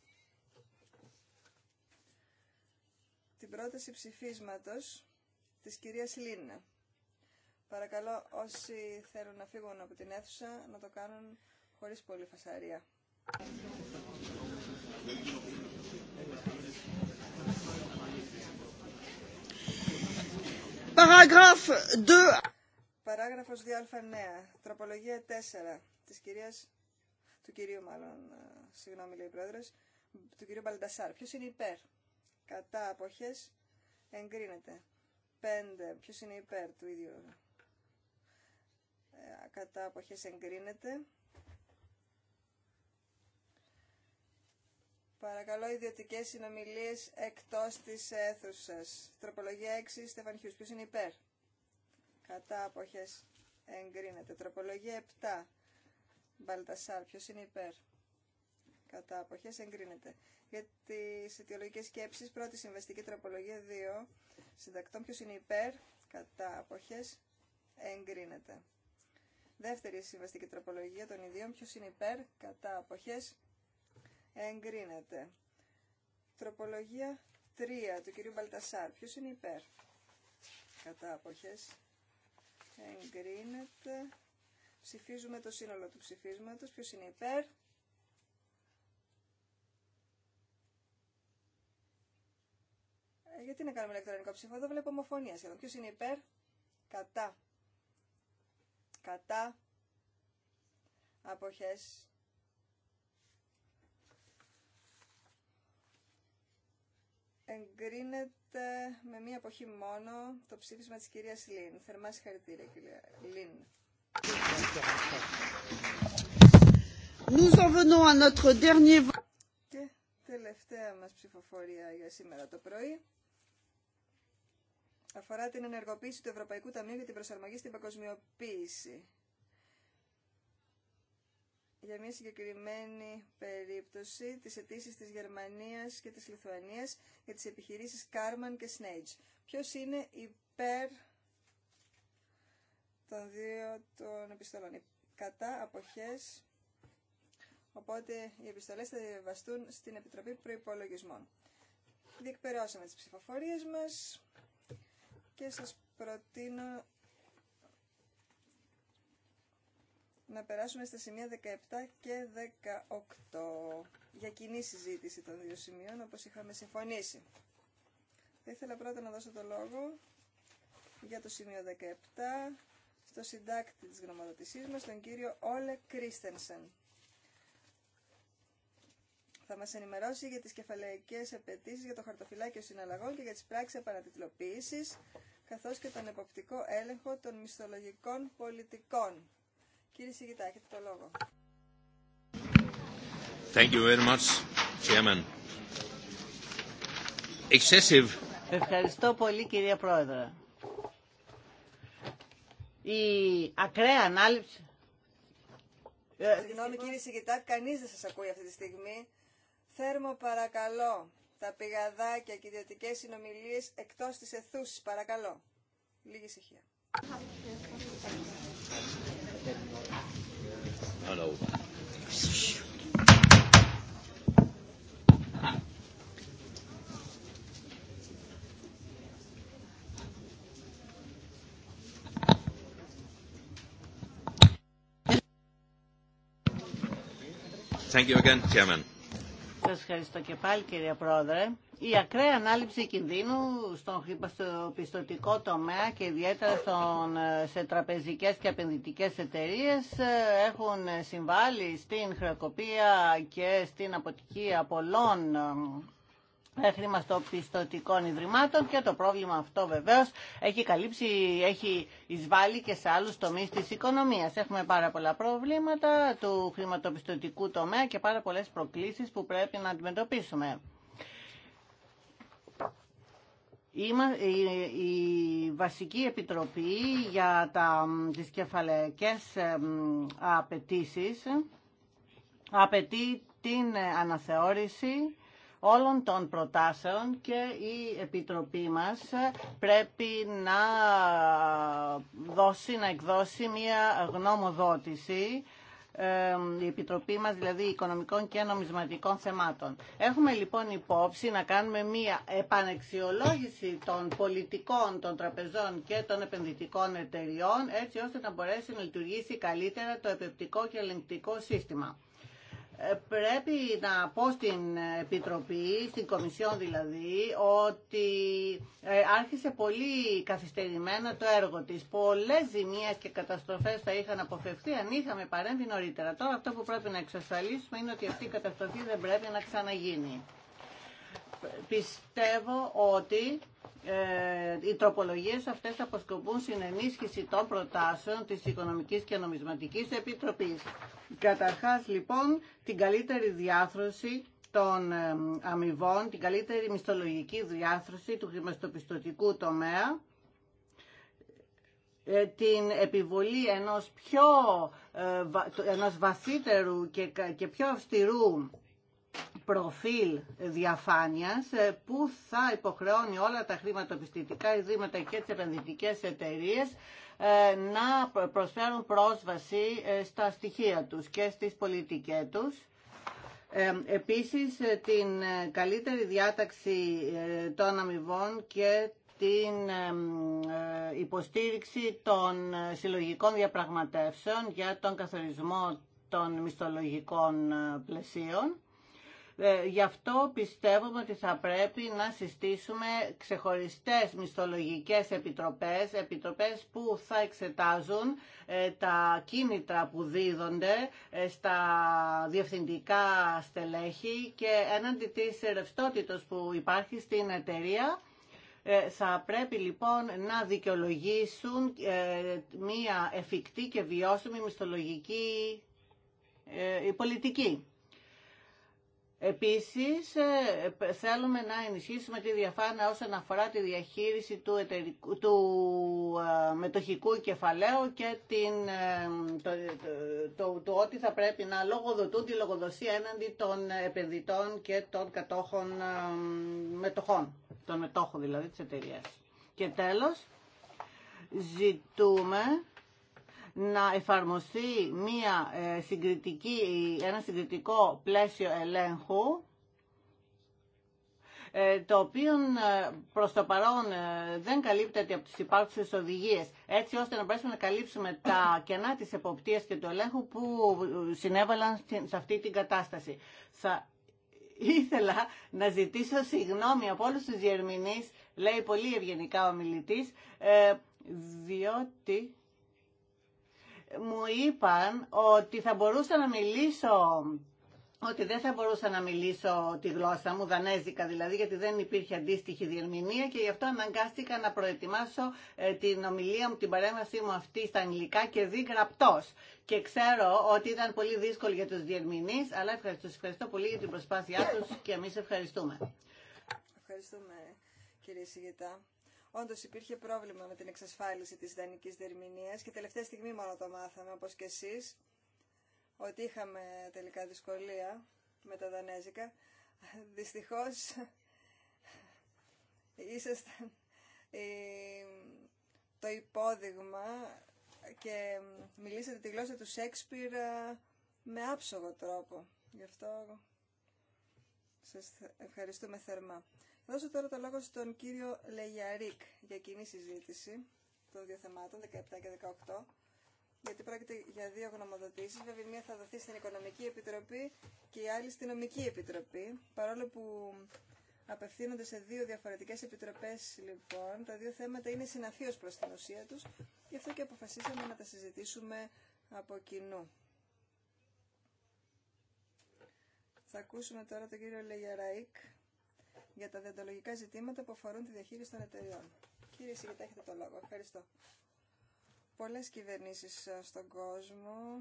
Την πρόταση ψηφίσματος της κυρίας Λίνα. Παρακαλώ όσοι θέλουν να φύγουν από την αίθουσα να το κάνουν χωρίς πολύ φασαρία. Παράγραφος 2α9, τροπολογία 4 της κυρίας του κυρίου μάλλον, ε, συγγνώμη λέει πρόεδρος, του κυρίου Μπαλντασάρ. Ποιος είναι υπέρ, κατά αποχές, εγκρίνεται. Πέντε. Ποιος είναι υπέρ του ίδιου, ε, κατά αποχές εγκρίνεται. Παρακαλώ ιδιωτικέ συνομιλίε εκτό τη αίθουσα. Τροπολογία 6, Στέφαν Χιού. Ποιο είναι υπέρ. Κατά αποχέ εγκρίνεται. Τροπολογία Μπαλτασάρ. Ποιος είναι υπέρ. Κατά απόχέ, εγκρίνεται. Για τι αιτιολογικέ σκέψεις, πρώτη συμβαστική τροπολογία 2. Συντακτών Ποιο είναι υπέρ. Κατά απόχε. εγκρίνεται. Δεύτερη συμβαστική τροπολογία των ιδίων. Ποιο είναι υπέρ. Κατά αποχέ εγκρίνεται. Τροπολογία 3 του κυρίου Μπαλτασάρ. Ποιο είναι υπέρ. Κατά αποχές εγκρίνεται. Ψηφίζουμε το σύνολο του ψηφίσματος. Ποιος είναι υπέρ. Ε, γιατί να κάνουμε ηλεκτρονικό ψήφο. Εδώ βλέπω ομοφωνία σχεδόν. Ποιος είναι υπέρ. Κατά. Κατά. Αποχές. εγκρίνεται με μία αποχή μόνο το ψήφισμα της κυρίας Λίν. Θερμά συγχαρητήρια κυρία Λίν. Nous en venons à notre dernier Και τελευταία μας ψηφοφορία για σήμερα το πρωί αφορά την ενεργοποίηση του Ευρωπαϊκού Ταμείου για την προσαρμογή στην παγκοσμιοποίηση. Για μια συγκεκριμένη περίπτωση της αιτήσει της Γερμανίας και της Λιθουανίας για τις επιχειρήσεις Κάρμαν και Σνέιτζ. Ποιος είναι υπέρ των δύο των επιστολών. Κατά αποχές, οπότε οι επιστολές θα διαβαστούν στην Επιτροπή Προϋπολογισμών. Διεκπαιρεώσαμε τις ψηφοφορίες μας και σας προτείνω να περάσουμε στα σημεία 17 και 18 για κοινή συζήτηση των δύο σημείων όπως είχαμε συμφωνήσει. Θα ήθελα πρώτα να δώσω το λόγο για το σημείο 17 το συντάκτη της γνωμοδοτησής μας, τον κύριο Όλε Κρίστενσεν. Θα μας ενημερώσει για τις κεφαλαϊκές απαιτήσει για το χαρτοφυλάκιο συναλλαγών και για τις πράξεις επανατιτλοποίησης, καθώς και τον εποπτικό έλεγχο των μισθολογικών πολιτικών. Κύριε Σιγητά, έχετε το λόγο. Thank you very much, Chairman. Excessive. Ευχαριστώ πολύ, κυρία Πρόεδρε η ακραία ανάληψη... Ε, Συγγνώμη κύριε Σιγητά, κανείς δεν σας ακούει αυτή τη στιγμή. Θέρμο παρακαλώ, τα πηγαδάκια και ιδιωτικέ συνομιλίε εκτός της αιθούσης, παρακαλώ. Λίγη ησυχία. Hello. Thank Σας ευχαριστώ και πάλι κύριε Πρόεδρε. Η ακραία ανάληψη κινδύνου στον πιστοτικό τομέα και ιδιαίτερα στον, ε, σε τραπεζικές και επενδυτικές εταιρείες ε, έχουν συμβάλει στην χρεοκοπία και στην αποτυχία πολλών ε, χρηματοπιστωτικών ιδρυμάτων και το πρόβλημα αυτό βεβαίως έχει καλύψει, έχει εισβάλλει και σε άλλους τομείς της οικονομίας. Έχουμε πάρα πολλά προβλήματα του χρηματοπιστωτικού τομέα και πάρα πολλές προκλήσεις που πρέπει να αντιμετωπίσουμε. Η βασική επιτροπή για τα, τις κεφαλαϊκές απαιτήσει απαιτεί την αναθεώρηση όλων των προτάσεων και η Επιτροπή μας πρέπει να δώσει, να εκδώσει μια γνώμοδότηση η Επιτροπή μας, δηλαδή Οικονομικών και Νομισματικών Θεμάτων. Έχουμε λοιπόν υπόψη να κάνουμε μία επανεξιολόγηση των πολιτικών, των τραπεζών και των επενδυτικών εταιριών, έτσι ώστε να μπορέσει να λειτουργήσει καλύτερα το επεπτικό και ελεγκτικό σύστημα πρέπει να πω στην Επιτροπή, στην Κομισιόν δηλαδή, ότι ε, άρχισε πολύ καθυστερημένα το έργο της. Πολλές ζημίες και καταστροφές θα είχαν αποφευθεί αν είχαμε παρέμβει νωρίτερα. Τώρα αυτό που πρέπει να εξασφαλίσουμε είναι ότι αυτή η καταστροφή δεν πρέπει να ξαναγίνει πιστεύω ότι ε, οι τροπολογίες αυτές αποσκοπούν στην ενίσχυση των προτάσεων της Οικονομικής και Νομισματικής Επιτροπής. Καταρχάς, λοιπόν, την καλύτερη διάθρωση των ε, αμοιβών, την καλύτερη μισθολογική διάθρωση του χρηματοπιστωτικού τομέα, ε, την επιβολή ενός, πιο, ενός βαθύτερου και πιο αυστηρού προφίλ διαφάνειας ε, που θα υποχρεώνει όλα τα χρηματοπιστωτικά ιδρύματα και τις επενδυτικές εταιρείες ε, να προσφέρουν πρόσβαση ε, στα στοιχεία τους και στις πολιτικές τους. Επίσης, την καλύτερη διάταξη των αμοιβών και την υποστήριξη των συλλογικών διαπραγματεύσεων για τον καθορισμό των μισθολογικών πλαισίων. Ε, γι' αυτό πιστεύουμε ότι θα πρέπει να συστήσουμε ξεχωριστές μισθολογικές επιτροπές, επιτροπές που θα εξετάζουν ε, τα κίνητρα που δίδονται ε, στα διευθυντικά στελέχη και έναντι της ρευστότητα που υπάρχει στην εταιρεία θα πρέπει λοιπόν να δικαιολογήσουν μία εφικτή και βιώσιμη μισθολογική πολιτική. Επίσης, ε, θέλουμε να ενισχύσουμε τη διαφάνεια όσον αφορά τη διαχείριση του, του ε, μετοχικού κεφαλαίου και την, ε, το, το, ότι θα πρέπει να λογοδοτούν τη λογοδοσία έναντι των επενδυτών και των κατόχων μετοχών, των μετόχων δηλαδή της εταιρεία. Και τέλος, ζητούμε να εφαρμοστεί μια ε, συγκριτική, ένα συγκριτικό πλαίσιο ελέγχου ε, το οποίο ε, προς το παρόν δεν καλύπτεται από τις υπάρχουσες οδηγίες, έτσι ώστε να μπορέσουμε να καλύψουμε τα κενά της εποπτείας και του ελέγχου που συνέβαλαν σε αυτή την κατάσταση. Θα ήθελα να ζητήσω συγγνώμη από όλους τους διερμηνείς, λέει πολύ ευγενικά ο μιλητής, διότι μου είπαν ότι θα μπορούσα να μιλήσω ότι δεν θα μπορούσα να μιλήσω τη γλώσσα μου, δανέζικα δηλαδή, γιατί δεν υπήρχε αντίστοιχη διερμηνία και γι' αυτό αναγκάστηκα να προετοιμάσω ε, την ομιλία μου, την παρέμβασή μου αυτή στα αγγλικά και δεί Και ξέρω ότι ήταν πολύ δύσκολο για τους διερμηνείς, αλλά ευχαριστώ, ευχαριστώ πολύ για την προσπάθειά τους και εμείς ευχαριστούμε. Ευχαριστούμε κύριε Σιγητά. Όντω υπήρχε πρόβλημα με την εξασφάλιση τη ιδανική δερμηνία και τελευταία στιγμή μόνο το μάθαμε, όπως και εσείς, ότι είχαμε τελικά δυσκολία με τα δανέζικα. Δυστυχώ, ήσασταν το υπόδειγμα και μιλήσατε τη γλώσσα του Σέξπιρ με άψογο τρόπο. Γι' αυτό σας ευχαριστούμε θερμά. Δώσω τώρα το λόγο στον κύριο Λεγιαρίκ για κοινή συζήτηση των δύο θεμάτων, 17 και 18, γιατί πρόκειται για δύο γνωμοδοτήσει. Βέβαια, μία θα δοθεί στην Οικονομική Επιτροπή και η άλλη στην Νομική Επιτροπή. Παρόλο που απευθύνονται σε δύο διαφορετικές επιτροπές, λοιπόν, τα δύο θέματα είναι συναφείω προς την ουσία του γι' αυτό και αποφασίσαμε να τα συζητήσουμε από κοινού. Θα ακούσουμε τώρα τον κύριο Λεγιαρίκ για τα διοντολογικά ζητήματα που αφορούν τη διαχείριση των εταιριών. Κύριε Σιγητά, έχετε το λόγο. Ευχαριστώ. Πολλές κυβερνήσεις ε, στον κόσμο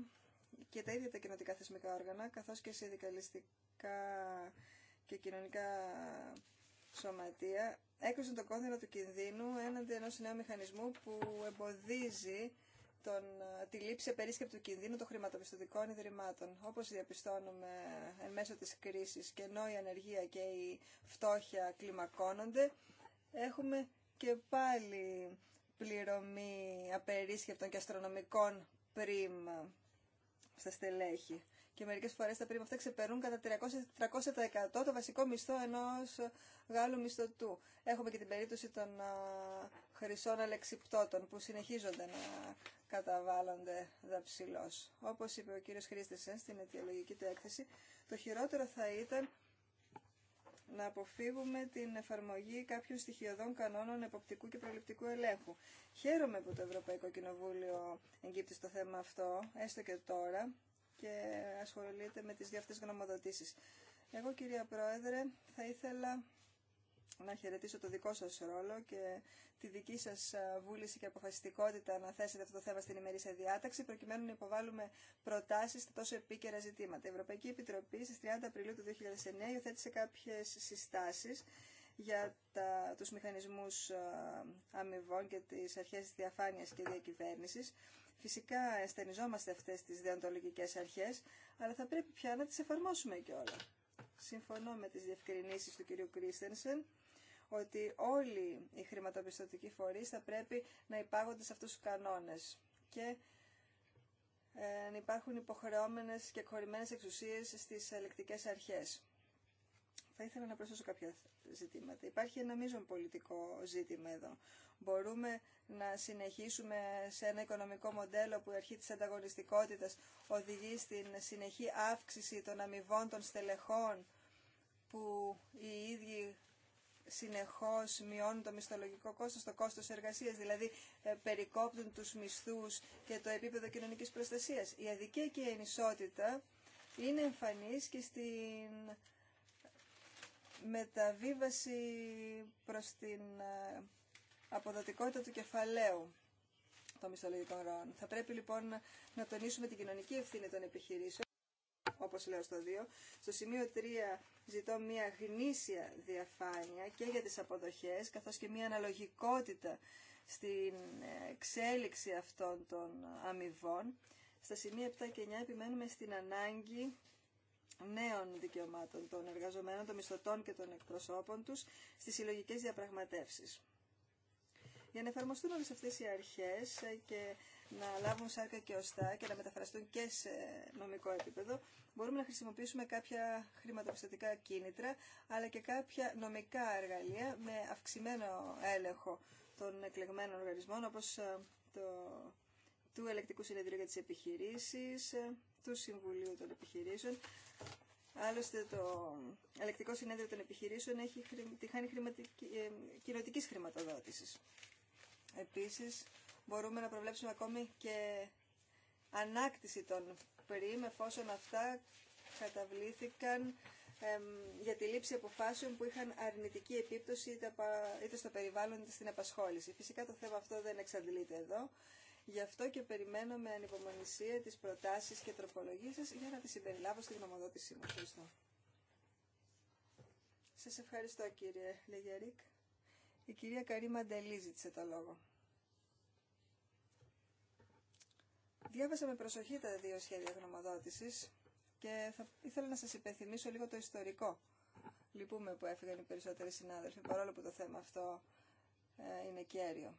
και τα ίδια τα κοινοτικά θεσμικά όργανα, καθώς και συνδικαλιστικά και κοινωνικά σωματεία, έκρουσαν το κόνδυνο του κινδύνου έναντι ενός νέου μηχανισμού που εμποδίζει τον, ε, τη λήψη απερίσκεπτου κινδύνου των χρηματοπιστωτικών ιδρυμάτων. Όπως διαπιστώνουμε εν μέσω της κρίσης και ενώ η ανεργία και η φτώχεια κλιμακώνονται, έχουμε και πάλι πληρωμή απερίσκεπτων και αστρονομικών πριμ ε, στα στελέχη. Και μερικές φορές τα πρίμα αυτα ξεπερνουν ξεπερούν κατά το βασικό μισθό ενός Γάλλου μισθωτού. Έχουμε και την περίπτωση των ε, χρυσών αλεξιπτώτων που συνεχίζονται να καταβάλλονται δαψιλώ. Όπως είπε ο κύριος Χρήστησεν στην αιτιολογική του έκθεση, το χειρότερο θα ήταν να αποφύγουμε την εφαρμογή κάποιων στοιχειωδών κανόνων εποπτικού και προληπτικού ελέγχου. Χαίρομαι που το Ευρωπαϊκό Κοινοβούλιο εγκύπτει στο θέμα αυτό, έστω και τώρα, και ασχολείται με τις διάφορες γνωμοδοτήσεις. Εγώ, κυρία Πρόεδρε, θα ήθελα να χαιρετήσω το δικό σας ρόλο και τη δική σας βούληση και αποφασιστικότητα να θέσετε αυτό το θέμα στην ημερήσια διάταξη, προκειμένου να υποβάλουμε προτάσεις στα τόσο επίκαιρα ζητήματα. Η Ευρωπαϊκή Επιτροπή στις 30 Απριλίου του 2009 υιοθέτησε κάποιες συστάσεις για τα, τους μηχανισμούς αμοιβών και τις αρχές της διαφάνειας και διακυβέρνησης. Φυσικά αισθενιζόμαστε αυτές τις διοντολογικές αρχές, αλλά θα πρέπει πια να τις εφαρμόσουμε κιόλα. Συμφωνώ με τις διευκρινήσεις του κυρίου Κρίστενσεν ότι όλοι οι χρηματοπιστωτικοί φορείς θα πρέπει να υπάγονται σε αυτούς τους κανόνες και ε, να υπάρχουν υποχρεώμενες και κορυμμένες εξουσίες στις ελεκτικές αρχές. Θα ήθελα να προσθέσω κάποια ζητήματα. Υπάρχει ένα μείζον πολιτικό ζήτημα εδώ. Μπορούμε να συνεχίσουμε σε ένα οικονομικό μοντέλο που η αρχή της ανταγωνιστικότητας οδηγεί στην συνεχή αύξηση των αμοιβών των στελεχών που οι ίδιοι συνεχώς μειώνουν το μισθολογικό κόστος, το κόστος εργασίας, δηλαδή ε, περικόπτουν τους μισθούς και το επίπεδο κοινωνικής προστασίας. Η αδικία και η ενισότητα είναι εμφανής και στην μεταβίβαση προς την ε, αποδοτικότητα του κεφαλαίου των μισθολογικών ροών. Θα πρέπει λοιπόν να τονίσουμε την κοινωνική ευθύνη των επιχειρήσεων όπως λέω στο 2. Στο σημείο 3 ζητώ μια γνήσια διαφάνεια και για τις αποδοχές, καθώς και μια αναλογικότητα στην εξέλιξη αυτών των αμοιβών. Στα σημεία 7 και 9 επιμένουμε στην ανάγκη νέων δικαιωμάτων των εργαζομένων, των μισθωτών και των εκπροσώπων τους στις συλλογικές διαπραγματεύσεις. Για να εφαρμοστούν όλε αυτές οι αρχές και να λάβουν σάρκα και οστά και να μεταφραστούν και σε νομικό επίπεδο, μπορούμε να χρησιμοποιήσουμε κάποια χρηματοπιστωτικά κίνητρα, αλλά και κάποια νομικά εργαλεία με αυξημένο έλεγχο των εκλεγμένων οργανισμών, όπως ε, το, του Ελεκτικού Συνεδρίου για τις Επιχειρήσεις, ε, του Συμβουλίου των Επιχειρήσεων. Άλλωστε, το Ελεκτικό Συνέδριο των Επιχειρήσεων έχει τη χάνει ε, κοινοτικής χρηματοδότησης. Επίσης, μπορούμε να προβλέψουμε ακόμη και ανάκτηση των με εφόσον αυτά καταβλήθηκαν για τη λήψη αποφάσεων που είχαν αρνητική επίπτωση είτε στο περιβάλλον είτε στην απασχόληση. Φυσικά το θέμα αυτό δεν εξαντλείται εδώ. Γι' αυτό και περιμένω με ανυπομονησία τις προτάσεις και τροπολογίες σας για να τις συμπεριλάβω στη γνωμοδότησή μου. Ευχαριστώ. Σας ευχαριστώ κύριε Λεγερικ. Η κυρία Καρή ζήτησε το λόγο. Διάβασα με προσοχή τα δύο σχέδια γνωμοδότησης και θα ήθελα να σας υπενθυμίσω λίγο το ιστορικό. Λυπούμε που έφυγαν οι περισσότεροι συνάδελφοι, παρόλο που το θέμα αυτό ε, είναι κέριο.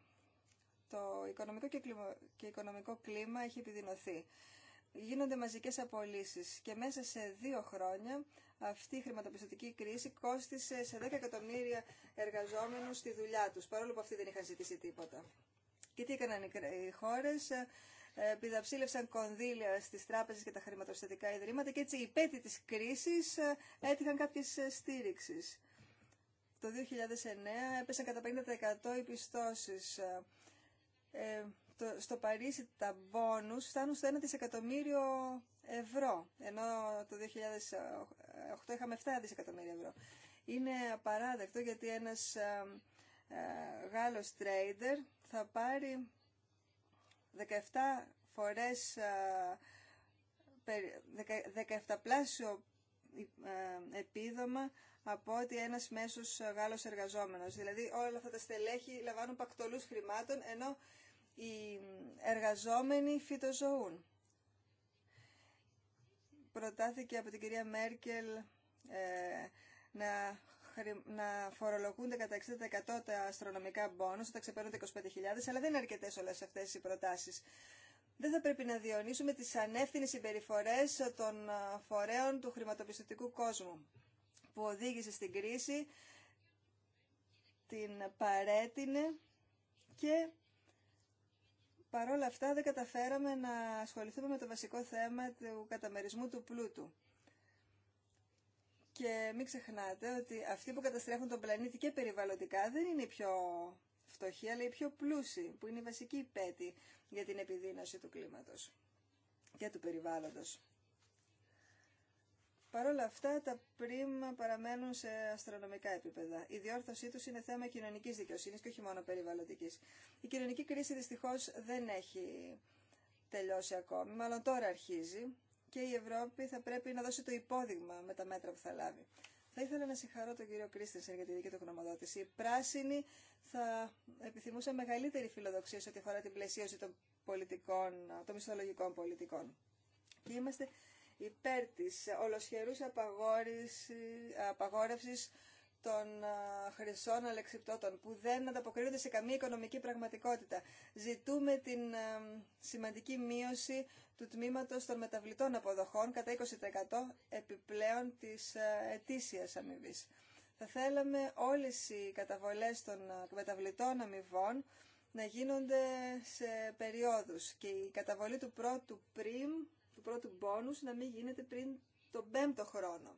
Το οικονομικό και, κλιμα... και οικονομικό κλίμα έχει επιδεινωθεί. Γίνονται μαζικές απολύσεις και μέσα σε δύο χρόνια αυτή η χρηματοπιστωτική κρίση κόστησε σε 10 εκατομμύρια εργαζόμενους τη δουλειά τους, παρόλο που αυτοί δεν είχαν ζητήσει τίποτα. Και τι έκαναν οι χώρες, πηδαψίλευσαν κονδύλια στις τράπεζες και τα χρηματοστατικά ιδρύματα και έτσι οι πέτοι της κρίσης ε, έτυχαν κάποιες στήριξει. Το 2009 έπεσαν κατά 50% οι πιστώσεις. Ε, ε στο Παρίσι τα μπόνους φτάνουν στο 1 δισεκατομμύριο ευρώ, ενώ το 2008 είχαμε 7 δισεκατομμύρια ευρώ. Είναι απαράδεκτο γιατί ένας ε, ε, Γάλλος τρέιντερ θα πάρει 17 φορές 17 πλάσιο ε, επίδομα από ότι ένας μέσος Γάλλος εργαζόμενος. Δηλαδή όλα αυτά τα στελέχη λαμβάνουν πακτολούς χρημάτων ενώ οι εργαζόμενοι φυτοζωούν. Προτάθηκε από την κυρία Μέρκελ ε, να να φορολογούνται κατά 60% τα αστρονομικά μπόνους όταν ξεπέρνουν 25.000, αλλά δεν είναι αρκετές όλες αυτές οι προτάσεις. Δεν θα πρέπει να διονύσουμε τις ανεύθυνες συμπεριφορέ των φορέων του χρηματοπιστωτικού κόσμου που οδήγησε στην κρίση, την παρέτεινε και παρόλα αυτά δεν καταφέραμε να ασχοληθούμε με το βασικό θέμα του καταμερισμού του πλούτου. Και μην ξεχνάτε ότι αυτοί που καταστρέφουν τον πλανήτη και περιβαλλοντικά δεν είναι οι πιο φτωχοί, αλλά οι πιο πλούσιοι, που είναι η βασική υπέτη για την επιδείνωση του κλίματος και του περιβάλλοντος. Παρ' όλα αυτά, τα πρίμα παραμένουν σε αστρονομικά επίπεδα. Η διόρθωσή του είναι θέμα κοινωνική δικαιοσύνη και όχι μόνο περιβαλλοντική. Η κοινωνική κρίση δυστυχώ δεν έχει τελειώσει ακόμη, μάλλον τώρα αρχίζει και η Ευρώπη θα πρέπει να δώσει το υπόδειγμα με τα μέτρα που θα λάβει. Θα ήθελα να συγχαρώ τον κύριο Κρίστενσεν για τη δική του γνωμοδότηση. Οι πράσινοι θα επιθυμούσε μεγαλύτερη φιλοδοξία σε ό,τι αφορά την πλαισίωση των, πολιτικών, των μισθολογικών πολιτικών. Και είμαστε υπέρ τη ολοσχερούς απαγόρευσης των χρυσών αλεξιπτώτων που δεν ανταποκρίνονται σε καμία οικονομική πραγματικότητα. Ζητούμε την σημαντική μείωση του τμήματος των μεταβλητών αποδοχών κατά 20% επιπλέον της ετήσιας αμοιβή. Θα θέλαμε όλες οι καταβολές των μεταβλητών αμοιβών να γίνονται σε περιόδους και η καταβολή του πρώτου πριμ, του πρώτου μπόνους να μην γίνεται πριν τον πέμπτο χρόνο.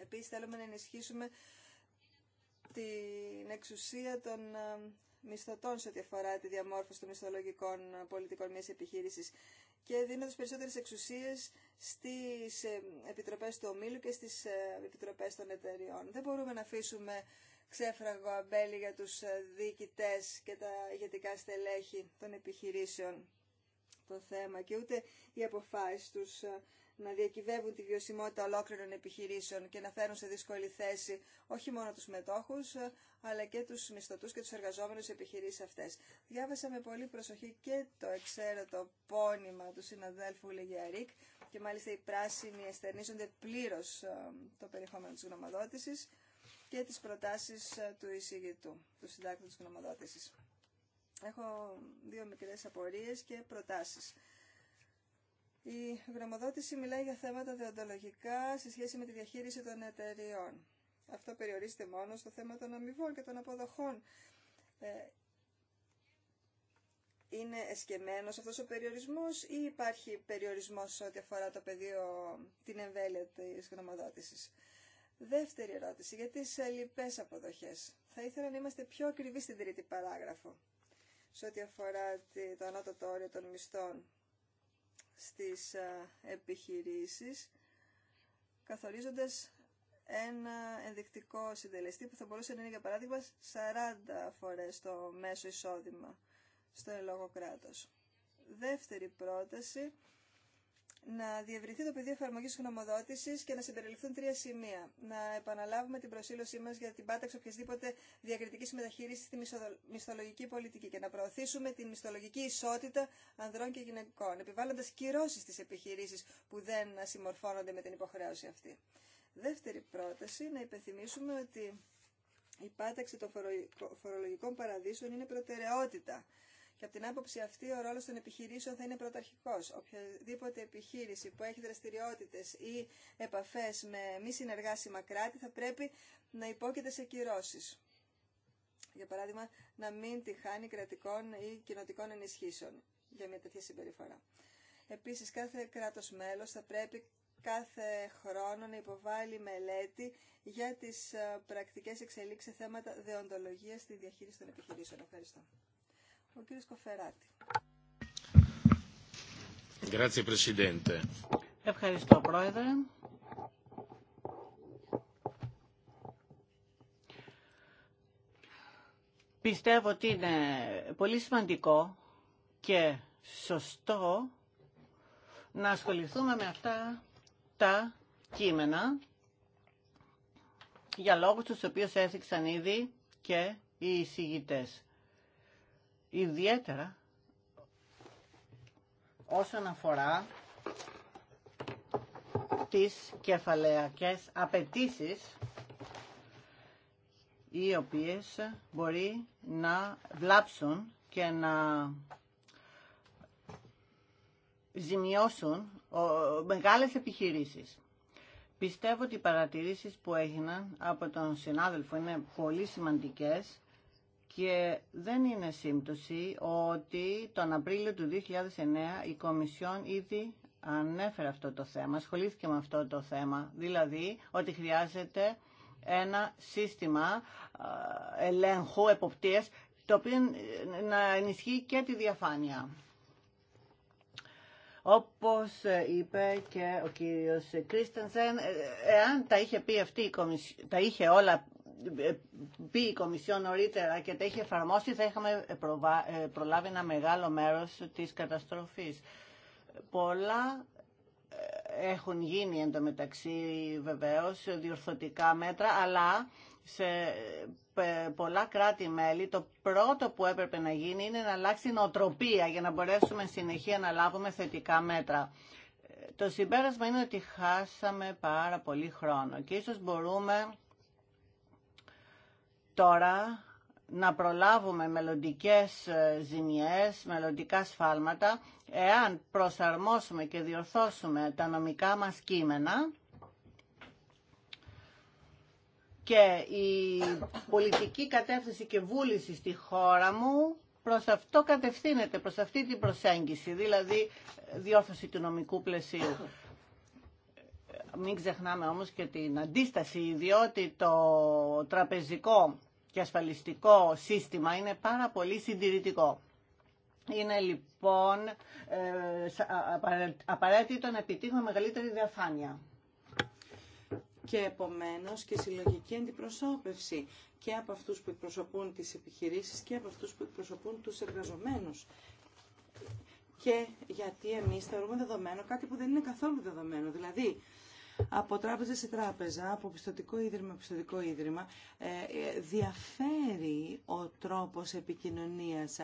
Επίσης θέλουμε να ενισχύσουμε την εξουσία των ε, μισθωτών σε ό,τι αφορά τη διαμόρφωση των μισθολογικών ε, πολιτικών μια επιχείρηση και δίνοντα περισσότερες εξουσίες στις ε, επιτροπές του ομίλου και στις επιτροπές των εταιριών. Δεν μπορούμε να αφήσουμε ξέφραγο αμπέλι για τους διοικητέ και τα ηγετικά στελέχη των επιχειρήσεων το θέμα και ούτε οι αποφάσει τους να διακυβεύουν τη βιωσιμότητα ολόκληρων επιχειρήσεων και να φέρουν σε δύσκολη θέση όχι μόνο τους μετόχους, αλλά και τους μισθωτούς και τους εργαζόμενους επιχειρήσεις αυτές. Διάβασα με πολύ προσοχή και το εξαίρετο πόνημα του συναδέλφου Λεγιαρίκ και μάλιστα οι πράσινοι εστερνίζονται πλήρως ε, το περιεχόμενο της γνωμοδότησης και τις προτάσεις ε, του εισηγητού, του συντάκτου της γνωμοδότησης. Έχω δύο μικρές απορίες και προτάσεις. Η γνωμοδότηση μιλάει για θέματα δεοντολογικά σε σχέση με τη διαχείριση των εταιριών. Αυτό περιορίζεται μόνο στο θέμα των αμοιβών και των αποδοχών. Ε, είναι εσκεμμένος αυτός ο περιορισμός ή υπάρχει περιορισμός σε ό,τι αφορά το πεδίο, την εμβέλεια της γνωμοδότησης. Δεύτερη ερώτηση, για τις λοιπές αποδοχές. Θα ήθελα να είμαστε πιο ακριβείς στην τρίτη παράγραφο, σε ό,τι αφορά το ανώτατο όριο των μισθών στις επιχειρήσεις, καθορίζοντας ένα ενδεικτικό συντελεστή που θα μπορούσε να είναι, για παράδειγμα, 40 φορές το μέσο εισόδημα στο ελόγο κράτος. Δεύτερη πρόταση να διευρυνθεί το πεδίο εφαρμογή γνωμοδότηση και να συμπεριληφθούν τρία σημεία. Να επαναλάβουμε την προσήλωσή μα για την πάταξη οποιασδήποτε διακριτική μεταχείριση στη μισθολογική πολιτική και να προωθήσουμε την μισθολογική ισότητα ανδρών και γυναικών, επιβάλλοντα κυρώσει στι επιχειρήσει που δεν συμμορφώνονται με την υποχρέωση αυτή. Δεύτερη πρόταση, να υπενθυμίσουμε ότι η πάταξη των φορολογικών παραδείσων είναι προτεραιότητα και από την άποψη αυτή ο ρόλο των επιχειρήσεων θα είναι πρωταρχικό. Οποιαδήποτε επιχείρηση που έχει δραστηριότητε ή επαφέ με μη συνεργάσιμα κράτη θα πρέπει να υπόκειται σε κυρώσει. Για παράδειγμα, να μην τη χάνει κρατικών ή κοινοτικών ενισχύσεων για μια τέτοια συμπεριφορά. Επίση, κάθε κράτος μέλος θα πρέπει κάθε χρόνο να υποβάλει μελέτη για τις ε, πρακτικές εξελίξεις σε θέματα δεοντολογίας στη διαχείριση των επιχειρήσεων. Ευχαριστώ. Ευχαριστώ, Πρόεδρε. Πιστεύω ότι είναι πολύ σημαντικό και σωστό να ασχοληθούμε με αυτά τα κείμενα για λόγους τους οποίους έθιξαν ήδη και οι εισηγητές ιδιαίτερα όσον αφορά τις κεφαλαιακές απαιτήσει οι οποίες μπορεί να βλάψουν και να ζημιώσουν μεγάλες επιχειρήσεις. Πιστεύω ότι οι παρατηρήσεις που έγιναν από τον συνάδελφο είναι πολύ σημαντικές και δεν είναι σύμπτωση ότι τον Απρίλιο του 2009 η Κομισιόν ήδη ανέφερε αυτό το θέμα, ασχολήθηκε με αυτό το θέμα, δηλαδή ότι χρειάζεται ένα σύστημα ελέγχου, εποπτείας, το οποίο να ενισχύει και τη διαφάνεια. Όπως είπε και ο κύριος Κρίστενσεν, ε, εάν τα είχε πει αυτή η τα είχε όλα ε, πει η Κομισιόν νωρίτερα και τα έχει εφαρμόσει θα είχαμε ε, προλάβει ένα μεγάλο μέρος της καταστροφής. Πολλά ε, έχουν γίνει εντωμεταξύ βεβαίως διορθωτικά μέτρα, αλλά σε πολλά κράτη-μέλη το πρώτο που έπρεπε να γίνει είναι να αλλάξει νοοτροπία για να μπορέσουμε συνεχεία να λάβουμε θετικά μέτρα. Το συμπέρασμα είναι ότι χάσαμε πάρα πολύ χρόνο και ίσως μπορούμε τώρα να προλάβουμε μελλοντικές ε, ζημιές, μελλοντικά σφάλματα, εάν προσαρμόσουμε και διορθώσουμε τα νομικά μας κείμενα και η πολιτική κατεύθυνση και βούληση στη χώρα μου προς αυτό κατευθύνεται, προς αυτή την προσέγγιση, δηλαδή ε, διόρθωση του νομικού πλαισίου. Μην ξεχνάμε όμως και την αντίσταση, διότι το τραπεζικό και ασφαλιστικό σύστημα είναι πάρα πολύ συντηρητικό. Είναι λοιπόν ε, απαραίτητο να επιτύχουμε μεγαλύτερη διαφάνεια. Και επομένως και συλλογική αντιπροσώπευση και από αυτούς που εκπροσωπούν τις επιχειρήσεις και από αυτούς που εκπροσωπούν τους εργαζομένους. Και γιατί εμείς θεωρούμε δεδομένο κάτι που δεν είναι καθόλου δεδομένο. Δηλαδή, από τράπεζα σε τράπεζα, από πιστοτικό ίδρυμα σε πιστοτικό ίδρυμα, ε, διαφέρει ο τρόπος επικοινωνίας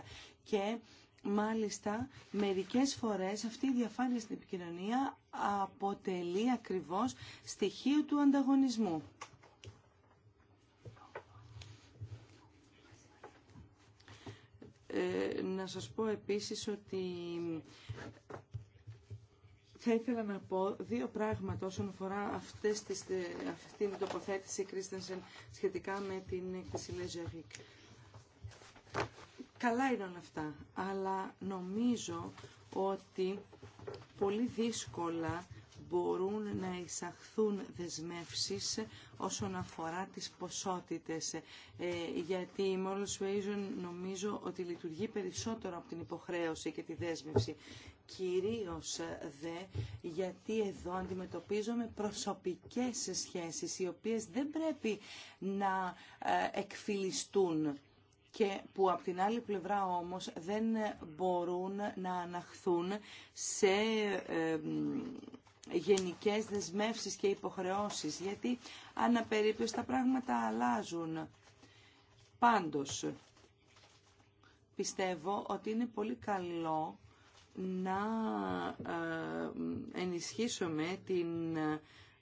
και Μάλιστα, μερικές φορές αυτή η διαφάνεια στην επικοινωνία αποτελεί ακριβώς στοιχείο του ανταγωνισμού. Ε, να σας πω επίσης ότι θα ήθελα να πω δύο πράγματα όσον αφορά αυτές τις, ε, αυτήν την τοποθέτηση Κρίστενσεν σχετικά με την έκθεση Καλά είναι όλα αυτά, αλλά νομίζω ότι πολύ δύσκολα μπορούν να εισαχθούν δεσμεύσεις όσον αφορά τις ποσότητες. Ε, γιατί η Moral Suasion νομίζω ότι λειτουργεί περισσότερο από την υποχρέωση και τη δέσμευση κυρίως ε, δε γιατί εδώ αντιμετωπίζουμε προσωπικές σχέσεις οι οποίες δεν πρέπει να ε, εκφυλιστούν και που από την άλλη πλευρά όμως δεν μπορούν να αναχθούν σε γενικές δεσμεύσεις και υποχρεώσεις γιατί αναπερίπτωση τα πράγματα αλλάζουν. Πάντως πιστεύω ότι είναι πολύ καλό να ε, ενισχύσουμε την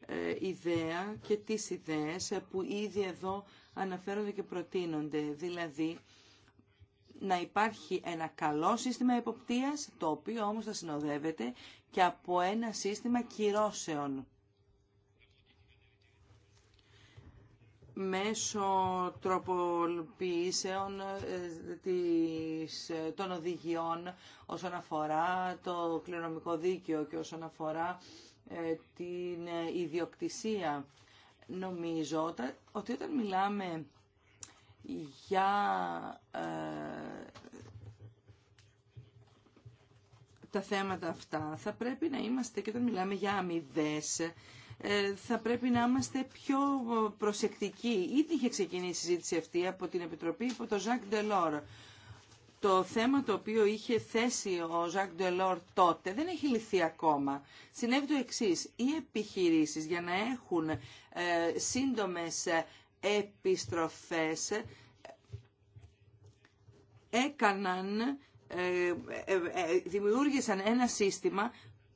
ε, ιδέα και τις ιδέες που ήδη εδώ αναφέρονται και προτείνονται. Δηλαδή, να υπάρχει ένα καλό σύστημα εποπτείας, το οποίο όμως θα συνοδεύεται και από ένα σύστημα κυρώσεων. μέσω τροποποιήσεων ε, ε, των οδηγιών όσον αφορά το κληρονομικό δίκαιο και όσον αφορά ε, την ιδιοκτησία. Νομίζω ότι όταν μιλάμε για τα θέματα αυτά θα πρέπει να είμαστε και όταν μιλάμε για αμοιβέ ε, θα πρέπει να είμαστε πιο προσεκτικοί. Ήδη είχε ξεκινήσει η συζήτηση αυτή από την Επιτροπή από τον Ζακ Ντελόρ. Το θέμα το οποίο είχε θέσει ο Ζακ Ντελόρ τότε δεν έχει λυθεί ακόμα. Συνέβη το εξή. Οι επιχειρήσεις για να έχουν ε, σύντομες ε, επιστροφές έκαναν, ε, δημιούργησαν ένα σύστημα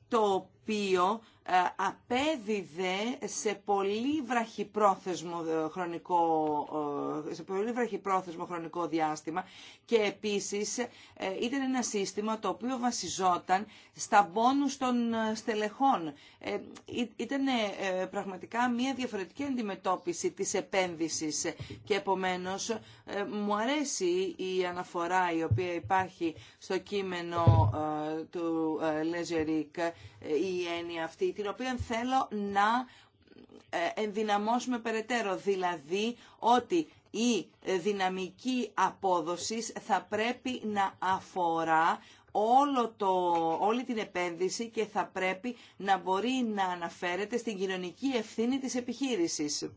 το οποίο ε, απέδιδε σε πολύ βραχυπρόθεσμο ε, χρονικό, ε, σε πολύ βραχυπρόθεσμο χρονικό διάστημα και επίσης ήταν ένα σύστημα το οποίο βασιζόταν στα μπόνους των στελεχών. Ήταν πραγματικά μια διαφορετική αντιμετώπιση της επένδυσης και επομένως μου αρέσει η αναφορά η οποία υπάρχει στο κείμενο του Λέζερικ η έννοια αυτή την οποία θέλω να ε, ενδυναμώσουμε περαιτέρω. Δηλαδή ότι η δυναμική απόδοσης θα πρέπει να αφορά όλο το, όλη την επένδυση και θα πρέπει να μπορεί να αναφέρεται στην κοινωνική ευθύνη της επιχείρησης.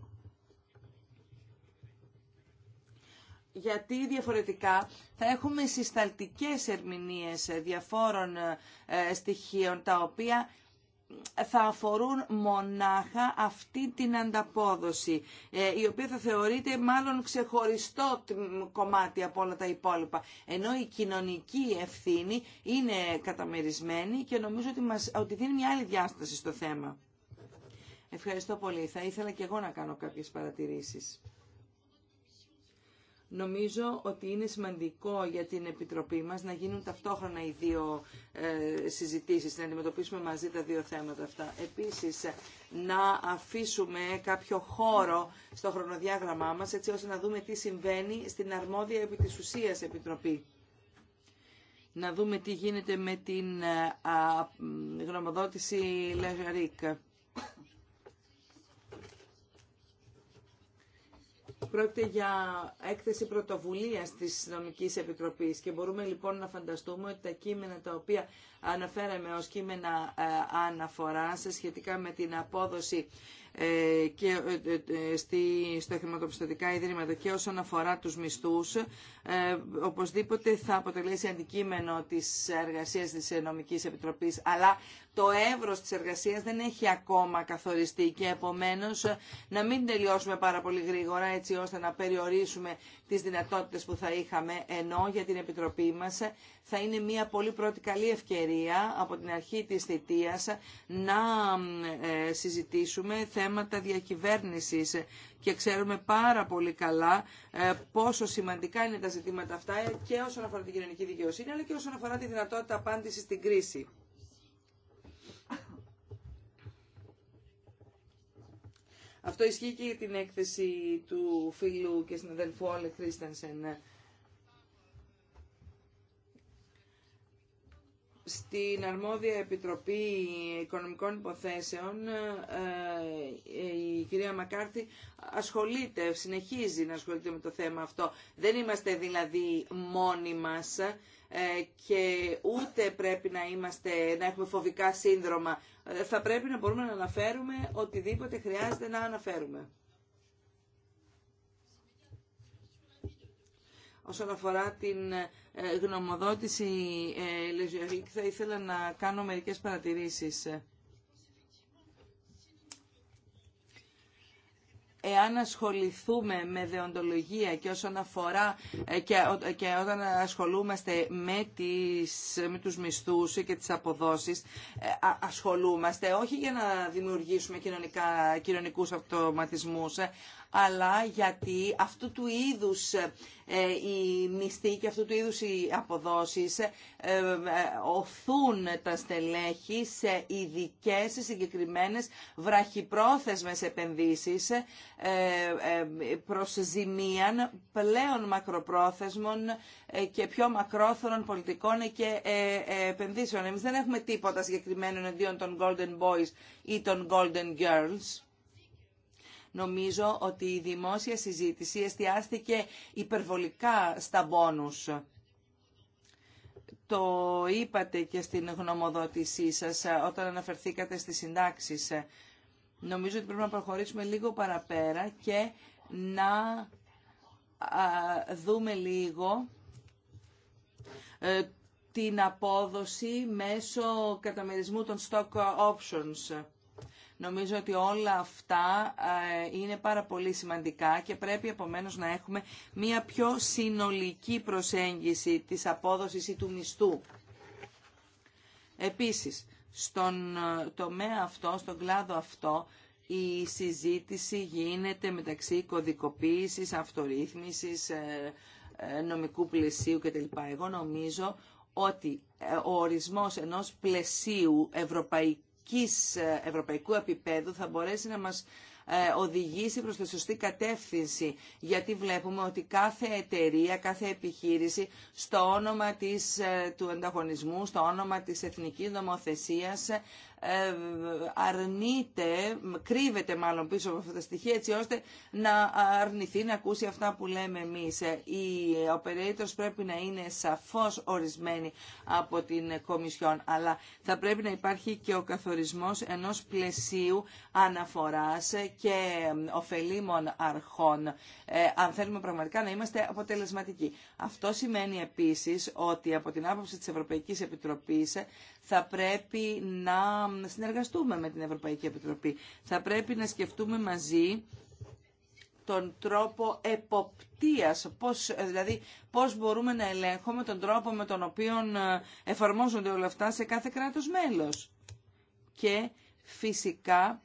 γιατί διαφορετικά θα έχουμε συσταλτικές ερμηνείες διαφόρων ε, στοιχείων τα οποία θα αφορούν μονάχα αυτή την ανταπόδοση, ε, η οποία θα θεωρείται μάλλον ξεχωριστό κομμάτι από όλα τα υπόλοιπα. Ενώ η κοινωνική ευθύνη είναι καταμερισμένη και νομίζω ότι, μας, ότι δίνει μια άλλη διάσταση στο θέμα. Ευχαριστώ πολύ. Θα ήθελα και εγώ να κάνω κάποιες παρατηρήσεις. Νομίζω ότι είναι σημαντικό για την Επιτροπή μας να γίνουν ταυτόχρονα οι δύο ε, συζητήσεις, να αντιμετωπίσουμε μαζί τα δύο θέματα αυτά. Επίσης, να αφήσουμε κάποιο χώρο στο χρονοδιάγραμμά μας, έτσι ώστε να δούμε τι συμβαίνει στην αρμόδια επί Επιτροπή. Να δούμε τι γίνεται με την ε, γνωμοδότηση λέγαρικ. Πρόκειται για έκθεση πρωτοβουλία τη Νομική Επιτροπή και μπορούμε λοιπόν να φανταστούμε ότι τα κείμενα τα οποία αναφέραμε ω κείμενα ε, αναφορά σχετικά με την απόδοση ε, και ε, στα χρηματοπιστωτικά ιδρύματα και όσον αφορά τους μισθούς οπωσδήποτε θα αποτελέσει αντικείμενο της εργασία της Νομική Επιτροπής αλλά το εύρος της εργασίας δεν έχει ακόμα καθοριστεί και επομένως ε, να μην τελειώσουμε πάρα πολύ γρήγορα έτσι ώστε να περιορίσουμε τις δυνατότητες που θα είχαμε ενώ για την Επιτροπή μας ε, θα είναι μια πολύ πρώτη καλή ευκαιρία από την αρχή της θητείας ε, να συζητήσουμε θέματα διακυβέρνησης και ξέρουμε πάρα πολύ καλά πόσο σημαντικά είναι τα ζητήματα αυτά και όσον αφορά την κοινωνική δικαιοσύνη αλλά και όσον αφορά τη δυνατότητα απάντησης στην κρίση. Αυτό ισχύει και για την έκθεση του φίλου και συναδελφού Όλε Κρίστενσεν στην αρμόδια Επιτροπή Οικονομικών Υποθέσεων ε, ε, η κυρία Μακάρθη ασχολείται, συνεχίζει να ασχολείται με το θέμα αυτό. Δεν είμαστε δηλαδή μόνοι μας ε, και ούτε πρέπει να, είμαστε, να έχουμε φοβικά σύνδρομα. Θα πρέπει να μπορούμε να αναφέρουμε οτιδήποτε χρειάζεται να αναφέρουμε. όσον αφορά την ε, γνωμοδότηση ε, Λεζιαρίκ, θα ήθελα να κάνω μερικές παρατηρήσεις. εάν ασχοληθούμε με δεοντολογία και όσον αφορά ε, και, και όταν ασχολούμαστε με, τις, με τους μισθούς και τις αποδόσεις ασχολούμαστε όχι για να δημιουργήσουμε κοινωνικά, κοινωνικούς αυτοματισμούς αλλά γιατί αυτού του είδους οι ε, μισθοί και αυτού του είδους οι αποδόσεις ε, ε, οθούν τα στελέχη σε ειδικέ συγκεκριμένες βραχυπρόθεσμες επενδύσεις προς ζημίαν πλέον μακροπρόθεσμων και πιο μακρόθωρων πολιτικών και επενδύσεων. Εμείς δεν έχουμε τίποτα συγκεκριμένο εναντίον των Golden Boys ή των Golden Girls. Νομίζω ότι η δημόσια συζήτηση εστιάστηκε υπερβολικά στα μπόνους. Το είπατε και στην γνωμοδότησή σας ε, όταν αναφερθήκατε στις συντάξεις. Ε, νομίζω ότι πρέπει να προχωρήσουμε λίγο παραπέρα και να δούμε λίγο ε, την απόδοση μέσω καταμερισμού των stock options. Νομίζω ότι όλα αυτά ε, είναι πάρα πολύ σημαντικά και πρέπει επομένως να έχουμε μια πιο συνολική προσέγγιση της απόδοσης ή του μισθού. Επίσης, στον ε, τομέα αυτό, στον κλάδο αυτό, η συζήτηση γίνεται μεταξύ κωδικοποίησης, αυτορύθμισης, ε, νομικού πλαισίου κτλ. Εγώ νομίζω ότι ο ορισμός ενός πλαισίου ευρωπαϊκού ε, ευρωπαϊκού επίπεδου θα μπορέσει να μας ε, οδηγήσει προς τη σωστή κατεύθυνση. Γιατί βλέπουμε ότι κάθε εταιρεία, κάθε επιχείρηση στο όνομα της, ε, του ανταγωνισμού, στο όνομα της εθνικής νομοθεσίας ε, αρνείται, κρύβεται μάλλον πίσω από αυτά τα στοιχεία έτσι ώστε να αρνηθεί να ακούσει αυτά που λέμε εμείς. Οι ε, operators πρέπει να είναι σαφώς ορισμένοι από την Κομισιόν, αλλά θα πρέπει να υπάρχει και ο καθορισμός ενός πλαισίου αναφοράς και ωφελήμων αρχών, ε, αν θέλουμε πραγματικά να είμαστε αποτελεσματικοί. Αυτό σημαίνει επίσης ότι από την άποψη της Ευρωπαϊκής Επιτροπής θα πρέπει να συνεργαστούμε με την Ευρωπαϊκή Επιτροπή. Θα πρέπει να σκεφτούμε μαζί τον τρόπο εποπτείας, πώς, δηλαδή πώς μπορούμε να ελέγχουμε τον τρόπο με τον οποίο ε, εφαρμόζονται όλα αυτά σε κάθε κράτος μέλος. Και φυσικά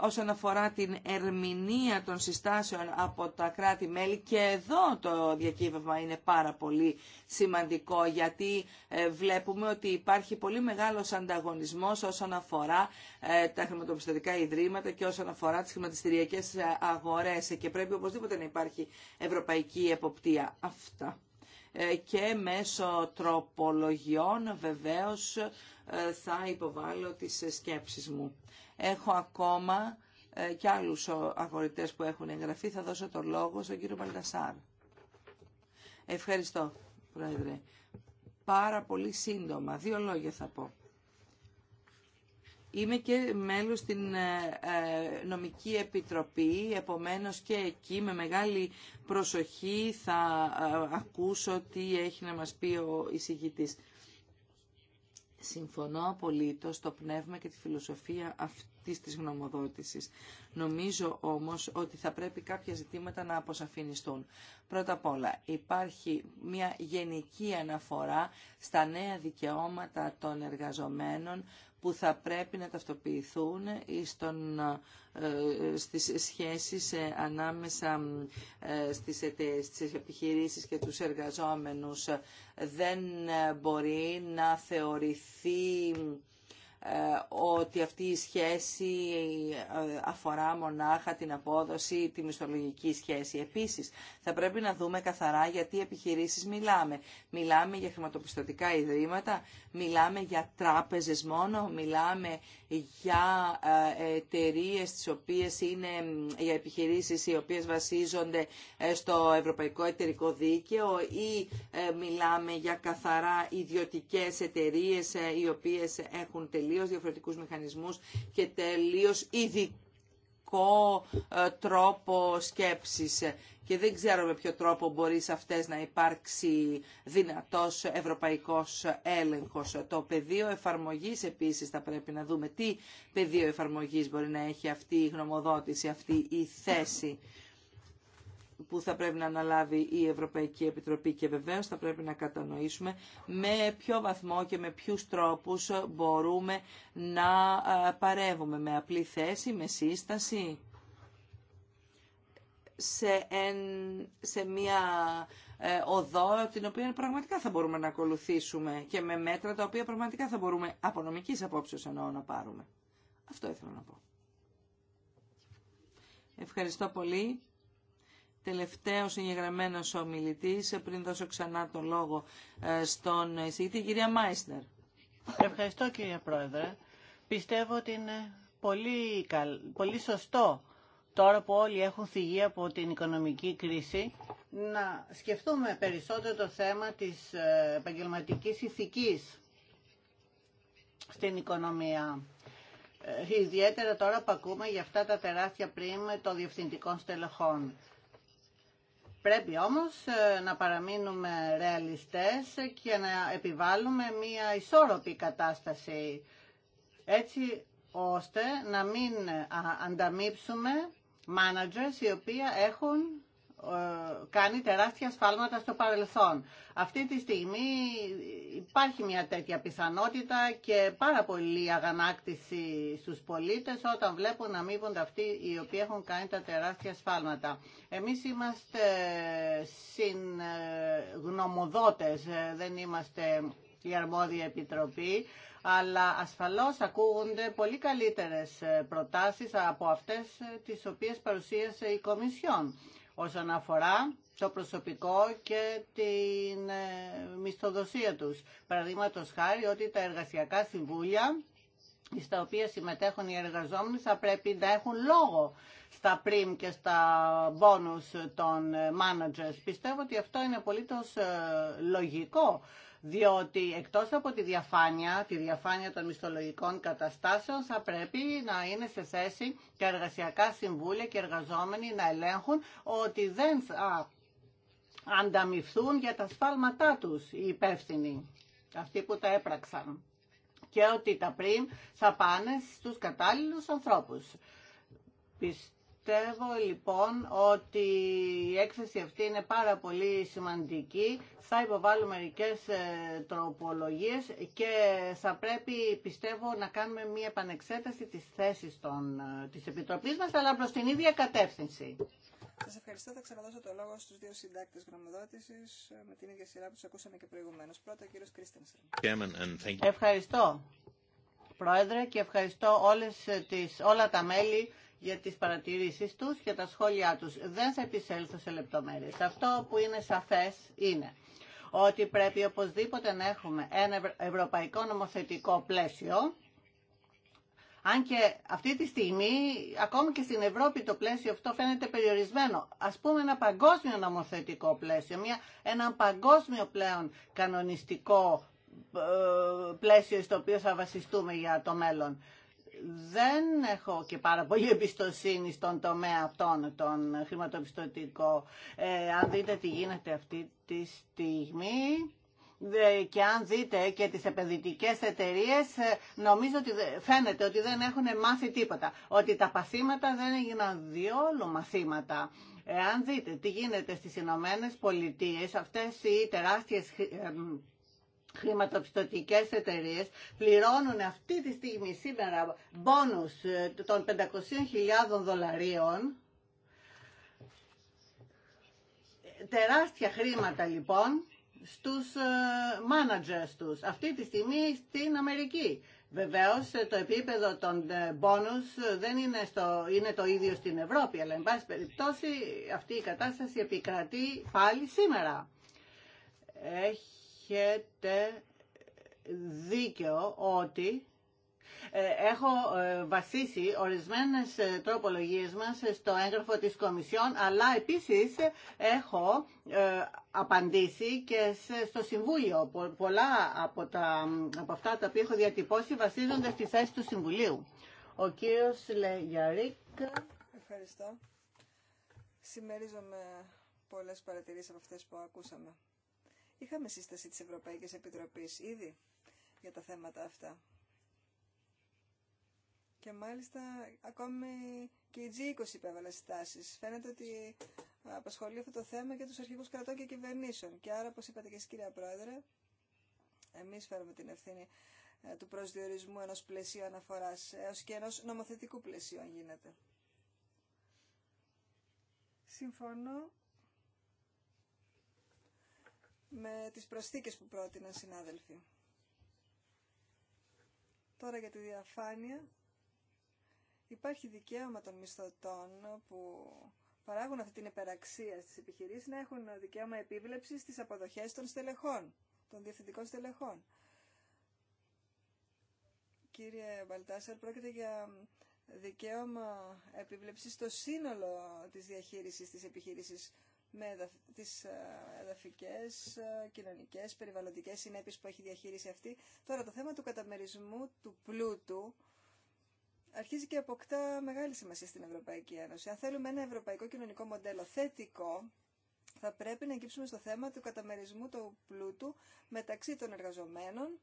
όσον αφορά την ερμηνεία των συστάσεων από τα κράτη-μέλη και εδώ το διακύβευμα είναι πάρα πολύ σημαντικό γιατί ε, βλέπουμε ότι υπάρχει πολύ μεγάλος ανταγωνισμός όσον αφορά ε, τα χρηματοπιστωτικά ιδρύματα και όσον αφορά τις χρηματιστηριακές ε, αγορές και πρέπει οπωσδήποτε να υπάρχει ευρωπαϊκή εποπτεία. Αυτά και μέσω τροπολογιών βεβαίως ε, θα υποβάλω τις ε, σκέψεις μου. Έχω ακόμα ε, και άλλους αγορητές που έχουν εγγραφεί. Θα δώσω το λόγο στον κύριο Μπαλτασάρ. Ευχαριστώ, Πρόεδρε. Πάρα πολύ σύντομα. Δύο λόγια θα πω. Είμαι και μέλος στην νομική επιτροπή, επομένως και εκεί με μεγάλη προσοχή θα ακούσω τι έχει να μας πει ο εισηγητής. Συμφωνώ απολύτως το πνεύμα και τη φιλοσοφία αυτής της γνωμοδότησης. Νομίζω όμως ότι θα πρέπει κάποια ζητήματα να αποσαφινιστούν. Πρώτα απ' όλα υπάρχει μια γενική αναφορά στα νέα δικαιώματα των εργαζομένων που θα πρέπει να ταυτοποιηθούν στον, ε, στις σχέσεις ε, ανάμεσα ε, στις, εταιρείες, στις επιχειρήσεις και τους εργαζόμενους. Δεν μπορεί να θεωρηθεί ε, ότι αυτή η σχέση ε, αφορά μονάχα την απόδοση, τη μισθολογική σχέση. Επίσης, θα πρέπει να δούμε καθαρά γιατί επιχειρήσεις μιλάμε. Μιλάμε για χρηματοπιστωτικά ιδρύματα, μιλάμε για τράπεζες μόνο, μιλάμε για ε, εταιρείε τις οποίες είναι για επιχειρήσεις οι οποίες βασίζονται στο Ευρωπαϊκό Εταιρικό Δίκαιο ή μιλάμε για καθαρά ιδιωτικές εταιρείε οι οποίες έχουν τελειώσει τελείως διαφορετικούς μηχανισμούς και τελείως ειδικό ε, τρόπο σκέψης και δεν ξέρω με ποιο τρόπο μπορεί σε αυτές να υπάρξει δυνατός ευρωπαϊκός έλεγχος. Το πεδίο εφαρμογής επίσης θα πρέπει να δούμε τι πεδίο εφαρμογής μπορεί να έχει αυτή η γνωμοδότηση, αυτή η θέση που θα πρέπει να αναλάβει η Ευρωπαϊκή Επιτροπή και βεβαίως θα πρέπει να κατανοήσουμε με ποιο βαθμό και με ποιους τρόπους μπορούμε να ε, παρεύουμε με απλή θέση, με σύσταση σε, σε μια ε, οδό την οποία πραγματικά θα μπορούμε να ακολουθήσουμε και με μέτρα τα οποία πραγματικά θα μπορούμε από νομικής απόψεως εννοώ να πάρουμε. Αυτό ήθελα να πω. Ευχαριστώ πολύ τελευταίος ο ομιλητής, πριν δώσω ξανά το λόγο ε, στον εισηγητή, κυρία Μάισνερ. Ευχαριστώ κύριε Πρόεδρε. Πιστεύω ότι είναι πολύ, πολύ σωστό τώρα που όλοι έχουν φυγεί από την οικονομική κρίση να σκεφτούμε περισσότερο το θέμα της ε, επαγγελματική ηθικής στην οικονομία. Ε, ιδιαίτερα τώρα που ακούμε για αυτά τα τεράστια πριν των διευθυντικών στελεχών. Πρέπει όμως ε, να παραμείνουμε ρεαλιστές και να επιβάλλουμε μία ισόρροπη κατάσταση έτσι ώστε να μην ανταμείψουμε managers οι οποίοι έχουν ε, κάνει τεράστια σφάλματα στο παρελθόν. Αυτή τη στιγμή υπάρχει μια τέτοια πιθανότητα και πάρα πολλή αγανάκτηση στους πολίτες όταν βλέπουν να μείβονται αυτοί οι οποίοι έχουν κάνει τα τεράστια σφάλματα. Εμείς είμαστε συγγνωμοδότες, ε, δεν είμαστε η αρμόδια επιτροπή, αλλά ασφαλώς ακούγονται πολύ καλύτερες ε, προτάσεις από αυτές τις οποίες παρουσίασε η Κομισιόν όσον αφορά το προσωπικό και την ε, μισθοδοσία τους. Παραδείγματο χάρη ότι τα εργασιακά συμβούλια στα οποία συμμετέχουν οι εργαζόμενοι θα πρέπει να έχουν λόγο στα πριμ και στα μπόνους των ε, managers. Πιστεύω ότι αυτό είναι απολύτως ε, λογικό διότι εκτός από τη διαφάνεια, τη διαφάνεια των μισθολογικών καταστάσεων, θα πρέπει να είναι σε θέση και εργασιακά συμβούλια και εργαζόμενοι να ελέγχουν ότι δεν θα ανταμυφθούν για τα σφάλματά τους οι υπεύθυνοι, αυτοί που τα έπραξαν και ότι τα πριν θα πάνε στους κατάλληλους ανθρώπους. Πιστεύω λοιπόν ότι η έκθεση αυτή είναι πάρα πολύ σημαντική. Θα υποβάλω μερικές ε, τροπολογίες και θα πρέπει πιστεύω να κάνουμε μια επανεξέταση της θέσης των, ε, της Επιτροπής αλλά προς την ίδια κατεύθυνση. Σας ευχαριστώ. Θα ξαναδώσω το λόγο στους δύο συντάκτες γνωμοδότησης ε, με την ίδια σειρά που τους ακούσαμε και προηγουμένως. Πρώτα ο κύριος Κρίστενσεν. Ευχαριστώ. Πρόεδρε και ευχαριστώ όλες τις, όλα τα μέλη για τις παρατηρήσεις τους και τα σχόλιά τους. Δεν θα επισέλθω σε λεπτομέρειες. Αυτό που είναι σαφές είναι ότι πρέπει οπωσδήποτε να έχουμε ένα ευρωπαϊκό νομοθετικό πλαίσιο αν και αυτή τη στιγμή, ακόμη και στην Ευρώπη, το πλαίσιο αυτό φαίνεται περιορισμένο. Ας πούμε ένα παγκόσμιο νομοθετικό πλαίσιο, μια, ένα παγκόσμιο πλέον κανονιστικό ε, πλαίσιο στο οποίο θα βασιστούμε για το μέλλον δεν έχω και πάρα πολύ εμπιστοσύνη στον τομέα αυτών, τον χρηματοπιστωτικό. Ε, αν δείτε τι γίνεται αυτή τη στιγμή και αν δείτε και τις επενδυτικές εταιρείες, ε, νομίζω ότι φαίνεται ότι δεν έχουν μάθει τίποτα. Ότι τα παθήματα δεν έγιναν διόλου μαθήματα. Ε, αν δείτε τι γίνεται στις Ηνωμένε Πολιτείες, αυτές οι τεράστιες ε, χρηματοπιστωτικές εταιρείε πληρώνουν αυτή τη στιγμή σήμερα μπόνους ε, των 500.000 δολαρίων τεράστια χρήματα λοιπόν στους ε, managers τους αυτή τη στιγμή στην Αμερική. Βεβαίως ε, το επίπεδο των bonus δεν είναι, στο, είναι το ίδιο στην Ευρώπη, αλλά εν πάση περιπτώσει αυτή η κατάσταση επικρατεί πάλι σήμερα. Έχει έχετε δίκαιο ότι ε, έχω ε, βασίσει ορισμένες ε, τροπολογίες μας στο έγγραφο της Κομισιόν, αλλά επίσης έχω απαντήσει και στο Συμβούλιο. Πολλά από, τα, από αυτά τα οποία έχω διατυπώσει βασίζονται στη θέση του Συμβουλίου. Ο κύριος Λεγιαρίκ. Ευχαριστώ. Συμμερίζομαι πολλές παρατηρήσεις από αυτές που ακούσαμε. Είχαμε σύσταση της Ευρωπαϊκής Επιτροπής ήδη για τα θέματα αυτά. Και μάλιστα ακόμη και η G20 υπέβαλε στάσεις. Φαίνεται ότι απασχολεί αυτό το θέμα και τους αρχηγούς κρατών και κυβερνήσεων. Και άρα, όπως είπατε και εσείς κυρία Πρόεδρε, εμείς φέρουμε την ευθύνη ε, του προσδιορισμού ενός πλαισίου αναφοράς έως και ενός νομοθετικού πλαισίου αν γίνεται. Συμφωνώ με τις προσθήκες που πρότειναν συνάδελφοι. Τώρα για τη διαφάνεια. Υπάρχει δικαίωμα των μισθωτών που παράγουν αυτή την υπεραξία στις επιχειρήσεις να έχουν δικαίωμα επίβλεψης στις αποδοχές των στελεχών, των διευθυντικών στελεχών. Κύριε Μπαλτάσαρ, πρόκειται για δικαίωμα επίβλεψης στο σύνολο της διαχείρισης της επιχείρησης με τις ε, εδαφικές, ε, κοινωνικές, περιβαλλοντικές συνέπειες που έχει διαχείριση αυτή. Τώρα το θέμα του καταμερισμού του πλούτου αρχίζει και αποκτά μεγάλη σημασία στην Ευρωπαϊκή Ένωση. Αν θέλουμε ένα ευρωπαϊκό κοινωνικό μοντέλο θετικό, θα πρέπει να εγκύψουμε στο θέμα του καταμερισμού του πλούτου μεταξύ των εργαζομένων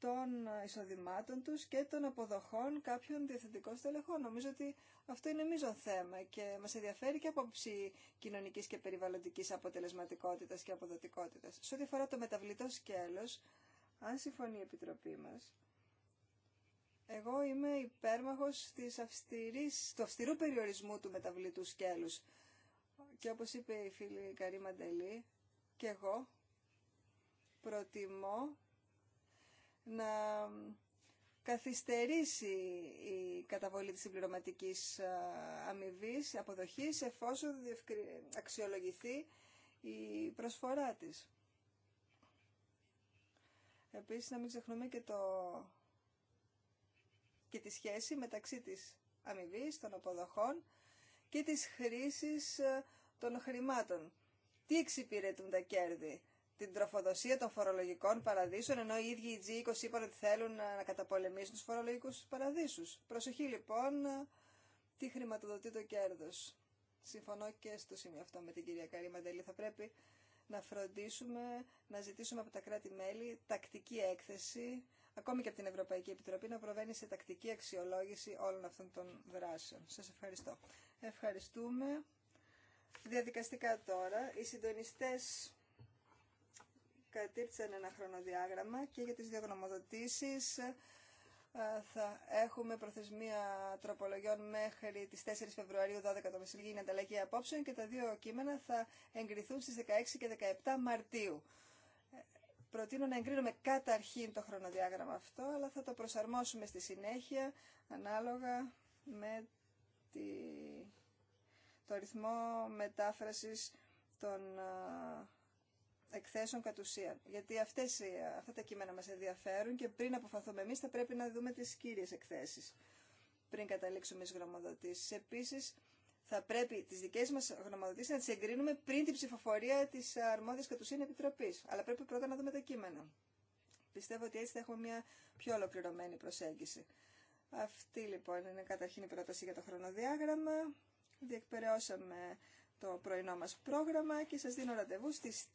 των εισοδημάτων τους και των αποδοχών κάποιων διαθετικών στελεχών. Νομίζω ότι αυτό είναι μείζον θέμα και μας ενδιαφέρει και απόψη κοινωνικής και περιβαλλοντικής αποτελεσματικότητας και αποδοτικότητας. Σε ό,τι αφορά το μεταβλητό σκέλος, αν συμφωνεί η Επιτροπή μας, εγώ είμαι υπέρμαχος της αυστηρής, του αυστηρού περιορισμού του μεταβλητού σκέλους. Και όπως είπε η φίλη Καρή Μαντελή, και εγώ προτιμώ να καθυστερήσει η καταβολή της συμπληρωματικής αμοιβή αποδοχής εφόσον αξιολογηθεί η προσφορά της. Επίσης, να μην ξεχνούμε και, το... και τη σχέση μεταξύ της αμοιβή των αποδοχών και της χρήσης των χρημάτων. Τι εξυπηρετούν τα κέρδη, την τροφοδοσία των φορολογικών παραδείσων, ενώ οι ίδιοι οι G20 είπαν ότι θέλουν να καταπολεμήσουν τους φορολογικούς παραδείσους. Προσοχή λοιπόν, τι χρηματοδοτεί το κέρδος. Συμφωνώ και στο σημείο αυτό με την κυρία Καρή Μαντελή. Θα πρέπει να φροντίσουμε, να ζητήσουμε από τα κράτη-μέλη τακτική έκθεση, ακόμη και από την Ευρωπαϊκή Επιτροπή, να προβαίνει σε τακτική αξιολόγηση όλων αυτών των δράσεων. Σας ευχαριστώ. Ευχαριστούμε. Διαδικαστικά τώρα, οι συντονιστές κατήρτσαν ένα χρονοδιάγραμμα και για τις διαγνωμοδοτήσεις ε, θα έχουμε προθεσμία τροπολογιών μέχρι τις 4 Φεβρουαρίου 12 το Μεσήλγι είναι ανταλλαγή απόψεων και τα δύο κείμενα θα εγκριθούν στις 16 και 17 Μαρτίου. Προτείνω να εγκρίνουμε καταρχήν το χρονοδιάγραμμα αυτό, αλλά θα το προσαρμόσουμε στη συνέχεια ανάλογα με τη... το ρυθμό μετάφρασης των ε, εκθέσεων κατ' ουσίαν. Γιατί αυτές, ε, αυτά τα κείμενα μας ενδιαφέρουν και πριν αποφαθούμε εμείς θα πρέπει να δούμε τις κύριες εκθέσεις πριν καταλήξουμε στις γνωμοδοτήσεις. Επίσης, θα πρέπει τις δικές μας γνωμοδοτήσεις να τις εγκρίνουμε πριν την ψηφοφορία της αρμόδιας κατ' ουσίαν επιτροπής. Αλλά πρέπει πρώτα να δούμε τα κείμενα. Πιστεύω ότι έτσι θα έχουμε μια πιο ολοκληρωμένη προσέγγιση. Αυτή λοιπόν είναι καταρχήν η πρόταση για το χρονοδιάγραμμα. Διεκπαιρεώσαμε το πρωινό μας πρόγραμμα και σας δίνω ραντεβού στις 3